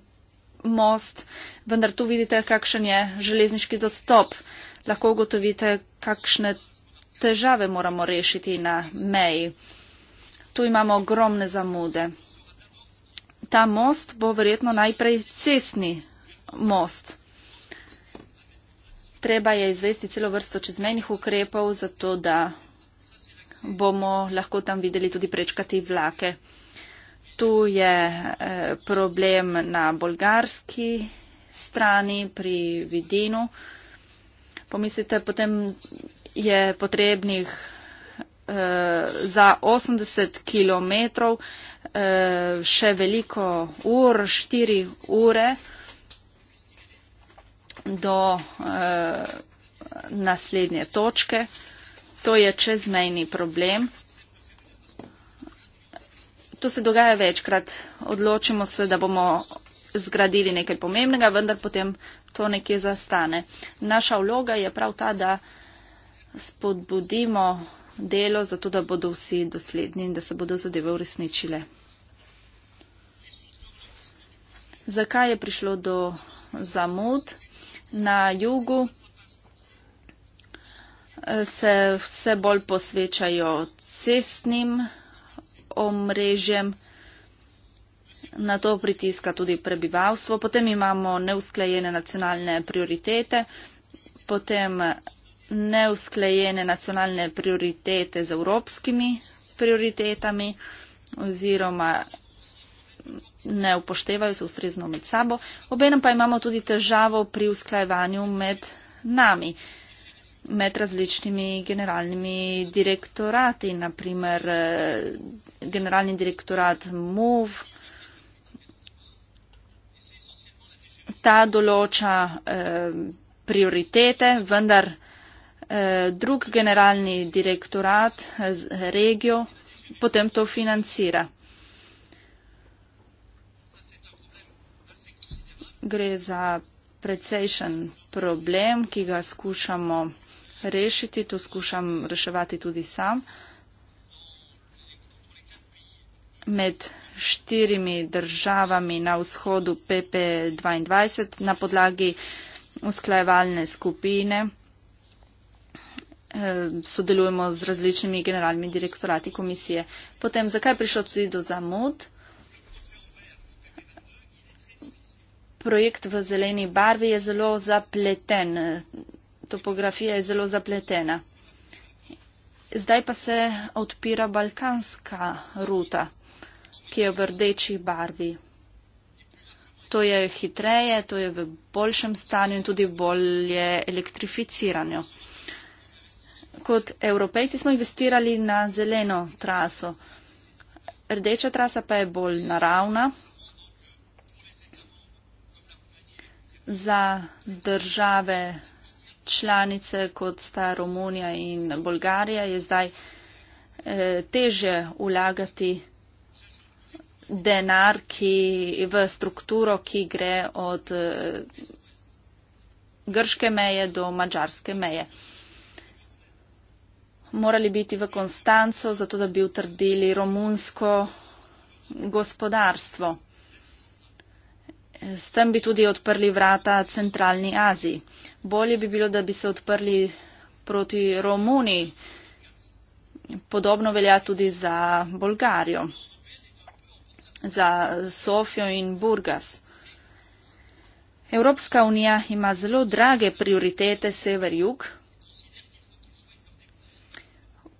most, vendar tu vidite, kakšen je železniški dostop. Lahko ugotovite, kakšne težave moramo rešiti na meji. Tu imamo ogromne zamude. Ta most bo verjetno najprej cestni most. Treba je izvesti celo vrsto čezmenih ukrepov, zato da bomo lahko tam videli tudi prečkati vlake. Tu je eh, problem na bolgarski strani pri Vidinu. Pomislite, potem je potrebnih eh, za 80 km eh, še veliko ur, 4 ure do naslednje točke. To je čezmejni problem. To se dogaja večkrat. Odločimo se, da bomo zgradili nekaj pomembnega, vendar potem to nekje zastane. Naša vloga je prav ta, da spodbudimo delo, zato da bodo vsi dosledni in da se bodo zadeve uresničile. Zakaj je prišlo do zamud? Na jugu se vse bolj posvečajo cestnim omrežjem, na to pritiska tudi prebivalstvo, potem imamo neusklejene nacionalne prioritete, potem neusklejene nacionalne prioritete z evropskimi prioritetami oziroma ne upoštevajo se ustrezno med sabo. Obenem pa imamo tudi težavo pri usklajevanju med nami. Uh, med različnimi generalnimi direktorati, naprimer eh, generalni direktorat MOV. Ta določa eh, prioritete, vendar eh, drug generalni direktorat, eh, regijo, potem to financira. Gre za precejšen problem, ki ga skušamo rešiti, to skušam reševati tudi sam. Med štirimi državami na vzhodu PP22 na podlagi usklajevalne skupine eh, sodelujemo z različnimi generalnimi direktorati komisije. Potem, zakaj prišlo tudi do zamud? Projekt v zeleni barvi je zelo zapleten topografija je zelo zapletena. Zdaj pa se odpira balkanska ruta, ki je v rdeči barvi. To je hitreje, to je v boljšem stanju in tudi bolje elektrificiranju. Kot evropejci smo investirali na zeleno traso. Rdeča trasa pa je bolj naravna. Za države članice, kot sta Romunija in Bolgarija, je zdaj eh, teže vlagati denar ki, v strukturo, ki gre od eh, grške meje do mačarske meje. Morali biti v Konstanco, zato da bi utrdili romunsko gospodarstvo. S tem bi tudi odprli vrata centralni Aziji. Bolje bi bilo, da bi se odprli proti Romuniji. Podobno velja tudi za Bolgarijo, za Sofijo in Burgas. Evropska unija ima zelo drage prioritete sever-jug.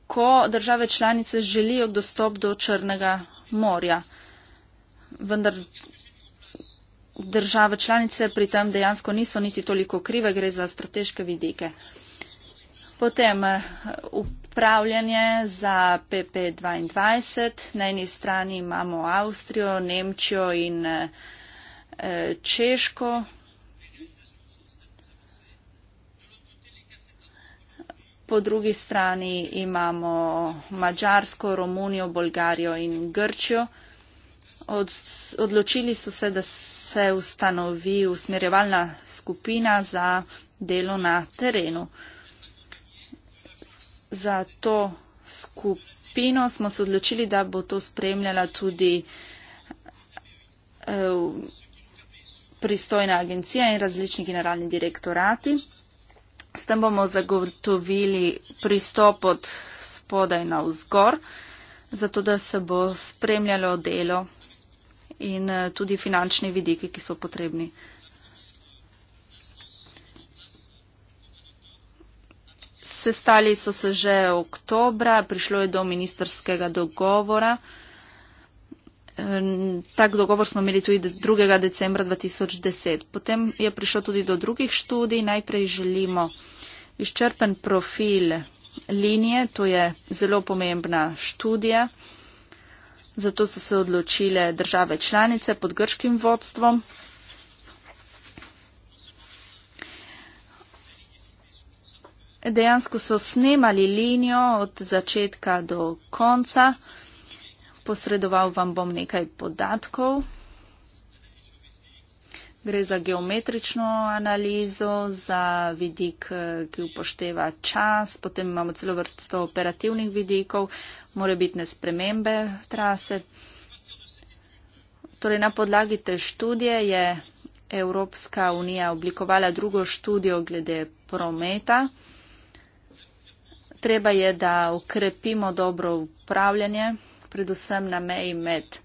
Ko države članice želijo dostop do Črnega morja, vendar države članice pri tem dejansko niso niti toliko krive, gre za strateške vidike. Potem eh, upravljanje za PP22. Na eni strani imamo Avstrijo, Nemčijo in eh, Češko. Po drugi strani imamo Mačarsko, Romunijo, Bolgarijo in Grčijo. Odločili so se, da se ustanovi usmerjevalna skupina za delo na terenu. Za to skupino smo se odločili, da bo to spremljala tudi eh, pristojna agencija in različni generalni direktorati. S tem bomo zagotovili pristop od spodaj na vzgor, zato da se bo spremljalo delo in eh, tudi finančni vidiki, ki so potrebni. Sestali so se že oktobra, prišlo je do ministerskega dogovora. Tak dogovor smo imeli tudi 2. decembra 2010. Potem je prišlo tudi do drugih študij. Najprej želimo izčrpen profil linije, to je zelo pomembna študija. Zato so se odločile države članice pod grškim vodstvom. Dejansko so snemali linijo od začetka do konca. Posredoval vam bom nekaj podatkov. Gre za geometrično analizo, za vidik, ki upošteva čas, potem imamo celo vrsto operativnih vidikov, morebitne spremembe trase. Torej, na podlagi te študije je Evropska unija oblikovala drugo študijo glede prometa. Treba je, da ukrepimo dobro upravljanje, predvsem na meji med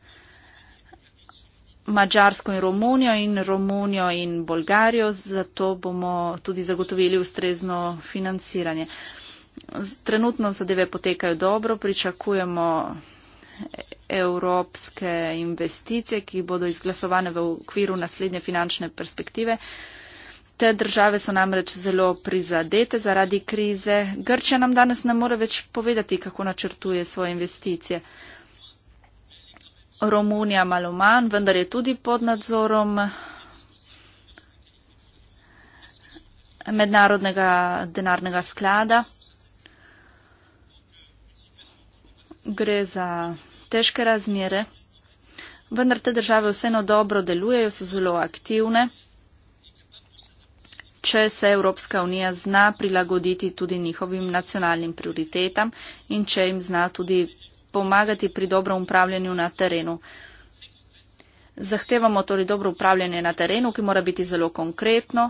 Mačarsko in Romunijo in Romunijo in Bolgarijo, zato bomo tudi zagotovili ustrezno financiranje. Trenutno zadeve potekajo dobro, pričakujemo evropske investicije, ki bodo izglasovane v okviru naslednje finančne perspektive. Te države so namreč zelo prizadete zaradi krize. Grčija nam danes ne more več povedati, kako načrtuje svoje investicije. Romunija malo manj, vendar je tudi pod nadzorom mednarodnega denarnega sklada. gre za težke razmere, vendar te države vseeno dobro delujejo, so zelo aktivne, če se Evropska unija zna prilagoditi tudi njihovim nacionalnim prioritetam in če jim zna tudi pomagati pri dobrem upravljanju na terenu. Zahtevamo torej dobro upravljanje na terenu, ki mora biti zelo konkretno.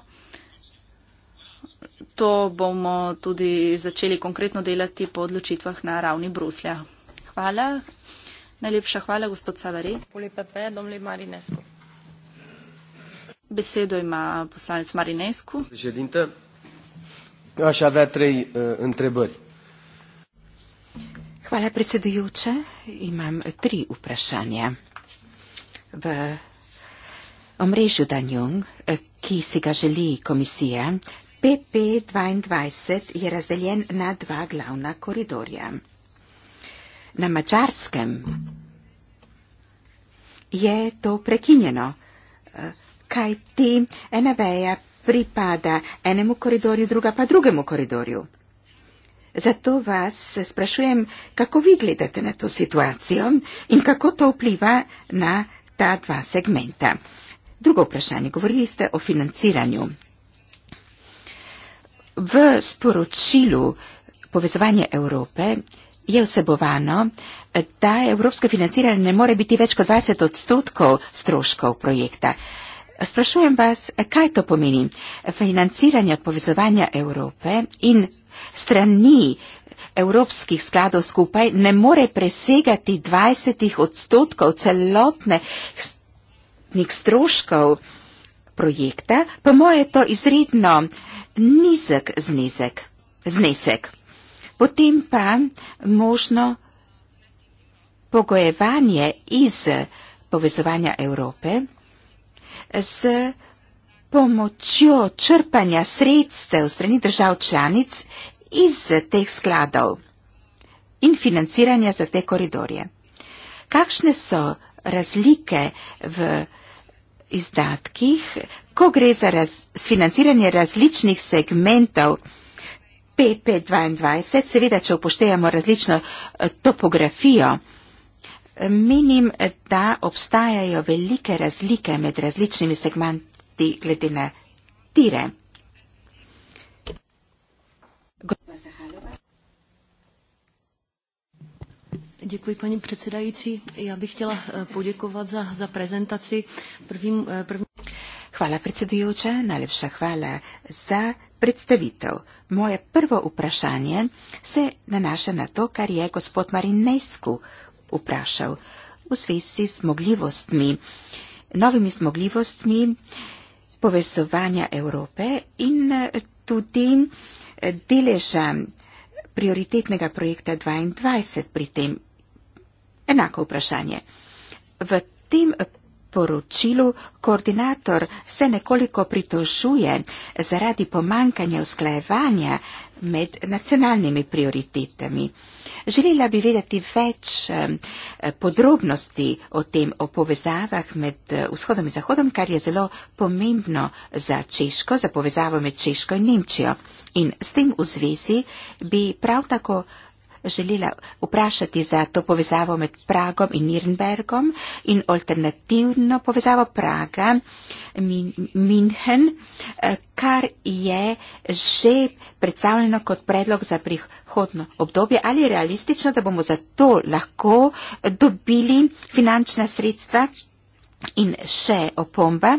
To bomo tudi začeli konkretno delati po odločitvah na ravni Bruslja hvala. Najlepša hvala, gospod Savari. Besedo ima poslanec Marinescu. Uh, hvala, predsedujoče. Imam tri vprašanja. V omrežju Danjung, eh, ki si ga želi komisija, PP22 je razdeljen na dva glavna koridorja na mačarskem. Je to prekinjeno, eh, kaj ti ena veja pripada enemu koridorju, druga pa drugemu koridorju. Zato vas sprašujem, kako vi gledate na to situacijo in kako to vpliva na ta dva segmenta. Drugo vprašanje, govorili ste o financiranju. V sporočilu povezovanje Evrope je vsebovano, da evropsko financiranje ne more biti več kot 20 odstotkov stroškov projekta. Sprašujem vas, kaj to pomeni? Financiranje od povezovanja Evrope in strani evropskih skladov skupaj ne more presegati 20 odstotkov celotnih stroškov projekta, pa moje to izredno nizek znesek. Potem pa možno pogojevanje iz povezovanja Evrope s pomočjo črpanja sredstev strani držav članic iz teh skladov in financiranja za te koridorje. Kakšne so razlike v izdatkih, ko gre za raz, financiranje različnih segmentov? PP22, seveda, če upoštejamo različno eh, topografijo. Eh, menim, da obstajajo velike razlike med različnimi segmenti glede na tire. Děkuji, paní předsedající. Já bych chtěla eh, poděkovat za, za prezentaci. Prvým, prvým... Hvala, predsedujúča, najlepša hvala za predstavitev. Moje prvo vprašanje se nanaša na to, kar je gospod Marinescu vprašal v zvezi s zmogljivostmi, novimi zmogljivostmi povezovanja Evrope in eh, tudi eh, deleža prioritetnega projekta 22 pri tem. Enako vprašanje. V tem poročilu koordinator se nekoliko pritožuje zaradi pomankanja usklajevanja med nacionalnimi prioritetami. Želela bi vedeti več podrobnosti o tem, o povezavah med eh, vzhodom in zahodom, kar je zelo pomembno za Češko, za povezavo med Češko in Nemčijo. In s tem v zvezi bi prav tako želela vprašati za to povezavo med Pragom in Nirnbergom in alternativno povezavo Praga in München, eh, kar je že predstavljeno kot predlog za prihodno obdobje. Ali je realistično, da bomo za to lahko dobili finančna sredstva? In še opomba,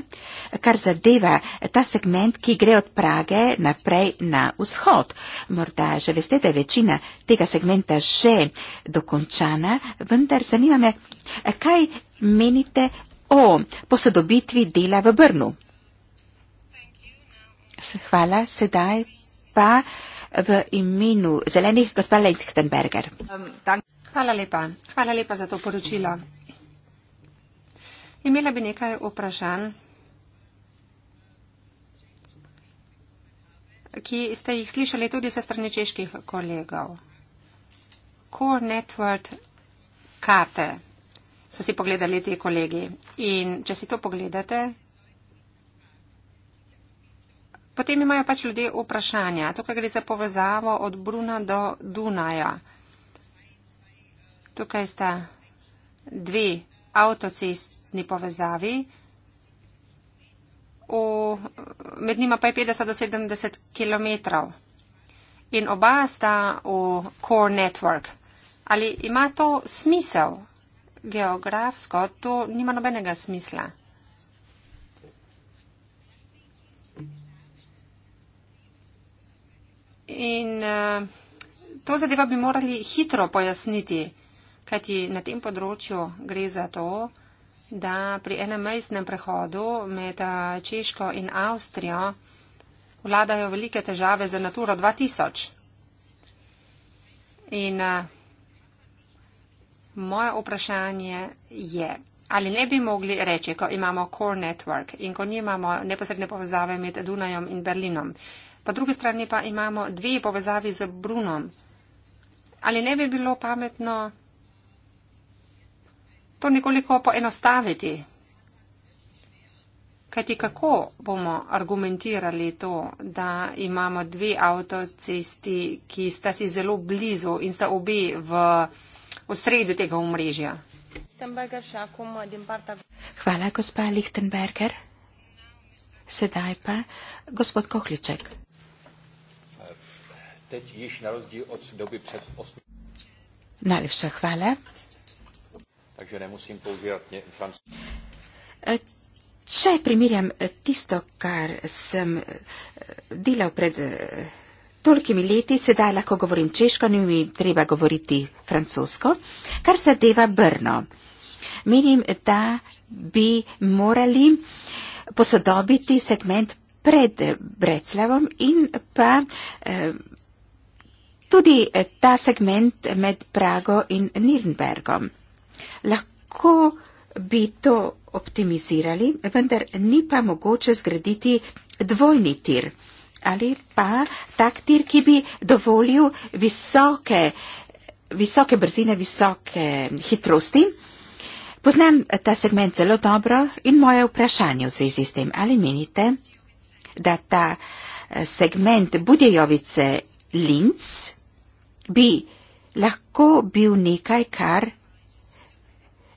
kar zadeva ta segment, ki gre od Prage naprej na vzhod. Morda že veste, da je večina tega segmenta že dokončana, vendar zanima me, kaj menite o posodobitvi dela v Brnu. Hvala, sedaj pa v imenu zelenih gospod Leichtenberger. Hvala lepa, hvala lepa za to poročilo. Imela bi nekaj vprašanj, ki ste jih slišali tudi se strani čeških kolegov. Core network karte so si pogledali ti kolegi. In če si to pogledate, potem imajo pač ljudje vprašanja. Tukaj gre za povezavo od Bruna do Dunaja. Tukaj sta dve avtocesti internetni povezavi. V, med njima pa je 50 do 70 km. In oba sta v core network. Ali ima to smisel geografsko? To nima nobenega smisla. In eh, to zadeva bi morali hitro pojasniti, kajti na tem področju gre za to, da pri enem mestnem prehodu med eh, Češko in Avstrijo vladajo velike težave za Naturo 2000. In eh, moje vprašanje je, ali ne bi mogli reči, ko imamo core network in ko nimamo neposredne povezave med Dunajem in Berlinom, po drugi strani pa imamo dve povezavi z Brunom, ali ne bi bilo pametno to nekoliko poenostaviti. Kajti kako bomo argumentirali to, da imamo dve avtocesti, ki sta si zelo blizu in sta obi v osredju tega omrežja? Hvala, gospa Lichtenberger. Sedaj pa gospod Kohliček. Najlepša hvala takže nemusím používat francouzský. E, če primerjam tisto, kar sem e, delal pred e, tolkimi leti, sedaj lahko govorim češko, ni mi treba govoriti francosko, kar se deva Brno. Menim, da bi morali posodobiti segment pred Breclavom in pa tudi ta segment med Prago in Nirnbergom. Lahko bi to optimizirali, vendar ni pa mogoče zgraditi dvojni tir ali pa tak tir, ki bi dovolil visoke, visoke brzine, visoke hitrosti. Poznam ta segment zelo dobro in moje vprašanje v zvezi s tem, ali menite, da ta eh, segment Budejovice Linz bi lahko bil nekaj, kar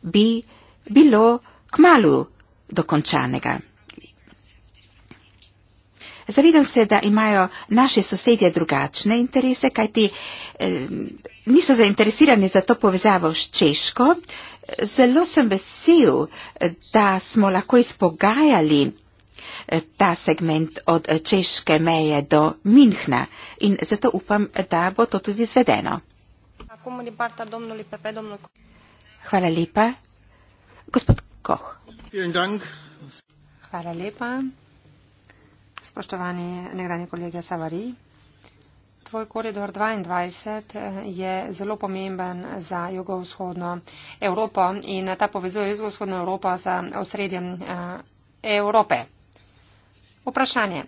bi bilo kmalu dokončanega. Zavedam se, da imajo naše sosedje drugačne interese, kajti eh, niso zainteresirani za to povezavo s Češko. Zelo sem vesel, da smo lahko izpogajali eh, ta segment od češke meje do Minhna in zato upam, da bo to tudi izvedeno. Hvala lepa. Gospod Koh. Hvala lepa. Spoštovani nekdani kolega Savari. Tvoj koridor 22 eh, je zelo pomemben za jugovzhodno Evropo in ta povezuje jugovzhodno Evropo z osredjem eh, Evrope. Vprašanje.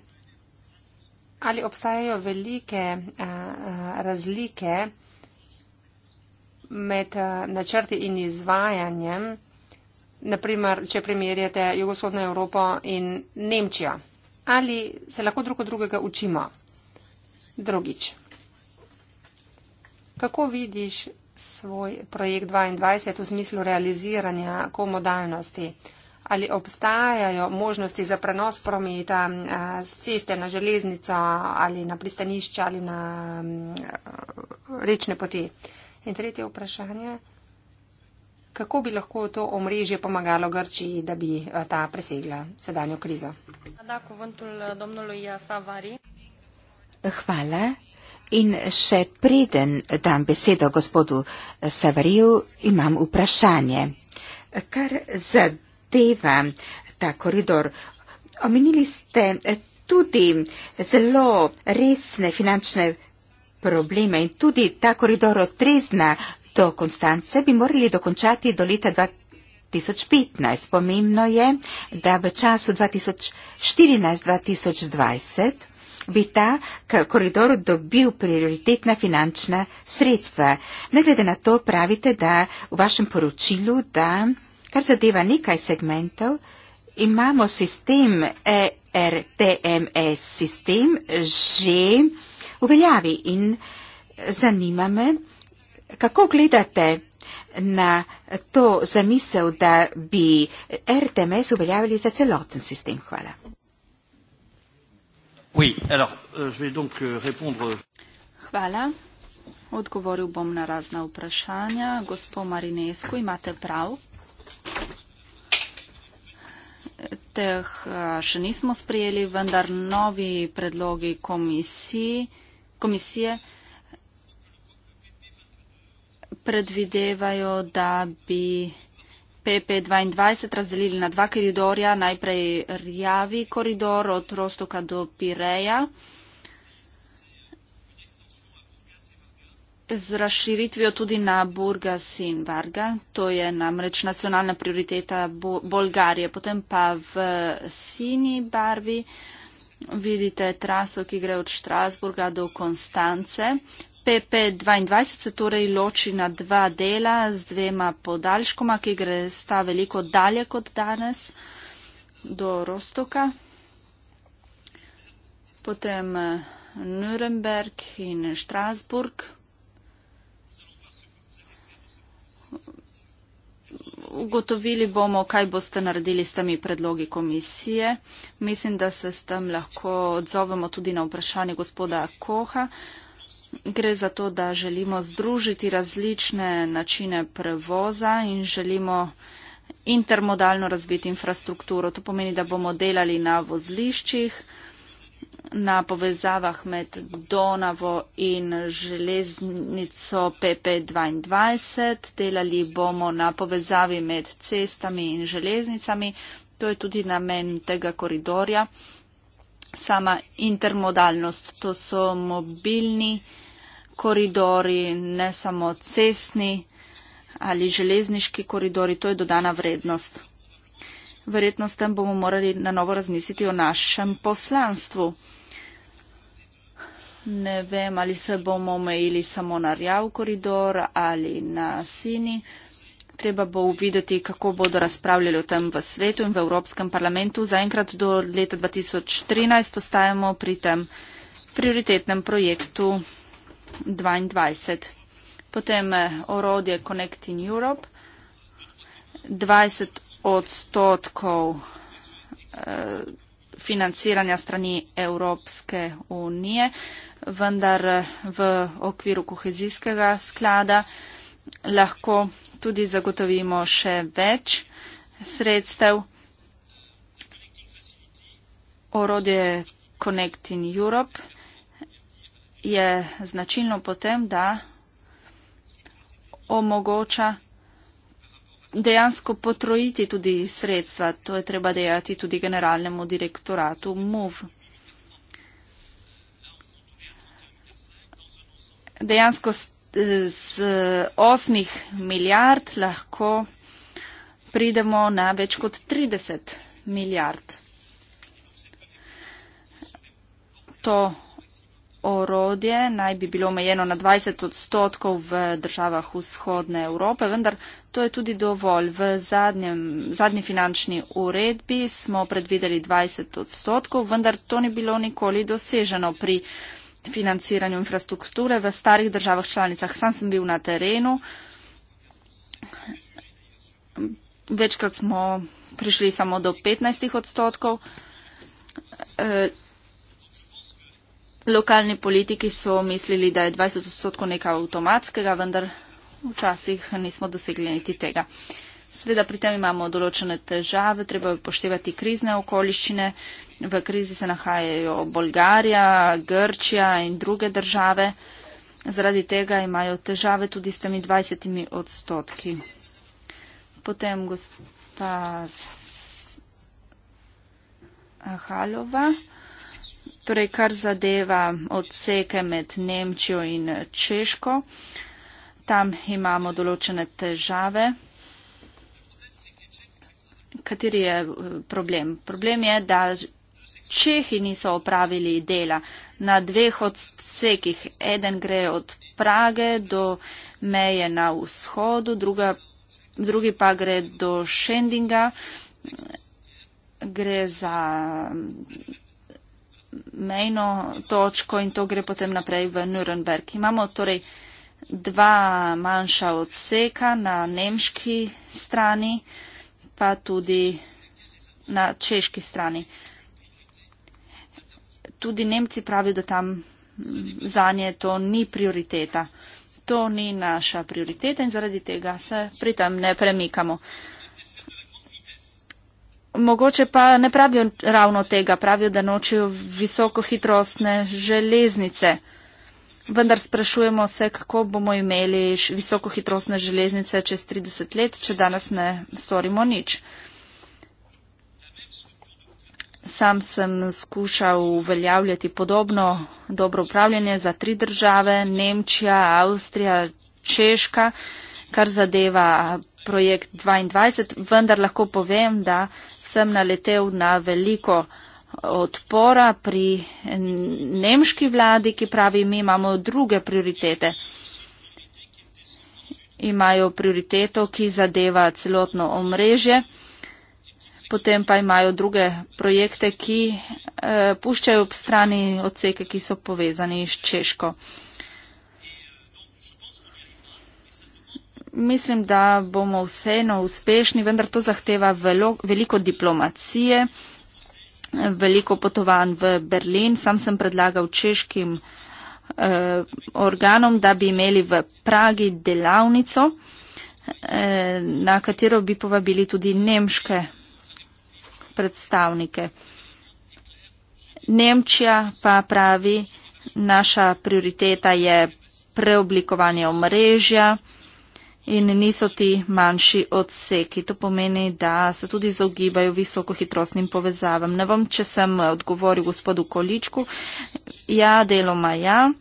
Ali obstajajo velike eh, razlike? med eh, načrti in izvajanjem, naprimer, če primerjate Jugoslavno Evropo in Nemčijo? Ali se lahko drug od drugega učimo? Drugič, kako vidiš svoj projekt 22 v smislu realiziranja komodalnosti? Ali obstajajo možnosti za prenos prometa z eh, ceste na železnico ali na pristanišča ali na eh, rečne poti? In tretje vprašanje. Kako bi lahko to omrežje pomagalo Grčiji, da bi eh, ta presegla sedanjo krizo? Eh, Hvala. In še preden dam besedo gospodu eh, Savariju, imam vprašanje. Kar zadeva ta koridor, omenili ste tudi zelo resne finančne probleme in tudi ta koridor od Trezna do Konstance bi morali dokončati do leta 2015. Pomembno je, da v času 2014-2020 bi ta koridor dobil prioritetna finančna sredstva. Ne glede na to pravite, da v vašem poročilu, da kar zadeva nekaj segmentov, imamo sistem ERTMS, sistem že uveljavi. In zanima me, kako gledate na to zamisel, da bi RTMS uveljavili za celoten sistem. Hvala. Oui, alors, euh, donc, euh, répondre... Hvala. Odgovoril bom na razna vprašanja. Gospod Marinesku, imate prav. Teh eh, še nismo sprejeli, vendar novi predlogi komisiji komisije predvidevajo, da bi PP22 razdelili na dva koridorja, najprej rjavi koridor od Rostoka do Pireja. Z razširitvijo tudi na Burgas in Varga, to je namreč nacionalna prioriteta Bolgarije, potem pa v sini barvi eh, vidite traso, ki gre od Štrasburga do Konstance. PP22 se torej loči na dva dela z dvema podaljškoma, ki gre sta veliko dalje kot danes do Rostoka. Potem eh, Nuremberg in Štrasburg. ugotovili bomo, kaj boste naredili s temi predlogi komisije. Mislim, da se s tem lahko odzovemo tudi na vprašanje gospoda Koha. Gre za to, da želimo združiti različne načine prevoza in želimo intermodalno razviti infrastrukturo. To pomeni, da bomo delali na vozliščih na povezavah med Donavo in železnico PP22. Delali bomo na povezavi med cestami in železnicami. To je tudi namen tega koridorja. Sama intermodalnost, to so mobilni koridori, ne samo cestni ali železniški koridori, to je dodana vrednost. Verjetno s tem bomo morali na novo razmisliti o našem poslanstvu. Ne vem, ali se bomo omejili samo na rjav koridor ali na sini. Treba bo uvideti, kako bodo razpravljali o tem v svetu in v Evropskem parlamentu. Zaenkrat do leta 2013 ostajamo pri tem prioritetnem projektu 22. Potem eh, orodje Connecting Europe. 20 odstotkov eh, financiranja strani Evropske unije, vendar eh, v okviru kohezijskega sklada lahko tudi zagotovimo še več sredstev. Orodje Connect in Europe je značilno potem, da omogoča dejansko potrojiti tudi sredstva. To je treba dejati tudi generalnemu direktoratu MOV. Dejansko z 8 milijard lahko pridemo na več kot 30 milijard. To orodje naj bi bilo omejeno na 20 odstotkov v državah vzhodne Evrope, vendar to je tudi dovolj. V zadnjem, zadnji finančni uredbi smo predvideli 20 odstotkov, vendar to ni bilo nikoli doseženo pri financiranju infrastrukture v starih državah članicah. Sam sem bil na terenu. Večkrat smo prišli samo do 15 odstotkov. Lokalni politiki so mislili, da je 20 odstotkov nekaj avtomatskega, vendar včasih nismo dosegli niti tega. Sveda pri tem imamo določene težave, treba je poštevati krizne okoliščine. V krizi se nahajajo Bolgarija, Grčija in druge države. Zaradi tega imajo težave tudi s temi 20 odstotki. Potem gospa Ahalova torej kar zadeva odseke med Nemčijo in Češko. Tam imamo določene težave. Kateri je eh, problem? Problem je, da Čehi niso opravili dela na dveh odsekih. Eden gre od Prage do meje na vzhodu, druga, drugi pa gre do Šendinga. Gre za mejno točko in to gre potem naprej v Nürnberg. Imamo torej dva manjša odseka na nemški strani, pa tudi na češki strani. Tudi Nemci pravijo, da tam zanje to ni prioriteta. To ni naša prioriteta in zaradi tega se pri tem ne premikamo. Uh, mogoče pa ne pravijo ravno tega, pravijo, da nočijo visokohitrostne železnice. Vendar sprašujemo se, kako bomo imeli visokohitrostne železnice čez 30 let, če danes ne storimo nič. Sam sem skušal uveljavljati podobno dobro upravljanje za tri države, Nemčija, Avstrija, Češka, kar zadeva projekt 22, vendar lahko povem, da sem naletel na veliko odpora pri nemški vladi, ki pravi, mi imamo druge prioritete. Imajo prioriteto, ki zadeva celotno omrežje, potem pa imajo druge projekte, ki eh, puščajo ob strani odseke, ki so povezani s Češko. mislim, da bomo vseeno uspešni, vendar to zahteva velo, veliko diplomacije, veliko potovanj v Berlin. Sam sem predlagal češkim eh, organom, da bi imeli v Pragi delavnico, eh, na katero bi povabili tudi nemške predstavnike. Nemčija pa pravi, naša prioriteta je preoblikovanje omrežja. In niso ti manjši odseki. To pomeni, da se tudi zaogibajo visokohitrostnim povezavam. Ne vem, če sem odgovoril gospodu Količku. Ja, deloma ja.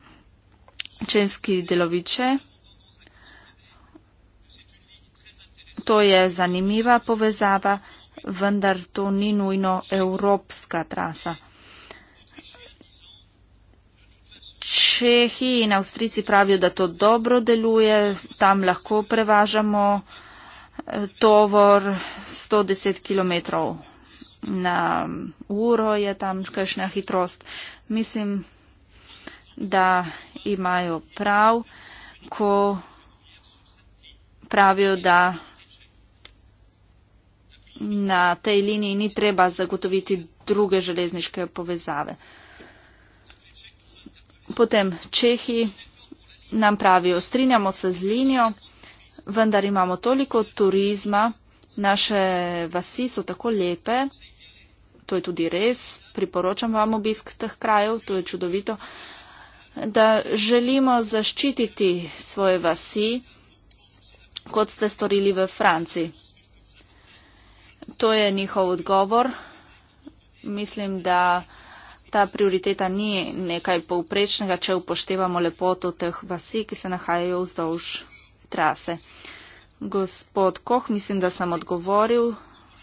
Čenski deloviče. To je zanimiva povezava, vendar to ni nujno evropska trasa. Čehi in Avstrici pravijo, da to dobro deluje, tam lahko prevažamo eh, tovor 110 km na uro je tam kakšna hitrost. Mislim, da imajo prav, ko pravijo, da na tej liniji ni treba zagotoviti druge železniške povezave. Potem Čehi nam pravijo, strinjamo se z linijo, vendar imamo toliko turizma, naše vasi so tako lepe, to je tudi res, priporočam vam obisk teh krajev, to je čudovito, da želimo zaščititi svoje vasi, kot ste storili v Franciji. To je njihov odgovor. Mislim, da ta prioriteta ni nekaj povprečnega, če upoštevamo lepoto teh vasi, ki se nahajajo vzdolž trase. Gospod Koh, mislim, da sem odgovoril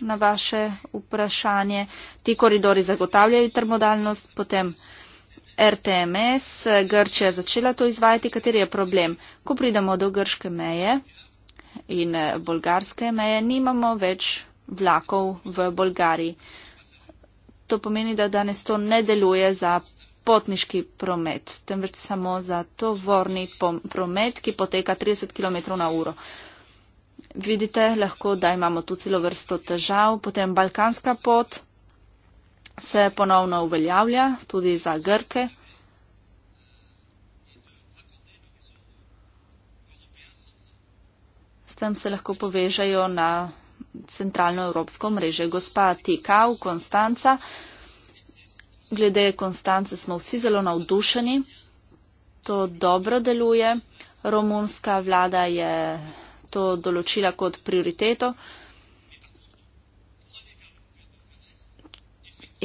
na vaše vprašanje. Ti koridori zagotavljajo termodalnost, potem RTMS, Grčija začela to izvajati, kateri je problem. Ko pridemo do grške meje in bolgarske meje, nimamo več vlakov v Bolgariji to pomeni, da danes to ne deluje za potniški promet, temveč samo za tovorni promet, ki poteka 30 km na uro. Vidite, lahko, da imamo tu celo vrsto težav. Potem balkanska pot se ponovno uveljavlja tudi za Grke. S tem se lahko povežajo na centralnoevropsko mreže. Gospa Tikau, Konstanca, glede Konstance smo vsi zelo navdušeni. To dobro deluje. Romunska vlada je to določila kot prioriteto.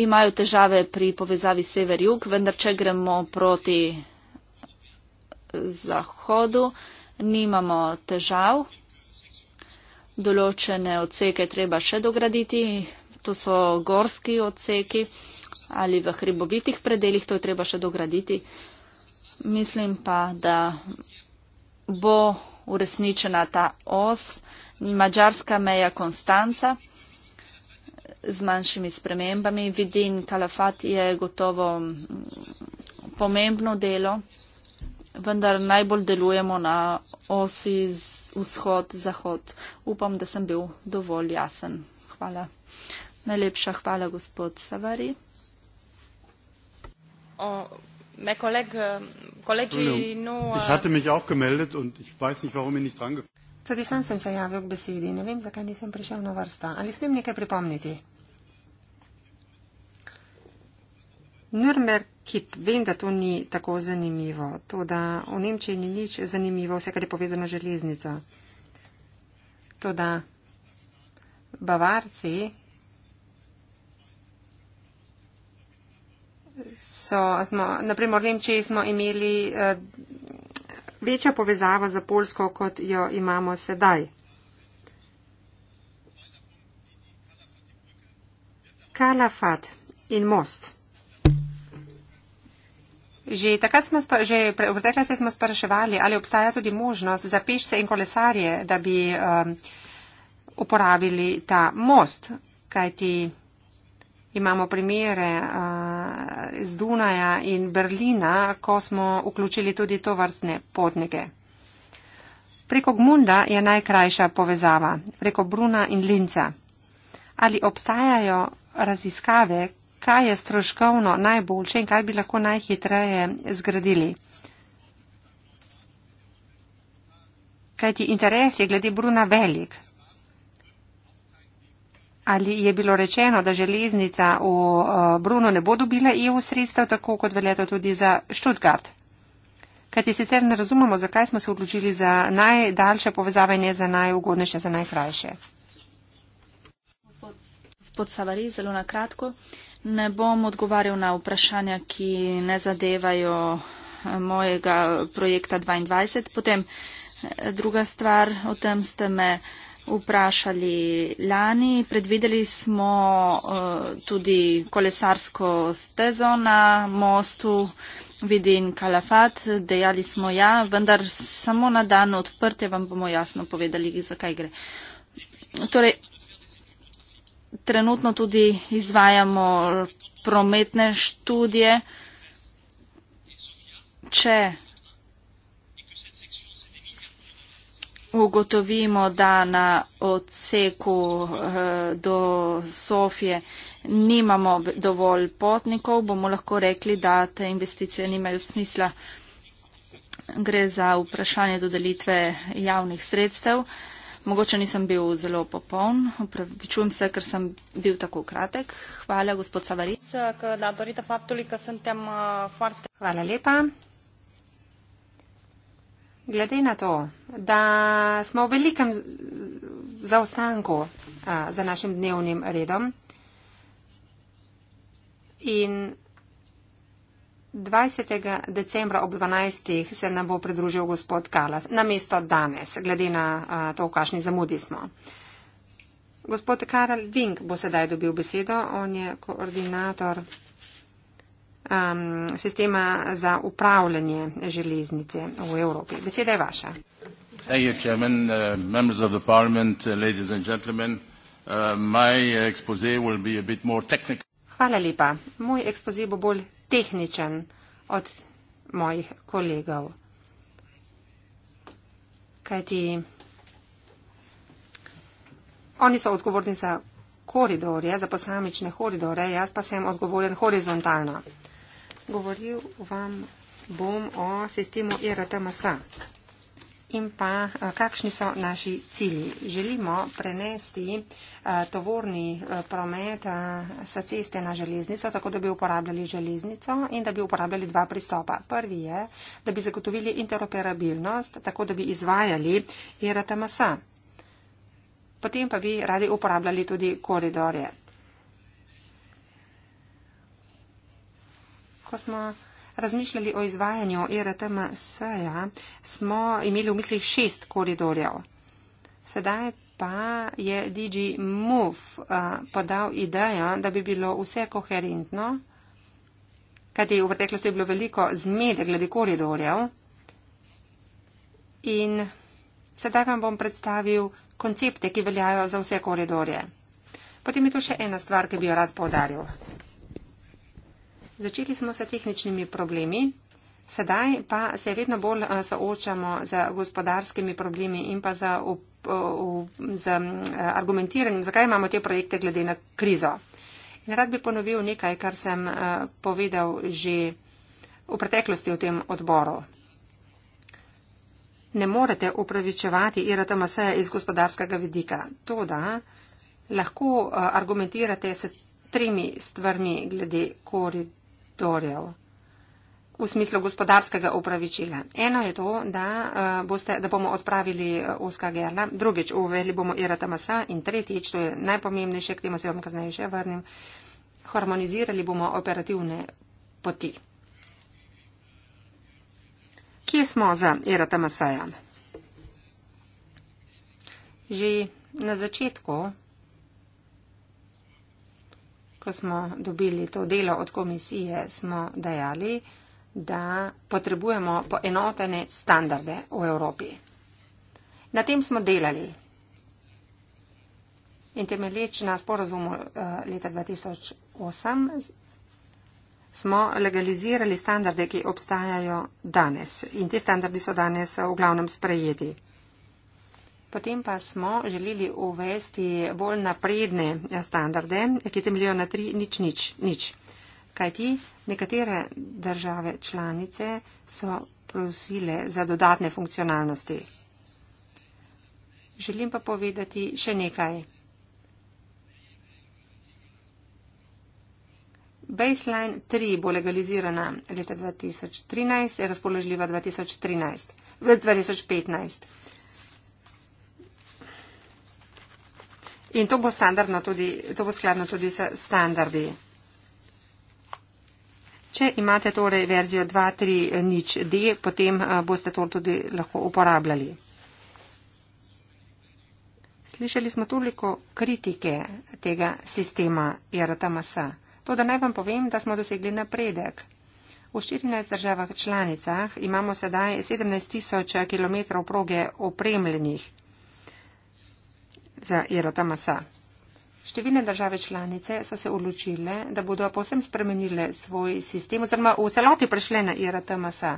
Imajo težave pri povezavi sever-jug, vendar če gremo proti zahodu, nimamo težav določene odseke treba še dograditi. To so gorski odseki ali v hribovitih predeljih, to je treba še dograditi. Mislim pa, da bo uresničena ta os, mađarska meja Konstanca z manjšimi spremembami. Vidin Kalafat je gotovo mm, pomembno delo vendar najbolj delujemo na osi z vzhod-zahod. Upam, da sem bil dovolj jasen. Hvala. Najlepša hvala, gospod Savari. Torej, Tudi sam sem se javil k besedi. Ne vem, zakaj nisem prišel na vrsto. Ali smem nekaj pripomniti? Nürnberg, ki vem, da to ni tako zanimivo, to, da v Nemčiji ni nič zanimivo, vse, kar je povezano železnico. To, da Bavarci so, smo, naprimer v Nemčiji smo imeli eh, večjo povezavo za Polsko, kot jo imamo sedaj. Kalafat in most. Že takrat smo, že v preteklosti smo spraševali, ali obstaja tudi možnost za pešce in kolesarje, da bi um, uporabili ta most, kajti imamo primere uh, z Dunaja in Berlina, ko smo vključili tudi to vrstne potnike. Preko Gmunda je najkrajša povezava, preko Bruna in Linca. Ali obstajajo raziskave, kaj je stroškovno najboljše in kaj bi lahko najhitreje zgradili. Kaj ti interes je glede Bruna velik? Ali je bilo rečeno, da železnica v eh, Bruno ne bo dobila EU sredstev, tako kot veljeta tudi za Študgard? Kaj ti sicer ne razumemo, zakaj smo se odločili za najdaljše povezave, ne za najugodnejše, za najkrajše? Gospod Savari, zelo na kratko ne bom odgovarjal na vprašanja, ki ne zadevajo eh, mojega projekta 22. Potem eh, druga stvar, o tem ste me vprašali lani. Predvideli smo eh, tudi kolesarsko stezo na mostu. Vidim kalafat, dejali smo ja, vendar samo na dan odprtje vam bomo jasno povedali, zakaj gre. Torej, trenutno tudi izvajamo prometne študije. Če ugotovimo, da na odseku eh, do Sofije nimamo dovolj potnikov, bomo lahko rekli, da te investicije nimajo smisla. Gre za vprašanje dodelitve javnih sredstev. Mogoče nisem bil zelo popoln, upravičujem se, ker sem bil tako kratek. Hvala, gospod Savaric. Hvala lepa. Glede na to, da smo v velikem zaostanku za našim dnevnim redom in 20. decembra ob 12. se nam bo pridružil gospod Kalas, namesto danes, glede na to, v kakšni zamudi smo. Gospod Karel Vink bo sedaj dobil besedo, on je koordinator um, sistema za upravljanje železnice v Evropi. Beseda je vaša. Thank you, Chairman, uh, members of the Parliament, uh, ladies and gentlemen. Uh, my expose will be a bit more technical. Hvala lepa. Moj expose bo bolj tehničen od mojih kolegov. Kajti oni so odgovorni za koridorje, za posamične koridore, jaz pa sem odgovoren horizontalno. Govoril vam bom o sistemu IRTMS e in pa eh, kakšni so naši cilji. Želimo prenesti uh, Eh, tovorni eh, promet eh, sa ceste na železnico, tako da bi uporabljali železnico in da bi uporabljali dva pristopa. Prvi je, da bi zagotovili interoperabilnost, tako da bi izvajali IRTMS. E Potem pa bi radi uporabljali tudi koridorje. Ko smo razmišljali o izvajanju IRTMS-ja, e smo imeli v mislih šest koridorjev. Sedaj pa je DG Move uh, podal idejo, da bi bilo vse koherentno, kajti v preteklosti je bilo veliko zmede glede koridorjev. In sedaj vam bom predstavil koncepte, ki veljajo za vse koridorje. Potem je tu še ena stvar, ki bi jo rad povdaril. Začeli smo s tehničnimi problemi. Sedaj pa se vedno bolj eh, soočamo z gospodarskimi problemi in pa z, up, up, z argumentiranjem, zakaj imamo te projekte glede na krizo. In rad bi ponovil nekaj, kar sem eh, povedal že v preteklosti v tem odboru. Ne morete upravičevati IRTMS-a iz gospodarskega vidika. To, da lahko eh, argumentirate s trimi stvarmi glede koridorjev v smislu gospodarskega upravičila. Eno je to, da, uh, boste, da bomo odpravili eh, Oska Gerla, drugič uveli bomo Irata Masa in tretjič, to je najpomembnejše, k temu se vam kasneje še vrnem, harmonizirali bomo operativne poti. Kje smo za Irata Masaja? Že na začetku, ko smo dobili to delo od komisije, smo dejali, da potrebujemo poenotene standarde v Evropi. Na tem smo delali in temelječ na sporazumu eh, leta 2008 smo legalizirali standarde, ki obstajajo danes in te standardi so danes v glavnem sprejeti. Potem pa smo želeli uvesti bolj napredne standarde, ki temeljijo na tri nič nič nič kajti nekatere države članice so prosile za dodatne funkcionalnosti. Želim pa povedati še nekaj. Baseline 3 bo legalizirana leta 2013, je razpoložljiva 2013, 2015. In to bo, tudi, to bo skladno tudi s standardi. Če imate torej verzijo 2.3.0.d, potem eh, boste to tudi lahko uporabljali. Slišali smo toliko kritike tega sistema IRTMS. To, da naj vam povem, da smo dosegli napredek. V 14 državah članicah imamo sedaj 17 tisoč kilometrov proge opremljenih za IRTMS. Številne države članice so se odločile, da bodo posem spremenile svoj sistem oziroma v celoti prešle na IRTMSA.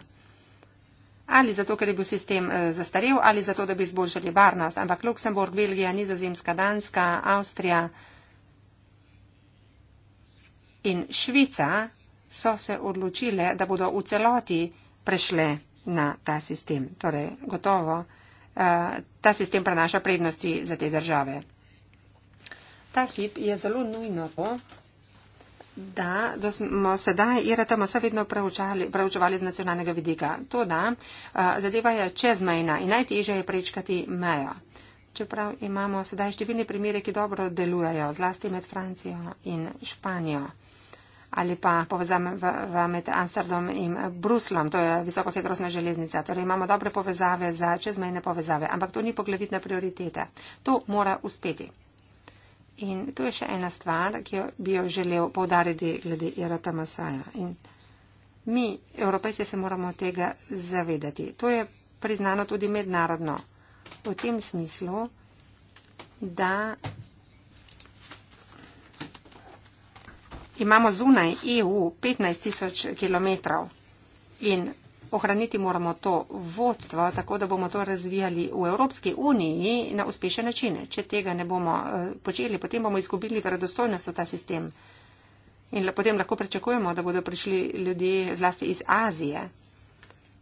Ali zato, ker je bil sistem eh, zastarel, ali zato, da bi izboljšali varnost. Ampak Luksemburg, Belgija, Nizozemska, Danska, Avstrija in Švica so se odločile, da bodo v celoti prešle na ta sistem. Torej, gotovo, eh, ta sistem prenaša prednosti za te države ta hip je zelo nujno to, da, da smo sedaj IRTMS vedno preučevali z nacionalnega vidika. To, da zadeva je čezmejna in najtežje je prečkati mejo. Čeprav imamo sedaj številne primere, ki dobro delujejo, zlasti med Francijo in Španijo ali pa povezava med Amsterdam in Bruslom, to je visokohitrostna železnica, torej imamo dobre povezave za čezmejne povezave, ampak to ni poglavitna prioriteta. To mora uspeti. In to je še ena stvar, ki jo bi jo želel povdariti glede Irata Masaja. In mi, Evropejci, se moramo tega zavedati. To je priznano tudi mednarodno. V tem smislu, da imamo zunaj EU 15 tisoč kilometrov in Ohraniti moramo to vodstvo, tako da bomo to razvijali v Evropski uniji na uspešen način. Če tega ne bomo eh, počeli, potem bomo izgubili verodostojnost v ta sistem. In potem lahko pričakujemo, da bodo prišli ljudje zlasti iz Azije,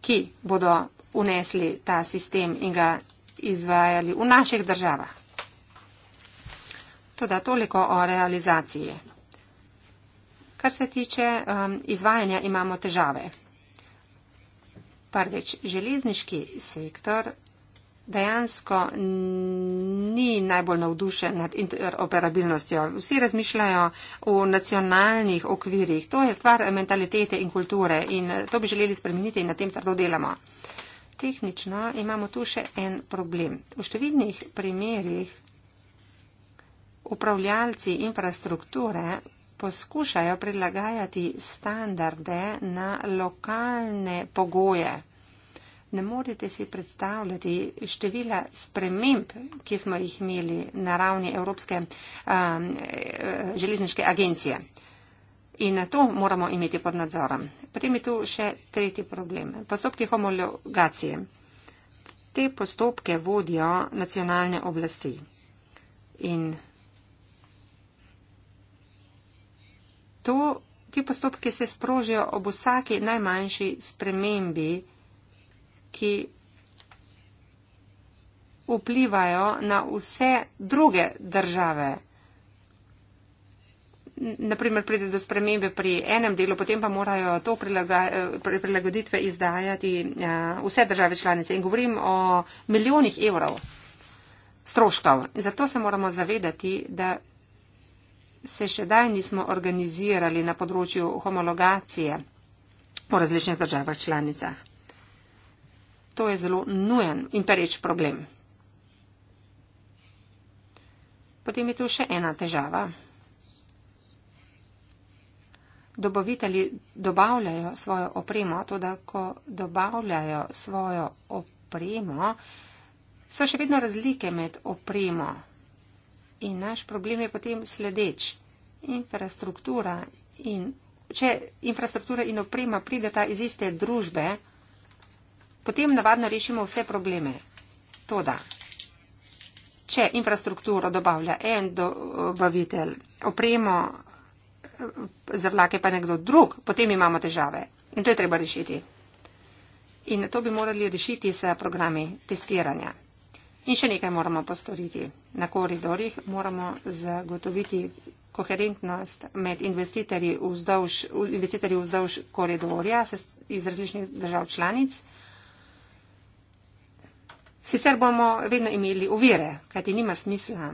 ki bodo unesli ta sistem in ga izvajali v naših državah. Toda toliko o realizaciji. Kar se tiče um, izvajanja, imamo težave. Prvič, železniški sektor dejansko ni najbolj navdušen nad interoperabilnostjo. Vsi razmišljajo v nacionalnih okvirjih. To je stvar mentalitete in kulture in eh, to bi želeli spremeniti in na tem trdo delamo. Tehnično imamo tu še en problem. V številnih primerjih upravljalci infrastrukture poskušajo prilagajati standarde na lokalne pogoje. Ne morete si predstavljati števila sprememb, ki smo jih imeli na ravni Evropske um, e, e, železniške agencije. In na to moramo imeti pod nadzorom. Potem je tu še tretji problem. Postopki homologacije. Te postopke vodijo nacionalne oblasti. In To, ti postopki se sprožijo ob vsaki najmanjši spremembi, ki vplivajo na vse druge države. Naprimer, pride do spremembe pri enem delu, potem pa morajo to prilagoditve izdajati ja, vse države članice. In govorim o milijonih evrov stroškov. Zato se moramo zavedati, da se še daj nismo organizirali na področju homologacije v različnih državah članicah. To je zelo nujen in pereč problem. Potem je tu še ena težava. Dobavitelji dobavljajo svojo opremo, tudi ko dobavljajo svojo opremo, so še vedno razlike med opremo In naš problem je potem sledeč. Infrastruktura in, če infrastruktura in oprema prideta iz iste družbe, potem navadno rešimo vse probleme. Toda, če infrastrukturo dobavlja en dobavitelj, opremo eh, za vlake pa nekdo drug, potem imamo težave. In to je treba rešiti. In to bi morali rešiti s programi testiranja. In še nekaj moramo postoriti. Na koridorjih moramo zagotoviti koherentnost med investitorji vzdolž, investitorji vzdolž koridorja iz različnih držav članic. Sicer bomo vedno imeli uvire, kajti nima smisla,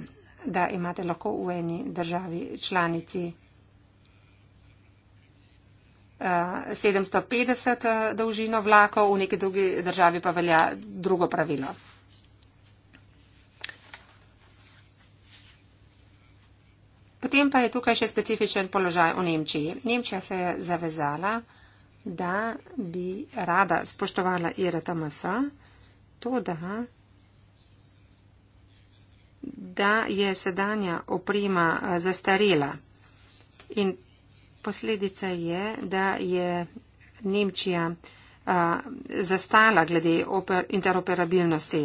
da imate lahko v eni državi članici 750 eh, eh, dolžino vlakov, v neki drugi državi pa velja drugo pravilo. Potem pa je tukaj še specifičen položaj v Nemčiji. Nemčija se je zavezala, da bi rada spoštovala IRTMS, to da, da je sedanja oprema eh, zastarela in posledica je, da je Nemčija a, eh, zastala glede oper, interoperabilnosti.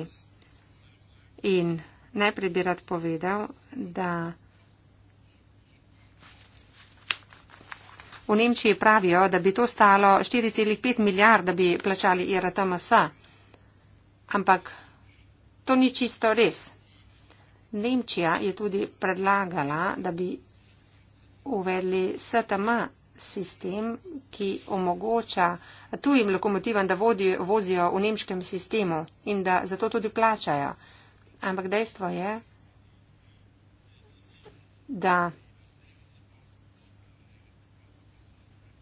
In najprej bi rad povedal, da. V Nemčiji pravijo, da bi to stalo 4,5 milijard, da bi plačali IRTMS. Ampak to ni čisto res. Nemčija je tudi predlagala, da bi uvedli STM sistem, ki omogoča tujim lokomotivam, da vodi, vozijo v nemškem sistemu in da zato tudi plačajo. Ampak dejstvo je, da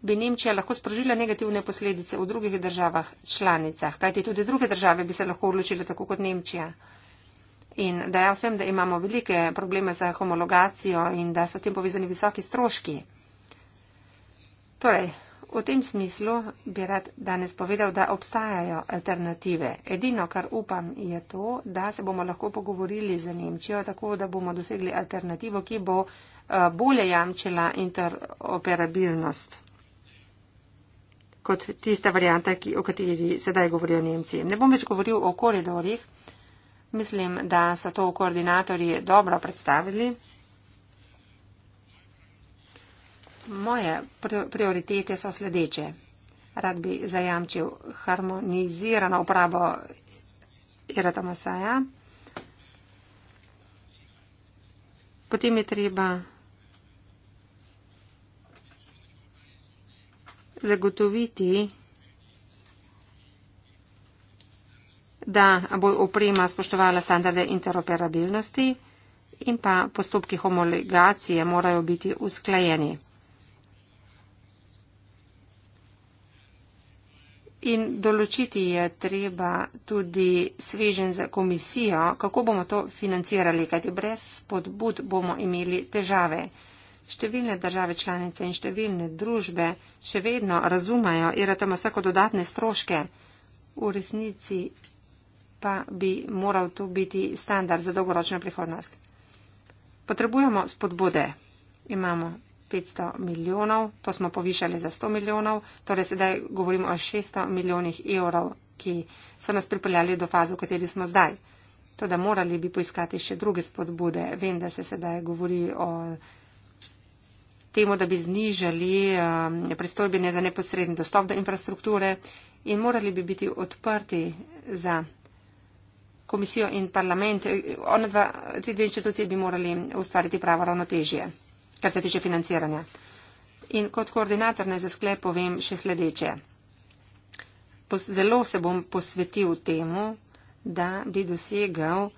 bi Nemčija lahko sprožila negativne posledice v drugih državah članicah, kajti tudi druge države bi se lahko odločile tako kot Nemčija. In da ja vsem, da imamo velike probleme za homologacijo in da so s tem povezani visoki stroški. Torej, v tem smislu bi rad danes povedal, da obstajajo alternative. Edino, kar upam, je to, da se bomo lahko pogovorili za Nemčijo, tako da bomo dosegli alternativo, ki bo eh, bolje jamčila interoperabilnost kot tista varijanta, ki, o kateri sedaj govorijo Nemci. Ne bom več govoril o koridorjih. Mislim, da so to koordinatorji dobro predstavili. Moje prioritete so sledeče. Rad bi zajamčil harmonizirano uporabo Eratomasaja. Potem je treba zagotoviti, da bo oprema spoštovala standarde interoperabilnosti in pa postopki homologacije morajo biti usklajeni. In določiti je treba tudi svežen za komisijo, kako bomo to financirali, kajti brez spodbud bomo imeli težave. Številne države članice in številne družbe še vedno razumajo IRTMS kot dodatne stroške. V resnici pa bi moral to biti standard za dolgoročno prihodnost. Potrebujemo spodbude. Imamo 500 milijonov, to smo povišali za 100 milijonov, torej sedaj govorimo o 600 milijonih evrov, ki so nas pripeljali do faze, v kateri smo zdaj. To, da morali bi poiskati še druge spodbude, vem, da se sedaj govori o temu, da bi znižali um, pristojbine za neposreden dostop do infrastrukture in morali bi biti odprti za komisijo in parlament. Ona dva, te dve inštitucije bi morali ustvariti pravo ravnotežje, kar se tiče financiranja. In kot koordinator naj za sklep povem še sledeče. Zelo se bom posvetil temu, da bi dosegal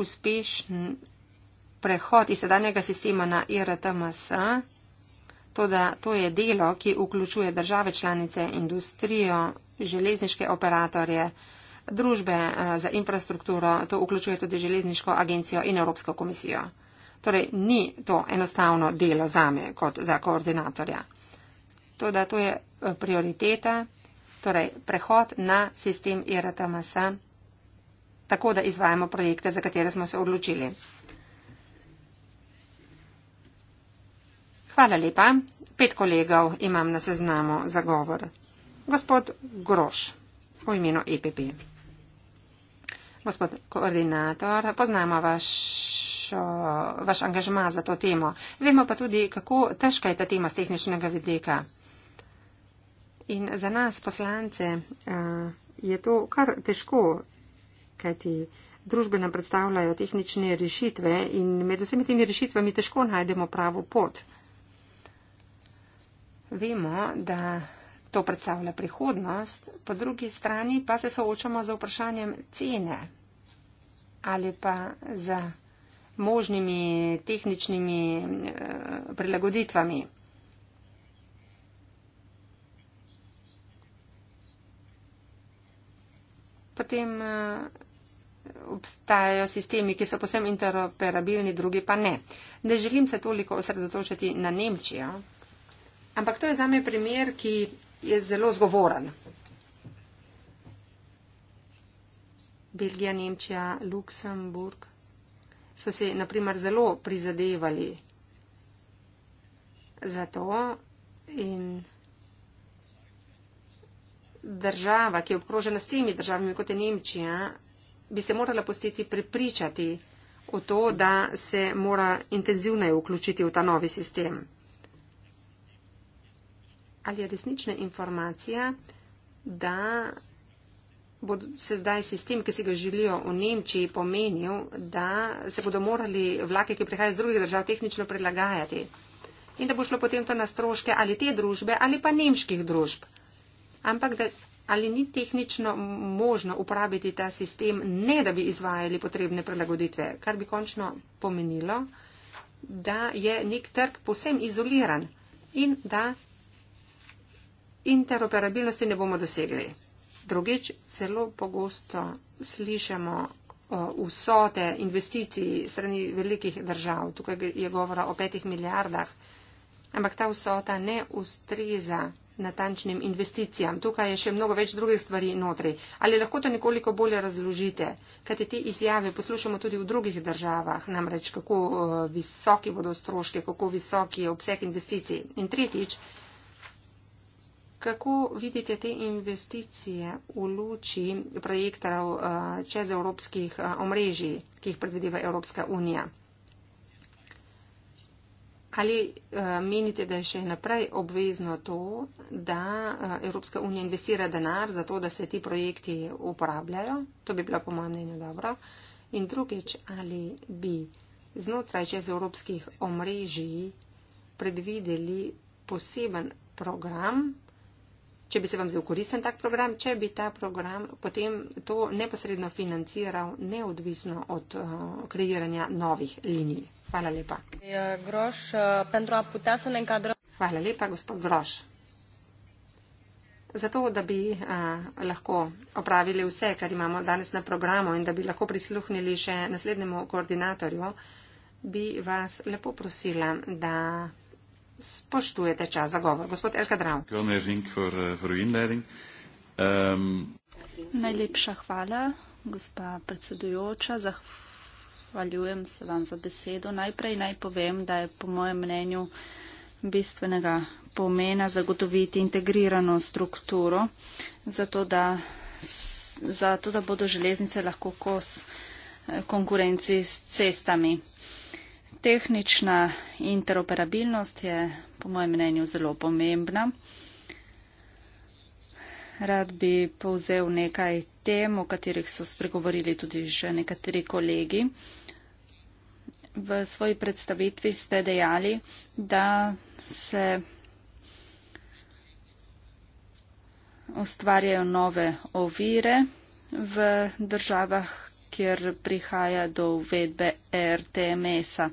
uspešen prehod iz sedanjega sistema na IRTMS, to, da to je delo, ki vključuje države članice, industrijo, železniške operatorje, družbe eh, za infrastrukturo, to vključuje tudi železniško agencijo in Evropsko komisijo. Torej, ni to enostavno delo zame kot za koordinatorja. To, da to je eh, prioriteta, torej prehod na sistem IRTMS, tako da izvajamo projekte, za katere smo se odločili. Hvala lepa. Pet kolegov imam na seznamu za govor. Gospod Groš, v imenu EPP. Gospod koordinator, poznamo vaš vaš angažma za to temo. Vemo pa tudi, kako težka je ta tema z tehničnega vidika. In za nas, poslance, eh, je to kar težko, kajti družbe nam predstavljajo tehnične rešitve in med vsemi temi rešitvami težko najdemo pravo pot vemo, da to predstavlja prihodnost, po drugi strani pa se soočamo z vprašanjem cene ali pa z možnimi tehničnimi eh, prilagoditvami. Potem eh, obstajajo sistemi, ki so posebno interoperabilni, drugi pa ne. Ne želim se toliko osredotočiti na Nemčijo, Ampak to je za me primer, ki je zelo zgovoren. Belgija, Nemčija, Luksemburg so se naprimer zelo prizadevali za to in država, ki je obkrožena s temi državami kot je Nemčija, bi se morala postiti prepričati v to, da se mora intenzivneje vključiti v ta novi sistem ali je resnična informacija, da bo se zdaj sistem, ki si ga želijo v Nemčiji, pomenil, da se bodo morali vlake, ki prihajajo iz drugih držav, tehnično prilagajati. In da bo šlo potem to na stroške ali te družbe ali pa nemških družb. Ampak da, ali ni tehnično možno uporabiti ta sistem, ne da bi izvajali potrebne prilagoditve, kar bi končno pomenilo, da je nek trg posem izoliran in da interoperabilnosti ne bomo dosegli. Drugič, zelo pogosto slišamo vsote investicij strani velikih držav. Tukaj je govora o petih milijardah, ampak ta vsota ne ustreza natančnim investicijam. Tukaj je še mnogo več drugih stvari notri. Ali lahko to nekoliko bolje razložite? Kajti te izjave poslušamo tudi v drugih državah, namreč kako visoki bodo stroške, kako visoki je obseg investicij. In tretjič, Kako vidite te investicije v luči projektov eh, čez evropskih eh, omrežij, ki jih predvideva Evropska unija? Ali eh, menite, da je še naprej obvezno to, da Evropska unija investira denar za to, da se ti projekti uporabljajo? To bi bilo po mojem mnenju dobro. In drugič, ali bi znotraj čez evropskih omrežij predvideli poseben program, če bi se vam zelo koristen tak program, če bi ta program potem to neposredno financiral neodvisno od uh, kreiranja novih linij. Hvala lepa. Ja, eh, Hvala lepa, gospod Groš. Zato, da bi a, eh, lahko opravili vse, kar imamo danes na programu in da bi lahko prisluhnili še naslednjemu koordinatorju, bi vas lepo prosila, da spoštujete čas za govor. Gospod Elka Drav. Um... Najlepša hvala, gospa predsedujoča. Zahvaljujem se vam za besedo. Najprej naj povem, da je po mojem mnenju bistvenega pomena zagotoviti integrirano strukturo, zato da, zato da bodo železnice lahko kos eh, konkurenci s cestami. Tehnična interoperabilnost je po mojem mnenju zelo pomembna. Rad bi povzel nekaj tem, o katerih so spregovorili tudi že nekateri kolegi. V svoji predstavitvi ste dejali, da se ustvarjajo nove ovire v državah, kjer prihaja do uvedbe RTMS-a.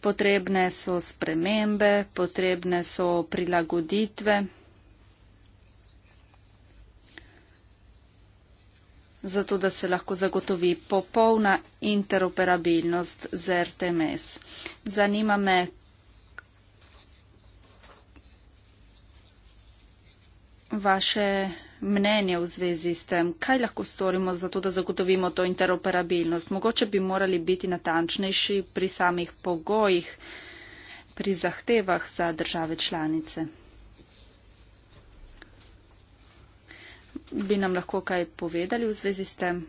Potrebne so spremembe, potrebne so prilagoditve. zato da se lahko zagotovi popolna interoperabilnost z RTMS. Zanima me, vaše mnenje v zvezi s tem, kaj lahko storimo za to, da zagotovimo to interoperabilnost. Mogoče bi morali biti natančnejši pri samih pogojih, pri zahtevah za države članice. Bi nam lahko kaj povedali v zvezi s tem?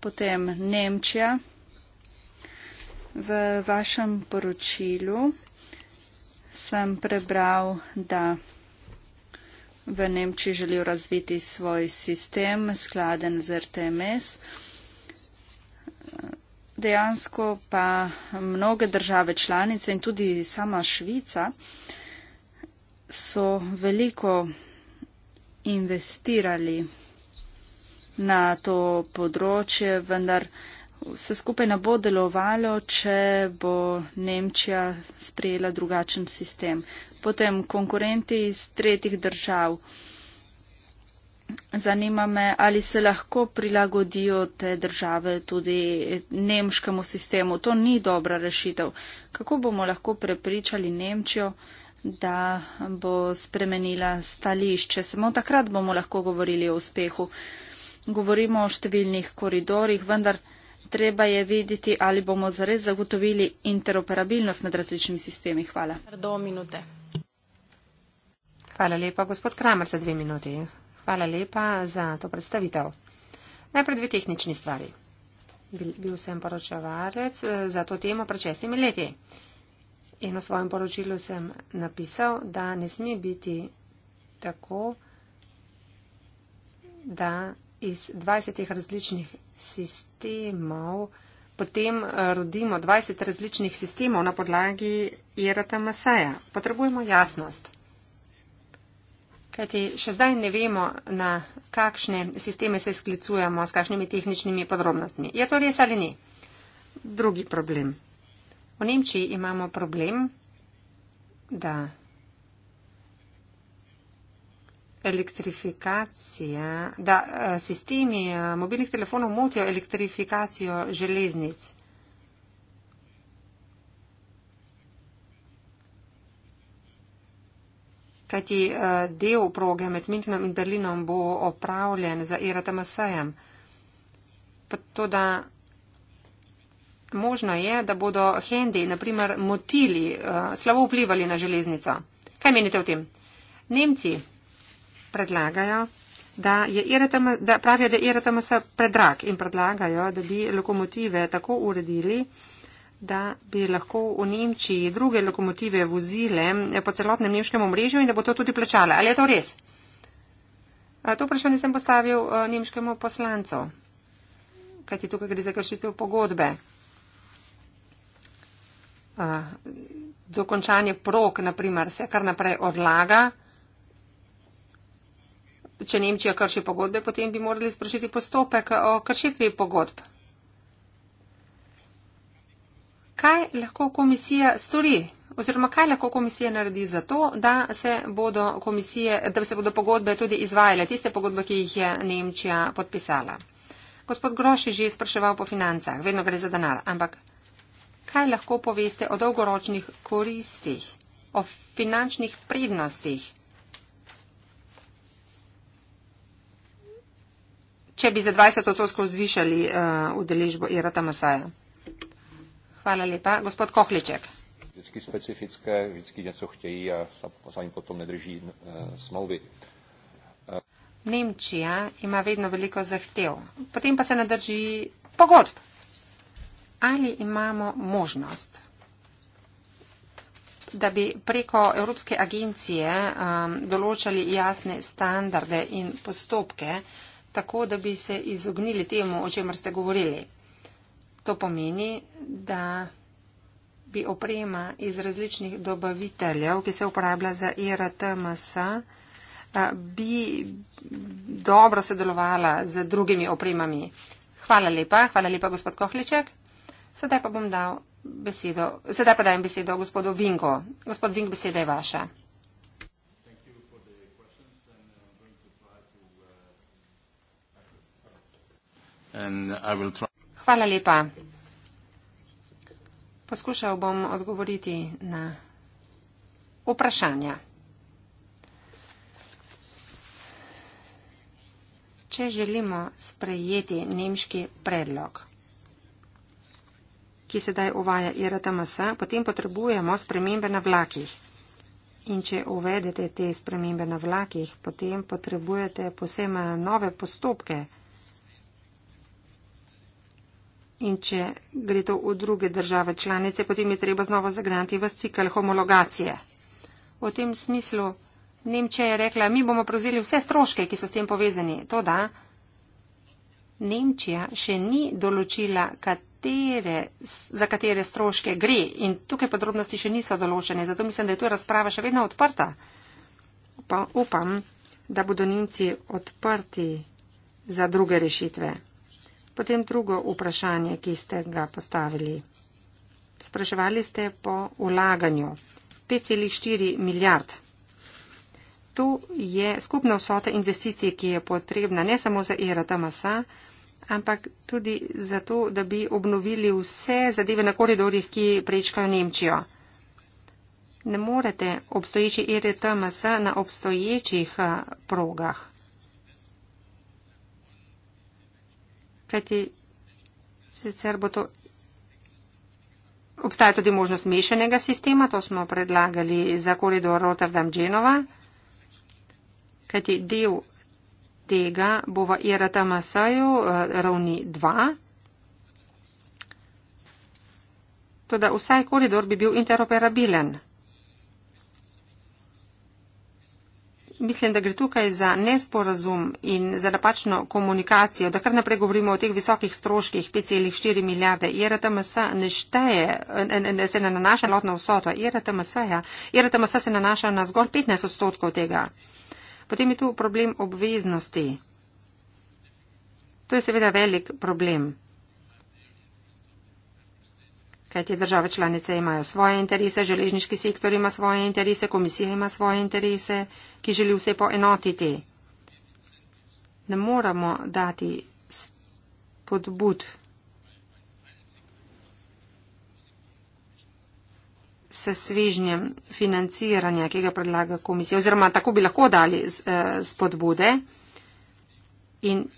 Potem Nemčija. V vašem poročilu sem prebral, da v Nemčiji želijo razviti svoj sistem skladen z RTMS. Dejansko pa mnoge države članice in tudi sama Švica so veliko investirali na to področje, vendar vse skupaj ne bo delovalo, če bo Nemčija sprejela drugačen sistem potem konkurenti iz tretjih držav. Zanima me, ali se lahko prilagodijo te države tudi nemškemu sistemu. To ni dobra rešitev. Kako bomo lahko prepričali Nemčijo, da bo spremenila stališče? Samo takrat bomo lahko govorili o uspehu. Govorimo o številnih koridorih, vendar treba je videti, ali bomo zares zagotovili interoperabilnost med različnimi sistemi. Hvala. Do minute. Hvala lepa, gospod Kramer, za dve minuti. Hvala lepa za to predstavitev. Najprej dve tehnični stvari. Bil, bil sem poročevalec eh, za to temo pred šestimi leti in v svojem poročilu sem napisal, da ne sme biti tako, da iz 20 različnih sistemov potem eh, rodimo 20 različnih sistemov na podlagi Jerata Masaja. Potrebujemo jasnost. Kajti še zdaj ne vemo, na kakšne sisteme se sklicujemo, s kakšnimi tehničnimi podrobnostmi. Je to res ali ni? Drugi problem. V Nemčiji imamo problem, da elektrifikacija, da eh, sistemi eh, mobilnih telefonov motijo elektrifikacijo železnic. kajti eh, del proge med Münchenom in Berlinom bo opravljen za ERTMS-jem. Toda možno je, da bodo hendi, naprimer, motili, eh, slabo vplivali na železnico. Kaj menite o tem? Nemci predlagajo, da, ERTM, e da pravijo, da je ERTMS predrag in predlagajo, da bi lokomotive tako uredili, da bi lahko v Nemčiji druge lokomotive vozile po celotnem nemškem omrežju in da bo to tudi plačala. Ali je to res? To vprašanje sem postavil e, nemškemu poslancu, kajti tukaj gre za kršitev pogodbe. Dokončanje prok, naprimer, se kar naprej odlaga. Če Nemčija krši pogodbe, potem bi morali sprašiti postopek o kršitvi pogodb kaj lahko komisija stori oziroma kaj lahko komisija naredi za to, da se bodo, komisije, da se bodo pogodbe tudi izvajale, tiste pogodbe, ki jih je Nemčija podpisala. Gospod Groš je že spraševal po financah, vedno gre za denar, ampak kaj lahko poveste o dolgoročnih koristih, o finančnih prednostih? Če bi za 20 odstotkov zvišali eh, udeležbo uh, Irata Masaja. Hvala lepa. Gospod Kohliček. Vždycky specifické, vždycky něco chtějí a sami potom nedrží uh, smlouvy. Uh. Eh. Nemčija ima vedno veliko zahtev, potem pa se nadrži pogodb. Ali imamo možnost, da bi preko Evropske agencije um, določali jasne standarde in postopke, tako da bi se izognili temu, o čemer ste govorili? To pomeni, da bi oprema iz različnih dobaviteljev, ki se uporablja za IRTMS, bi dobro sodelovala z drugimi opremami. Hvala lepa, hvala lepa gospod Kohliček. Sedaj pa bom dal besedo, sedaj pa dajem besedo gospodu Vingo. Gospod Ving, beseda je vaša. And I will try. Hvala lepa. Poskušal bom odgovoriti na vprašanja. Če želimo sprejeti nemški predlog, ki sedaj uvaja IRTMS, potem potrebujemo spremembe na vlakih. In če uvedete te spremembe na vlakih, potem potrebujete posebej nove postopke. In če gre to v druge države članice, potem je treba znova zagnati v cikl homologacije. V tem smislu Nemčija je rekla, mi bomo prevzeli vse stroške, ki so s tem povezani. To da, Nemčija še ni določila, katere, za katere stroške gre in tukaj podrobnosti še niso določene. Zato mislim, da je tu razprava še vedno odprta. Pa upam, da bodo Nemci odprti za druge rešitve. Potem drugo vprašanje, ki ste ga postavili. Spraševali ste po ulaganju 5,4 milijard. Tu je skupna vsota investicij, ki je potrebna ne samo za IRTMSA, e ampak tudi zato, da bi obnovili vse zadeve na koridorjih, ki prečkajo Nemčijo. Ne morete obstoječi IRTMSA e na obstoječih eh, progah. kajti sicer bo to. Obstaja tudi možnost mešanega sistema, to smo predlagali za koridor Rotterdam-Dženova, kajti del tega bo v IRTMS-ju eh, ravni 2. Toda vsaj koridor bi bil interoperabilen. mislim, da gre tukaj za nesporazum in za napačno komunikacijo, da kar naprej govorimo o teh visokih stroških 5,4 milijarde. IRTMS ne šteje, se ne nanaša lotno vsoto IRTMS-ja. IRTMS se nanaša na zgolj 15 odstotkov tega. Potem je tu problem obveznosti. To je seveda velik problem kajti države članice imajo svoje interese, železniški sektor ima svoje interese, komisija ima svoje interese, ki želi vse poenotiti. Ne moramo dati spodbud s svežnjem financiranja, ki ga predlaga komisija, oziroma tako bi lahko dali eh, spodbude in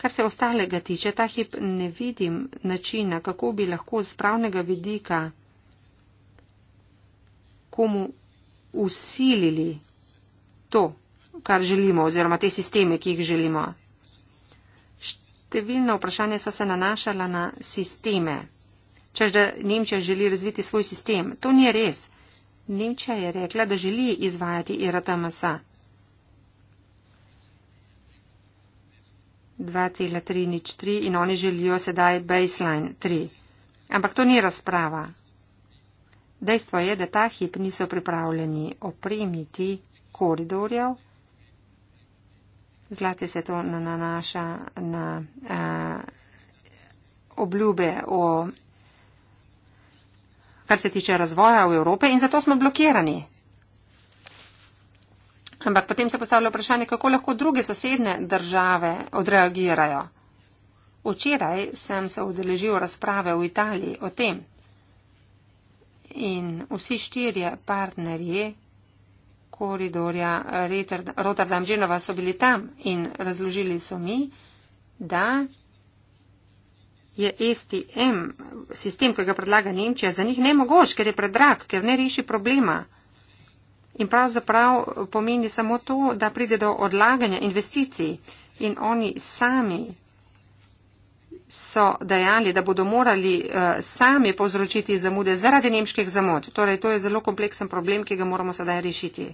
Kar se ostalega tiče, ta hip ne vidim načina, kako bi lahko z pravnega vidika komu usilili to, kar želimo, oziroma te sisteme, ki jih želimo. Številna vprašanja so se nanašala na sisteme. Čež da Nemčija želi razviti svoj sistem. To ni res. Nemčija je rekla, da želi izvajati IRTMS-a. 2,303 in oni želijo sedaj baseline 3. Ampak to ni razprava. Dejstvo je, da ta hip niso pripravljeni opremiti koridorjev. Zlati se to nanaša na a, obljube o, kar se tiče razvoja v Evropi in zato smo blokirani. Ampak potem se postavlja vprašanje, kako lahko druge sosedne države odreagirajo. Včeraj sem se udeležil razprave v Italiji o tem in vsi štirje partnerji koridorja Rotterdam-Genova so bili tam in razložili so mi, da je STM, sistem, ki ga predlaga Nemčija, za njih nemogoč, ker je predrag, ker ne reši problema. In pravzaprav pomeni samo to, da pride do odlaganja investicij in oni sami so dejali, da bodo morali uh, sami povzročiti zamude zaradi nemških zamod. Torej, to je zelo kompleksen problem, ki ga moramo sedaj rešiti.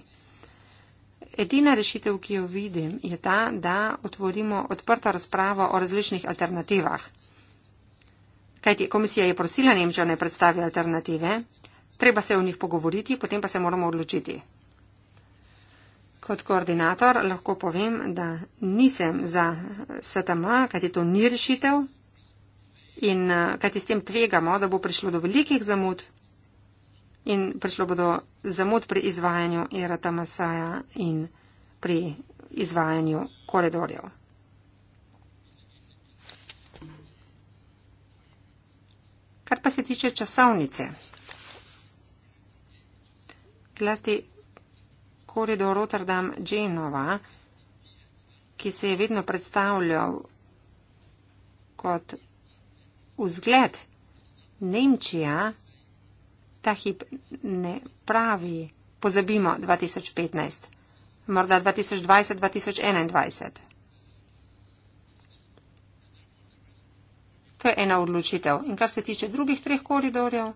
Edina rešitev, ki jo vidim, je ta, da otvorimo odprto razpravo o različnih alternativah. Kajti komisija je prosila Nemčijo, da ne predstavi alternative. Uh, treba se o njih pogovoriti, potem pa se moramo odločiti. Kot koordinator lahko povem, da nisem za STM, kajti to ni rešitev in eh, kajti s tem tvegamo, da bo prišlo do velikih zamud in prišlo bo do zamud pri izvajanju IRTMS-a e in pri izvajanju koridorjev. Kar pa se tiče časovnice zlasti koridor Rotterdam-Genova, ki se je vedno predstavljal kot vzgled Nemčija, ta hip ne pravi, pozabimo 2015, morda 2020-2021. To je ena odločitev. In kar se tiče drugih treh koridorjev,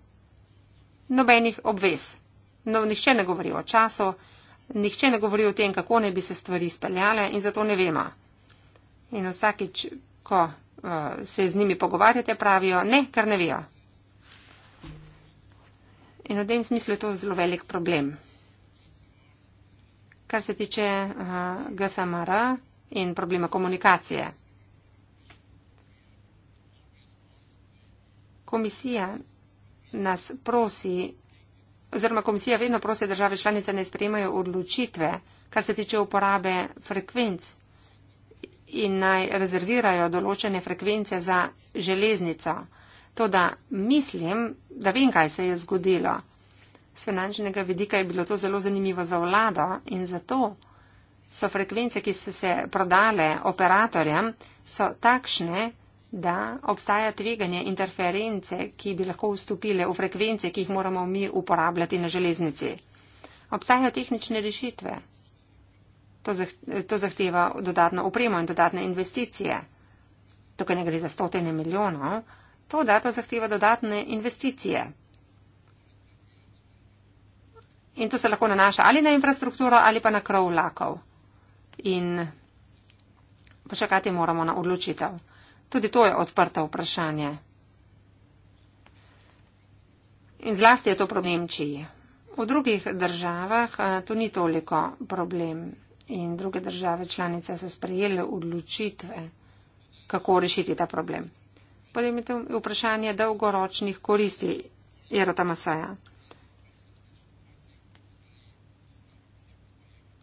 nobenih obvez. No, nihče ne govori o času, nihče ne govori o tem, kako ne bi se stvari speljale in zato ne vemo. In vsakič, ko uh, se z njimi pogovarjate, pravijo ne, ker ne vejo. In v tem smislu je to zelo velik problem. Kar se tiče uh, eh, GSMR in problema komunikacije. Komisija nas prosi oziroma komisija vedno prosi države članice, da sprejmejo odločitve, kar se tiče uporabe frekvenc in naj rezervirajo določene frekvence za železnico. To, da mislim, da vem, kaj se je zgodilo. Z finančnega vidika je bilo to zelo zanimivo za vlado in zato so frekvence, ki so se prodale operatorjem, so takšne, da obstaja tveganje interference, ki bi lahko vstopile v frekvence, ki jih moramo mi uporabljati na železnici. Obstajajo tehnične rešitve. To zahteva dodatno upremo in dodatne investicije. Tukaj ne gre za stotine milijonov. To dato zahteva dodatne investicije. In to se lahko nanaša ali na infrastrukturo ali pa na krov vlakov. In počakati moramo na odločitev. Tudi to je odprto vprašanje. In zlasti je to problem Nemčiji. V drugih državah eh, to ni toliko problem in druge države članice so sprejele odločitve, kako rešiti ta problem. Potem je to vprašanje dolgoročnih koristi Jerota Masaja.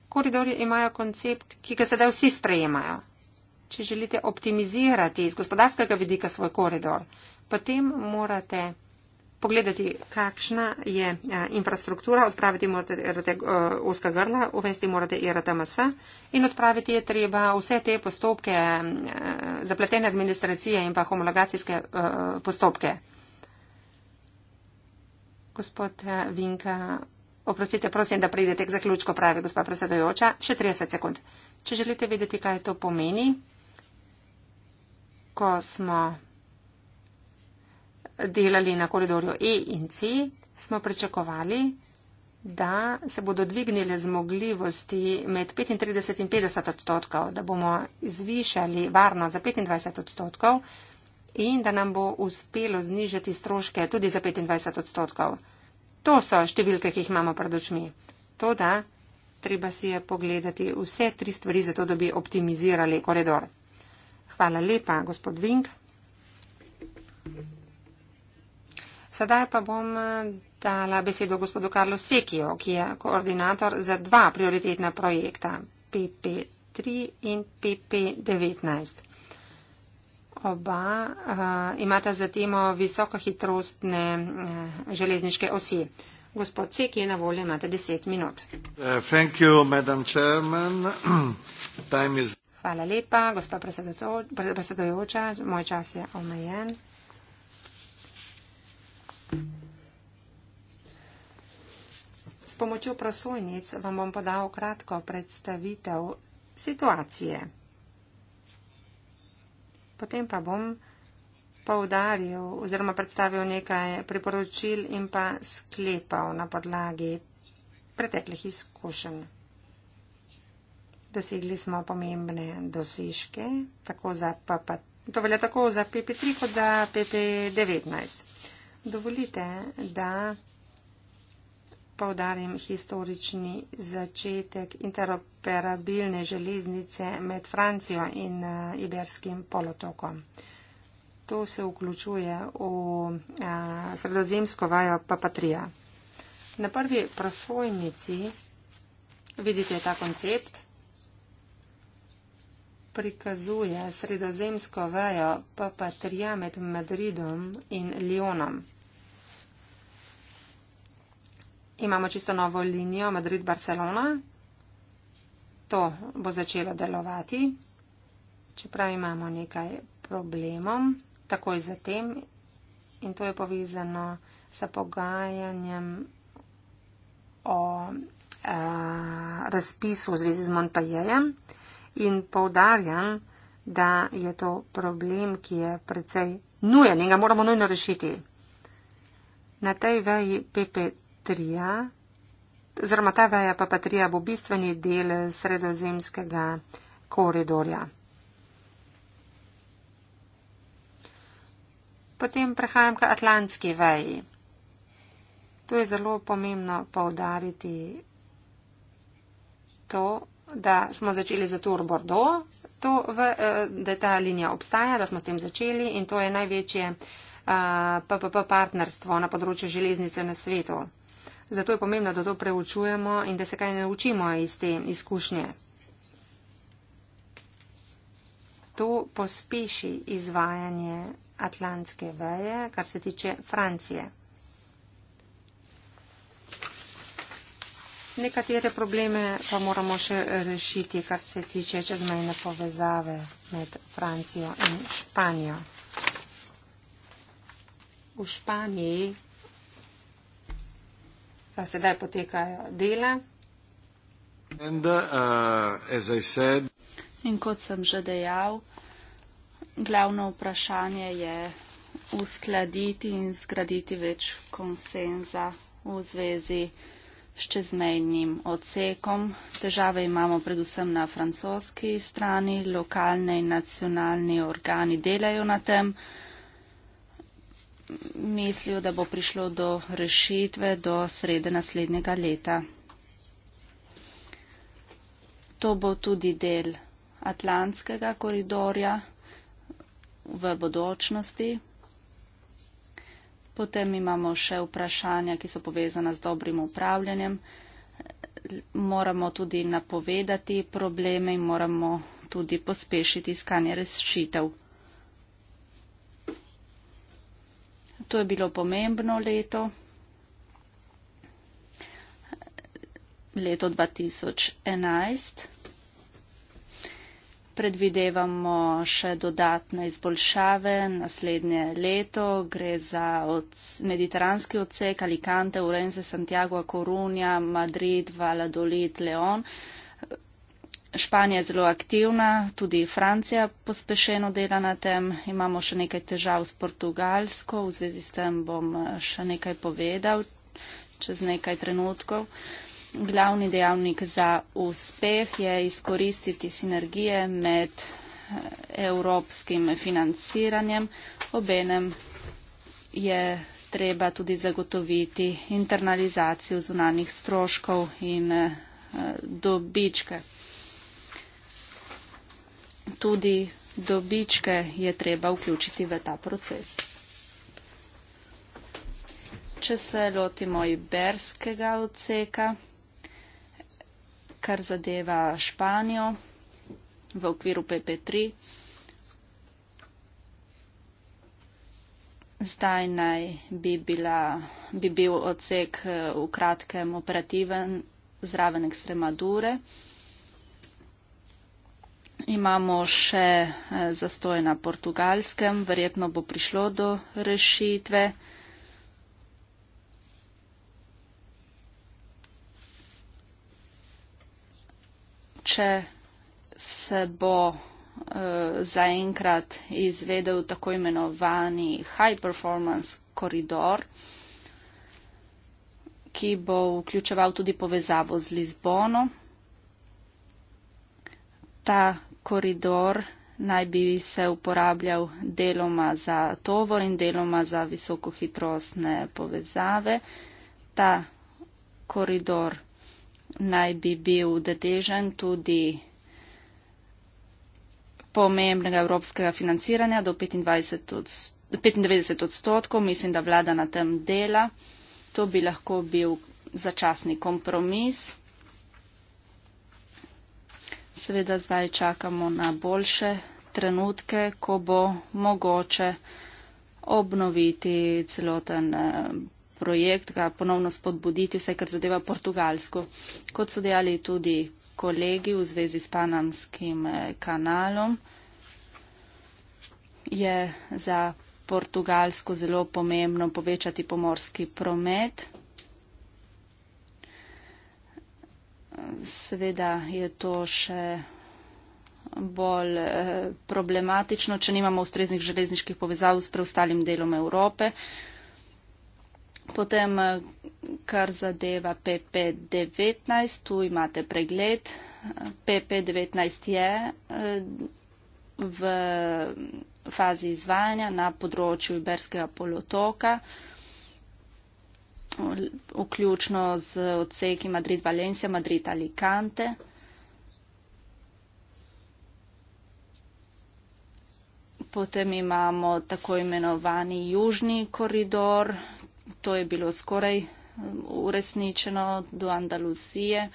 Koridorje imajo koncept, ki ga sedaj vsi sprejemajo če želite optimizirati iz gospodarskega vidika svoj koridor, potem morate pogledati, kakšna je eh, infrastruktura, odpraviti morate RT eh, oska grla, uvesti morate IRTMS in odpraviti je treba vse te postopke eh, zapletene administracije in pa homologacijske postopke. Gospod Vinka, oprostite, prosim, da pridete k zaključku, pravi gospod predsedojoča. Še 30 sekund. Če želite vedeti, kaj to pomeni, ko smo delali na koridorju E in C, smo pričakovali, da se bodo dvignile zmogljivosti med 35 in 50 odstotkov, da bomo zvišali varno za 25 odstotkov in da nam bo uspelo znižati stroške tudi za 25 odstotkov. To so številke, ki jih imamo pred očmi. To da, treba si je pogledati vse tri stvari, zato da bi optimizirali koridor. Hvala lepa, gospod Vink. Sedaj pa bom eh, dala besedo gospodu Karlo Sekijo, ki je koordinator za dva prioritetna projekta, PP3 in PP19. Oba uh, imata za temo visokohitrostne uh, železniške osi. Gospod Sekije, na voljo imate deset minut. Uh, Hvala lepa, gospa predsedojoča, moj čas je omejen. S pomočjo prosojnic vam bom podal kratko predstavitev situacije. Potem pa bom poudaril oziroma predstavil nekaj priporočil in pa sklepov na podlagi preteklih izkušenj dosegli smo pomembne dosežke, tako za PP3. To velja tako za PP3 kot za PP19. Dovolite, da povdarim historični začetek interoperabilne železnice med Francijo in eh, Iberskim polotokom. To se vključuje v eh, sredozemsko vajo Papatrija. Na prvi prosojnici vidite ta koncept prikazuje sredozemsko vejo papatrija med Madridom in Lionom. Imamo čisto novo linijo Madrid-Barcelona. To bo začelo delovati, čeprav imamo nekaj problemov takoj zatem in to je povezano sa pogajanjem o a, eh, razpisu v zvezi z Montpellierjem in povdarjam, da je to problem, ki je precej nujen in ga moramo nujno rešiti. Na tej veji PP3, oziroma ta veja PP3 bo bistveni del sredozemskega koridorja. Potem prehajam k atlantski veji. To je zelo pomembno povdariti. To da smo začeli za Tour Bordeaux, to v, eh, da ta linija obstaja, da smo s tem začeli in to je največje PPP eh, partnerstvo na področju železnice na svetu. Zato je pomembno, da to preučujemo in da se kaj naučimo iz te izkušnje. To pospeši izvajanje Atlantske veje, kar se tiče Francije. Nekatere probleme pa moramo še rešiti, kar se tiče čezmejne povezave med Francijo in Španijo. V Španiji pa sedaj potekajo dela. And, uh, said... In kot sem že dejal, glavno vprašanje je uskladiti in zgraditi več konsenza v zvezi s čezmejnim odsekom. Težave imamo predvsem na francoski strani, lokalne in nacionalni organi delajo na tem. Mislijo, da bo prišlo do rešitve do srede naslednjega leta. To bo tudi del Atlantskega koridorja v bodočnosti. Potem imamo še vprašanja, ki so povezana z dobrim upravljanjem. Moramo tudi napovedati probleme in moramo tudi pospešiti iskanje rešitev. To je bilo pomembno leto, leto 2011 predvidevamo še dodatne izboljšave naslednje leto. Gre za mediteranski odsek Alicante, Urense, Santiago, Korunja, Madrid, Valladolid, Leon. Španija je zelo aktivna, tudi Francija pospešeno dela na tem. Imamo še nekaj težav s Portugalsko, v zvezi s tem bom eh, še nekaj povedal čez nekaj trenutkov glavni dejavnik za uspeh je izkoristiti sinergije med eh, evropskim financiranjem. Obenem je treba tudi zagotoviti internalizacijo zunanih stroškov in eh, dobičke. Tudi dobičke je treba vključiti v ta proces. Če se lotimo iberskega odseka, kar zadeva Španijo v okviru PP3. Zdaj naj bi, bila, bi bil odsek eh, v kratkem operativen zraven Extremadure. Imamo še eh, zastoj na portugalskem, verjetno bo prišlo do rešitve. mogoče se bo uh, zaenkrat izvedel tako imenovani high performance koridor, ki bo vključeval tudi povezavo z Lizbono. Ta koridor naj bi se uporabljal deloma za tovor in deloma za visokohitrostne povezave. Ta koridor naj bi bil deležen tudi pomembnega evropskega financiranja do 25, 95 odstotkov. Mislim, da vlada na tem dela. To bi lahko bil začasni kompromis. Seveda zdaj čakamo na boljše trenutke, ko bo mogoče obnoviti celoten. Eh, projekt, ga ponovno spodbuditi, vse kar zadeva Portugalsko. Kot so dejali tudi kolegi v zvezi s panamskim eh, kanalom, je za Portugalsko zelo pomembno povečati pomorski promet. Seveda je to še bolj eh, problematično, če nimamo ustreznih železniških povezav s preostalim delom Evrope. Potem, eh, kar zadeva PP19, tu imate pregled. PP19 je eh, v fazi izvajanja na področju Iberskega polotoka, vključno z odseki Madrid-Valencia, Madrid-Alicante. Potem imamo tako imenovani južni koridor, to je bilo skoraj um, uresničeno do Andalusije.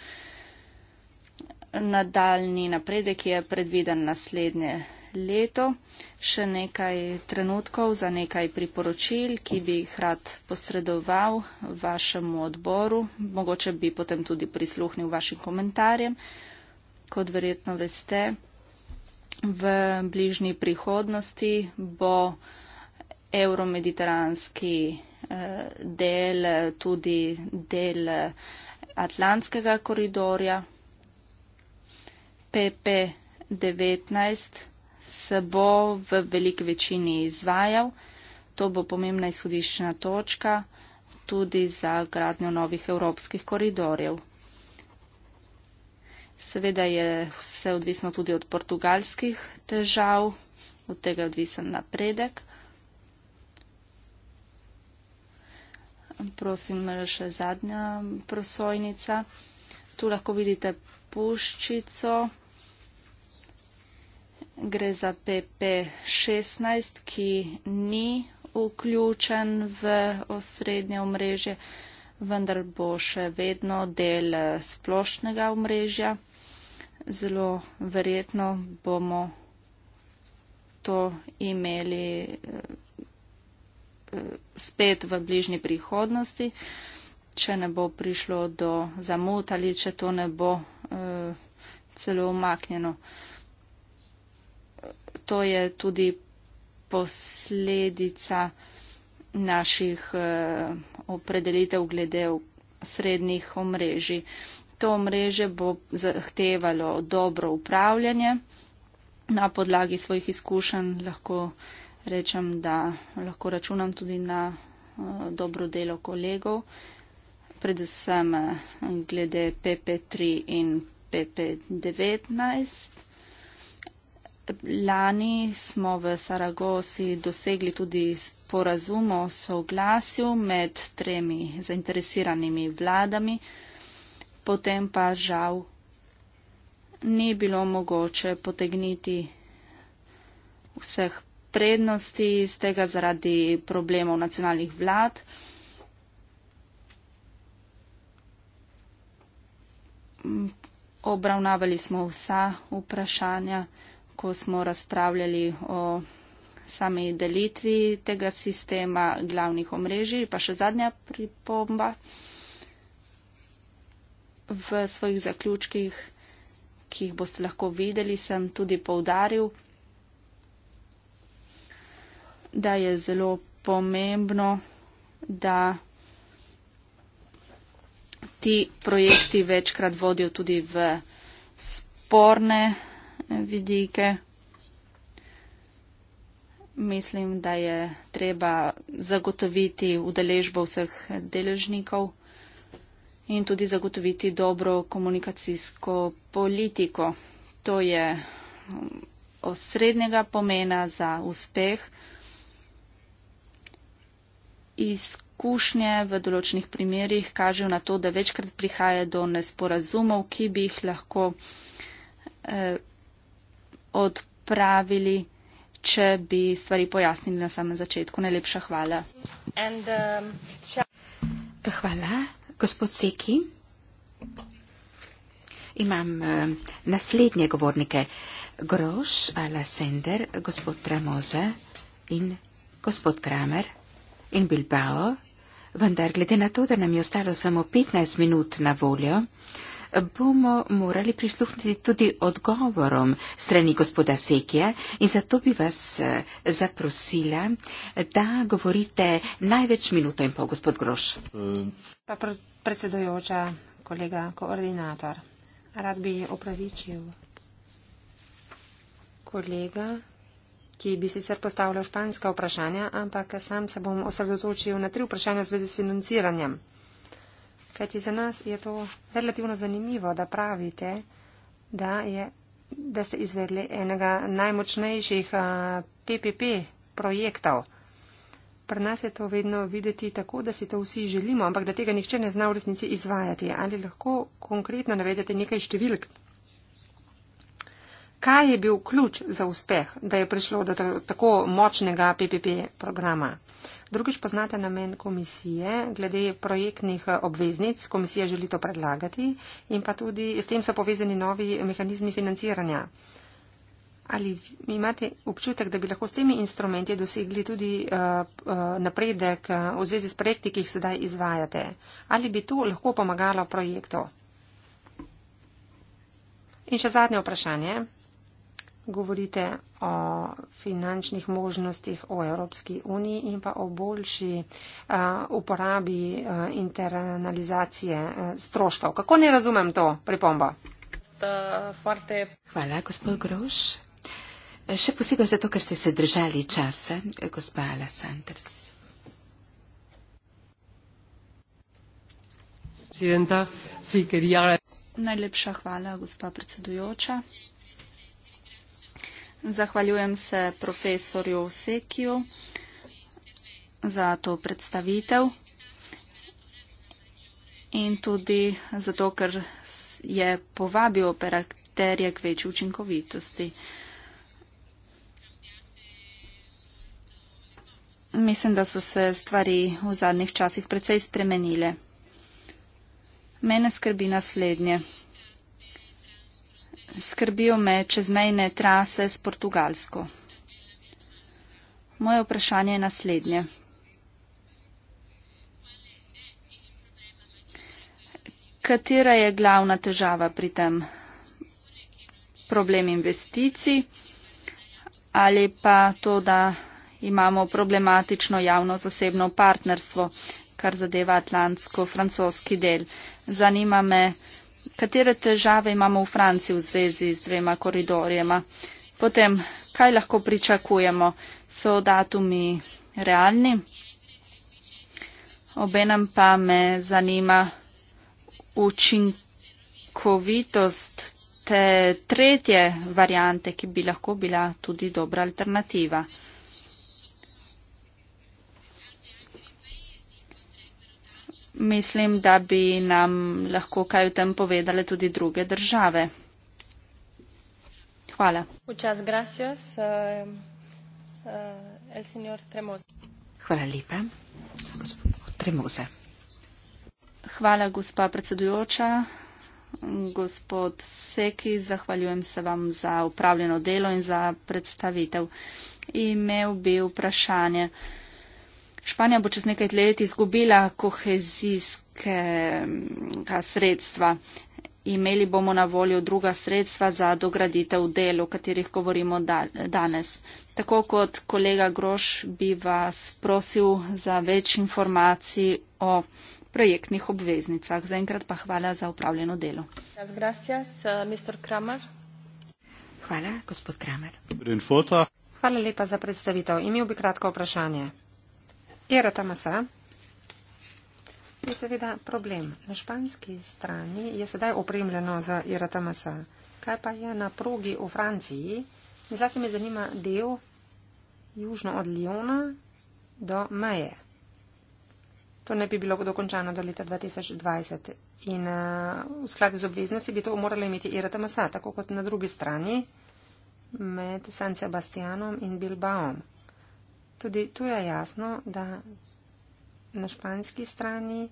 Nadaljni napredek je predviden naslednje leto. Še nekaj trenutkov za nekaj priporočil, ki bi jih rad posredoval vašemu odboru. Mogoče bi potem tudi prisluhnil vašim komentarjem. Kot verjetno veste, v bližnji prihodnosti bo evromediteranski del, tudi del Atlantskega koridorja. PP19 se bo v veliki večini izvajal. To bo pomembna izhodiščna točka tudi za gradnjo novih evropskih koridorjev. Seveda je vse odvisno tudi od portugalskih težav, od tega je odvisen napredek. prosim, mele še zadnja prosojnica. Tu lahko vidite puščico, gre za PP16, ki ni vključen v osrednje omrežje, vendar bo še vedno del splošnega omrežja. Zelo verjetno bomo to imeli spet v bližnji prihodnosti, če ne bo prišlo do zamot ali če to ne bo eh, celo omaknjeno. To je tudi posledica naših eh, opredelitev glede srednjih omrežij. To omrežje bo zahtevalo dobro upravljanje. Na podlagi svojih izkušenj lahko rečem, da lahko računam tudi na eh, dobro delo kolegov, predvsem eh, glede PP3 in PP19. Lani smo v Saragosi dosegli tudi sporazum o soglasju med tremi zainteresiranimi vladami, potem pa žal ni bilo mogoče potegniti vseh prednosti iz tega zaradi problemov nacionalnih vlad. Obravnavali smo vsa vprašanja, ko smo razpravljali o sami delitvi tega sistema glavnih omrežij. Pa še zadnja pripomba v svojih zaključkih, ki jih boste lahko videli, sem tudi poudaril da je zelo pomembno, da ti projekti večkrat vodijo tudi v sporne vidike. Mislim, da je treba zagotoviti udeležbo vseh deležnikov in tudi zagotoviti dobro komunikacijsko politiko. To je osrednjega pomena za uspeh izkušnje v določenih primerjih kažejo na to, da večkrat prihaja do nesporazumov, ki bi jih lahko eh, odpravili, če bi stvari pojasnili na samem začetku. Najlepša hvala. And, um, hvala, gospod Seki. Imam eh, naslednje govornike. Groš, Alasender, gospod Tramoze in gospod Kramer in Bilbao, vendar glede na to, da nam je ostalo samo 15 minut na voljo, bomo morali prisluhniti tudi odgovorom strani gospoda Sekija in zato bi vas eh, zaprosila, da govorite največ minuto in pol, gospod Groš. Pa predsedojoča, kolega koordinator, rad bi opravičil kolega ki bi sicer postavljal španska vprašanja, ampak sam se bom osredotočil na tri vprašanja v zvezi s financiranjem. Kajti za nas je to relativno zanimivo, da pravite, da, je, da ste izvedli enega najmočnejših PPP projektov. Pri nas je to vedno videti tako, da si to vsi želimo, ampak da tega nihče ne zna v resnici izvajati. Ali lahko konkretno navedete nekaj številk, kaj je bil ključ za uspeh, da je prišlo do tako močnega PPP programa. Drugič poznate namen komisije glede projektnih obveznic, komisija želi to predlagati in pa tudi s tem so povezani novi mehanizmi financiranja. Ali imate občutek, da bi lahko s temi instrumenti dosegli tudi uh, uh, napredek uh, v zvezi s projekti, ki jih sedaj izvajate? Ali bi to lahko pomagalo projektu? In še zadnje vprašanje govorite o finančnih možnostih v Evropski uniji in pa o boljši uporabi internalizacije stroškov. Kako ne razumem to pripombo? Hvala, gospod Groš. Še posebej zato, ker ste se držali časa, gospa Ala Sanders. Najlepša hvala, gospa predsedujoča. Zahvaljujem se profesorju Sekiju za to predstavitev in tudi zato, ker je povabil operaterje k večji učinkovitosti. Mislim, da so se stvari v zadnjih časih precej spremenile. Mene skrbi naslednje. Skrbijo me čezmejne trase s Portugalsko. Moje vprašanje je naslednje. Katera je glavna težava pri tem? Problem investicij ali pa to, da imamo problematično javno-zasebno partnerstvo, kar zadeva atlantsko-francoski del. Zanima me, katere težave imamo v Franciji v zvezi z dvema koridorjema. Potem, kaj lahko pričakujemo? So datumi realni? Obenem pa me zanima učinkovitost te tretje variante, ki bi lahko bila tudi dobra alternativa. mislim, da bi nam lahko kaj o tem povedale tudi druge države. Hvala. Muchas gracias, uh, uh, el señor Tremoz. Hvala lepa, gospod Tremoze. Hvala, gospa predsedujoča. Gospod Seki, zahvaljujem se vam za upravljeno delo in za predstavitev. Imel bi vprašanje. Uh, Španija bo čez nekaj let izgubila kohezijske sredstva. Imeli bomo na voljo druga sredstva za dograditev del, o katerih govorimo danes. Tako kot kolega Groš bi vas prosil za več informacij o projektnih obveznicah. Zaenkrat pa hvala za upravljeno delo. Eh, hvala, gospod Kramer. Hvala lepa za predstavitev. Imel bi kratko vprašanje. Era Tamasa je seveda problem. Na španski strani je sedaj opremljeno za Era Tamasa. Kaj pa je na progi v Franciji? Zdaj se me zanima del južno od Liona do meje. To ne bi bilo dokončano do leta 2020 in uh, v skladu z obveznosti bi to morala imeti Era Tamasa, tako kot na drugi strani med San Sebastianom in Bilbaom tudi tu je jasno, da na španski strani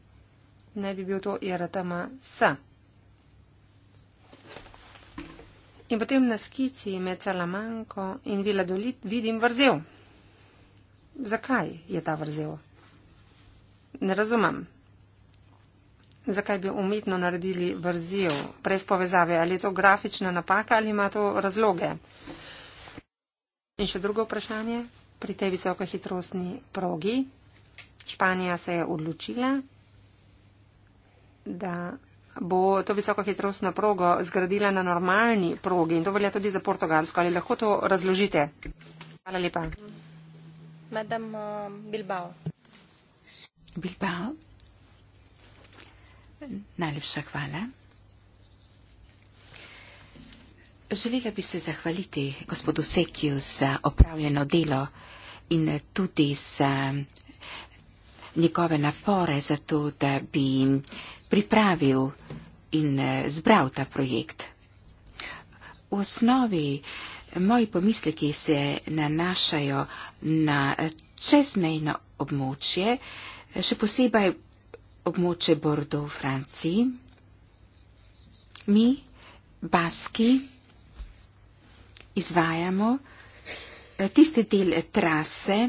ne bi bil to IRTMS. In potem na skici med Salamanko in Vila Dolit vidim vrzel. Zakaj je ta vrzel? Ne razumem. Zakaj bi umetno naredili vrzel brez povezave? Ali je to grafična napaka ali ima to razloge? In še drugo vprašanje, pri tej visokohitrostni progi. Španija se je odločila, da bo to visokohitrostno progo zgradila na normalni progi in to velja tudi za Portugalsko. Ali lahko to razložite? Hvala lepa. Madam uh, Bilbao. Bilbao. Najlepša hvala. Želela bi se zahvaliti gospodu Sekiju za opravljeno delo in tudi z eh, njegove napore za to, da bi pripravil in eh, zbral ta projekt. V osnovi moji pomisleki se nanašajo na eh, čezmejno območje, še posebej območje Bordo v Franciji. Mi, Baski, izvajamo Eh, tisti del trase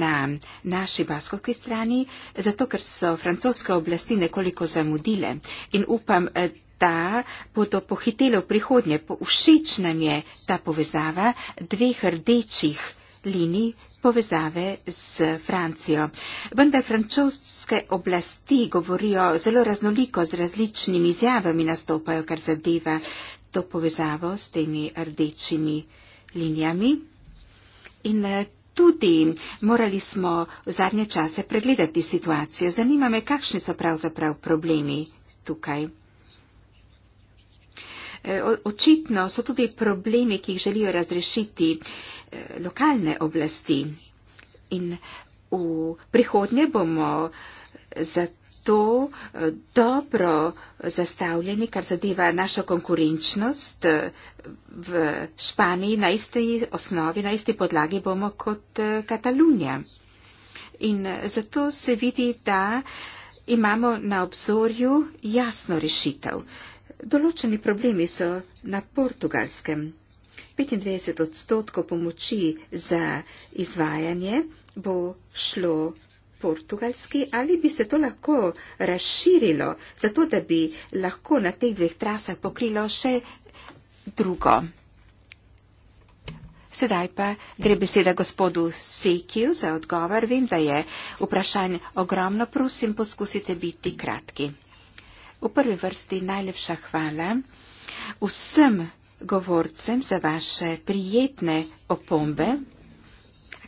na naši baskovski strani, zato ker so francoske oblasti nekoliko zamudile in upam, eh, da bodo pohitele v prihodnje. Všeč nam je ta povezava dveh rdečih linij povezave z Francijo. Vendar francoske oblasti govorijo zelo raznoliko z različnimi izjavami nastopajo, kar zadeva to povezavo s temi rdečimi linijami. In eh, tudi morali smo v zadnje čase pregledati situacijo. Zanima me, kakšni so pravzaprav problemi tukaj. Eh, očitno so tudi problemi, ki jih želijo razrešiti eh, lokalne oblasti. In v prihodnje bomo zato to eh, dobro zastavljeni, kar zadeva našo konkurenčnost eh, v Španiji, na isti osnovi, na isti podlagi bomo kot eh, Katalunija. In zato se vidi, da imamo na obzorju jasno rešitev. Določeni problemi so na portugalskem. 25 odstotkov pomoči za izvajanje bo šlo portugalski ali bi se to lahko razširilo, zato da bi lahko na teh dveh trasah pokrilo še drugo. Sedaj pa gre beseda gospodu Sekiju za odgovor. Vem, da je vprašanje ogromno. Prosim, poskusite biti kratki. V prvi vrsti najlepša hvala vsem govorcem za vaše prijetne opombe,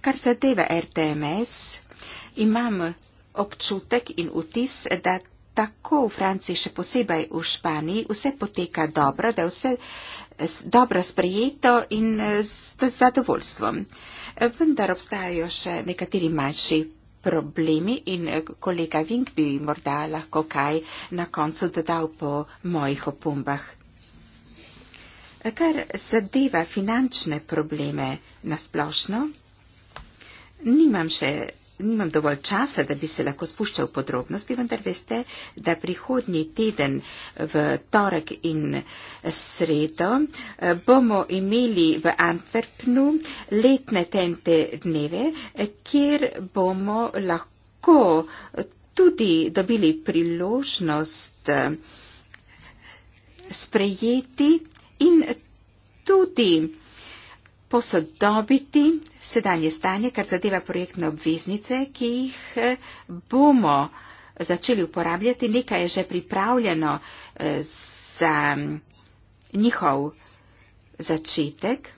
kar zadeva RTMS imam občutek in vtis, da tako v Franciji, še posebej v Španiji, vse poteka dobro, da vse dobro sprejeto in z zadovoljstvom. Vendar obstajajo še nekateri manjši problemi in kolega Vink bi morda lahko kaj na koncu dodal po mojih opombah. Kar zadeva finančne probleme na splošno, nimam še Nimam dovolj časa, da bi se lahko spuščal v podrobnosti, vendar veste, da prihodnji teden v torek in sredo eh, bomo imeli v Antwerpnu letne tente dneve, eh, kjer bomo lahko tudi dobili priložnost eh, sprejeti in tudi posodobiti sedanje stanje, kar zadeva projektne obveznice, ki jih eh, bomo začeli uporabljati. Nekaj je že pripravljeno eh, za mm, njihov začetek.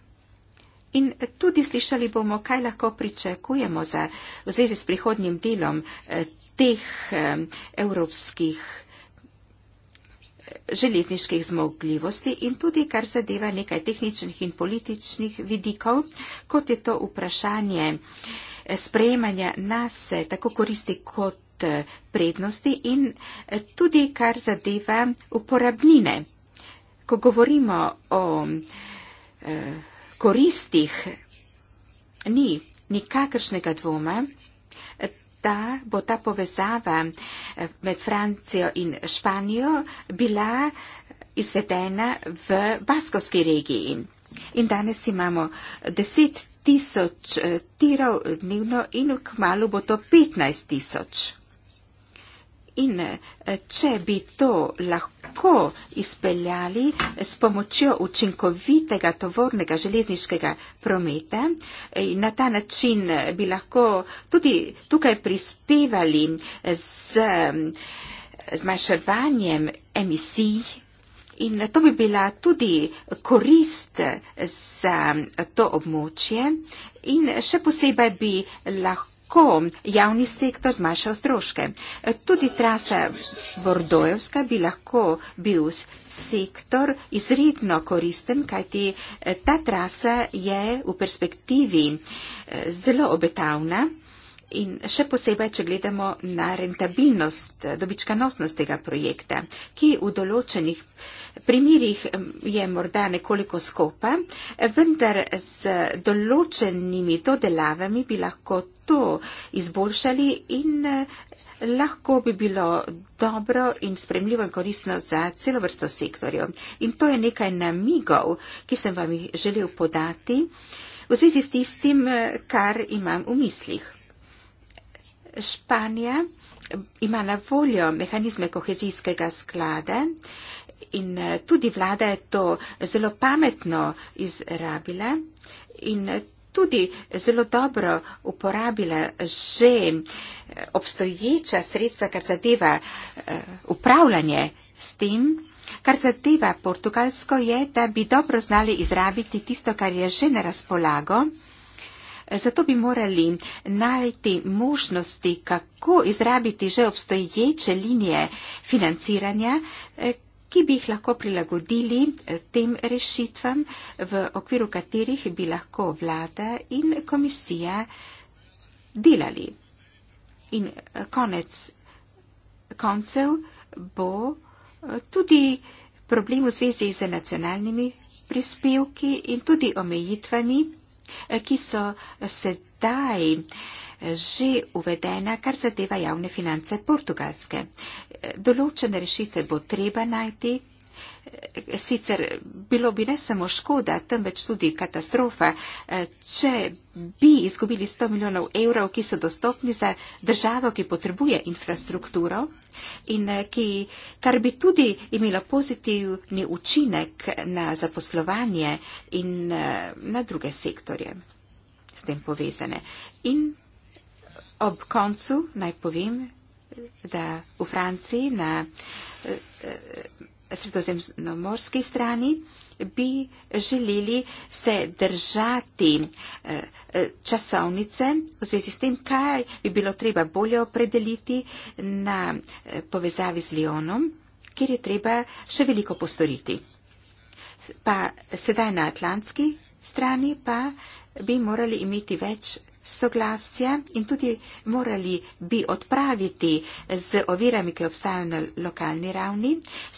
In tudi slišali bomo, kaj lahko pričakujemo za, v zvezi s prihodnjim delom eh, teh eh, evropskih železniških zmogljivosti in tudi kar zadeva nekaj tehničnih in političnih vidikov, kot je to vprašanje eh, sprejemanja nas eh, tako koristi kot eh, prednosti in tudi kar zadeva uporabnine. Ko govorimo o koristih, ni nikakršnega dvoma, da bo ta povezava eh, med Francijo in Španijo bila eh, izvedena v baskovski regiji. In danes imamo 10 tisoč eh, tirov dnevno in k malu bo to 15 tisoč. In če bi to lahko lahko izpeljali s pomočjo učinkovitega tovornega železniškega prometa. Na ta način bi lahko tudi tukaj prispevali z zmanjševanjem emisij. In to bi bila tudi korist za to območje in še posebej bi lahko lahko javni sektor zmanjšal stroške. Tudi trasa Bordojevska bi lahko bil sektor izredno koristen, kajti eh, ta trasa je v perspektivi eh, zelo obetavna. In še posebej, če gledamo na rentabilnost, dobičkanosnost tega projekta, ki v določenih primerjih je morda nekoliko skopa, vendar z določenimi dodelavami bi lahko to izboljšali in eh, lahko bi bilo dobro in spremljivo in koristno za celo vrsto sektorjev. In to je nekaj namigov, ki sem vam jih želel podati v zvezi s tistim, eh, kar imam v mislih. Španija ima na voljo mehanizme kohezijskega sklada in eh, tudi vlada je to zelo pametno izrabila in eh, tudi zelo dobro uporabila že eh, obstoječa sredstva, kar zadeva upravljanje s tem. Kar zadeva portugalsko je, da bi dobro znali izrabiti tisto, kar je že na razpolago. Zato bi morali najti možnosti, kako izrabiti že obstoječe linije financiranja, eh, ki bi jih lahko prilagodili eh, tem rešitvam, v okviru katerih bi lahko vlada in komisija delali. In eh, konec koncev bo tudi problem v zvezi z nacionalnimi prispevki in tudi omejitvami Eh, ki so eh, sedaj eh, že uvedena, kar zadeva javne finance Portugalske. Določene rešitve bo treba najti, sicer bilo bi ne samo škoda, temveč tudi katastrofa, eh, če bi izgubili 100 milijonov evrov, ki so dostopni za državo, ki potrebuje infrastrukturo in eh, ki, kar bi tudi imelo pozitivni učinek na zaposlovanje in eh, na druge sektorje s tem povezane. In ob koncu naj povem, da v Franciji na sredozemnomorski strani, bi želeli se držati eh, eh, časovnice v zvezi s tem, kaj bi bilo treba bolje opredeliti na eh, povezavi z Leonom, kjer je treba še veliko postoriti. Pa sedaj na atlantski strani pa bi morali imeti več soglasja in tudi morali bi odpraviti z ovirami, ki obstajajo na lokalni ravni.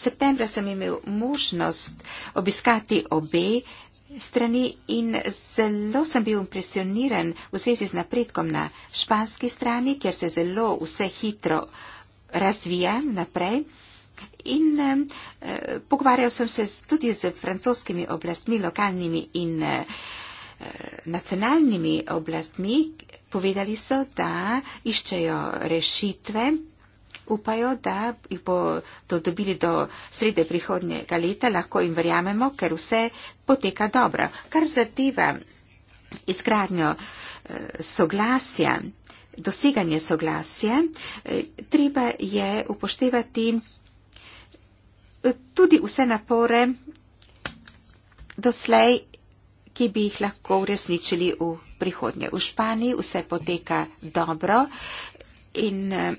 Septembra sem imel možnost obiskati obe strani in zelo sem bil impresioniran v zvezi z napredkom na španski strani, kjer se zelo vse hitro razvija naprej. In eh, pogovarjal sem se tudi z francoskimi oblastmi, lokalnimi in eh, nacionalnimi oblastmi. Povedali so, da iščejo rešitve, upajo, da jih bodo dobili do srede prihodnjega leta, lahko jim verjamemo, ker vse poteka dobro. Kar zadeva izgradnjo eh, soglasja, doseganje soglasja, eh, treba je upoštevati eh, tudi vse napore doslej ki bi jih lahko uresničili v prihodnje. V Španiji vse poteka dobro in eh,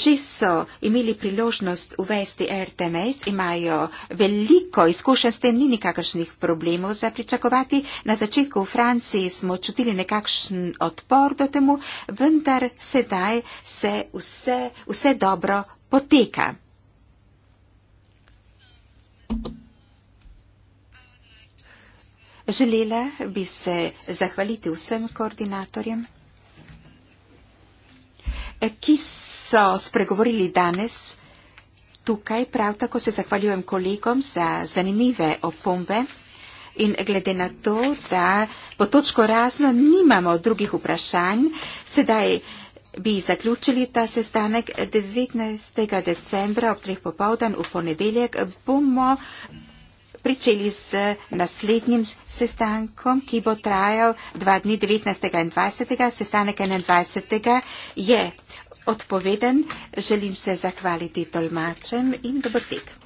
že so imeli priložnost uvesti RTMS, imajo veliko izkušenj, s tem ni nikakršnih problemov za pričakovati. Na začetku v Franciji smo čutili nekakšen odpor do temu, vendar sedaj se vse, vse dobro poteka. Thank you. Želela bi se zahvaliti vsem koordinatorjem, ki so spregovorili danes tukaj. Prav tako se zahvaljujem kolegom za zanimive opombe in glede na to, da po točko razno nimamo drugih vprašanj, sedaj bi zaključili ta sestanek 19. decembra ob treh popovdan v ponedeljek. Bomo pričeli z naslednjim sestankom, ki bo trajal dva dni 19. in 20. Sestanek 21. je odpoveden. Želim se zahvaliti tolmačem in dober tek.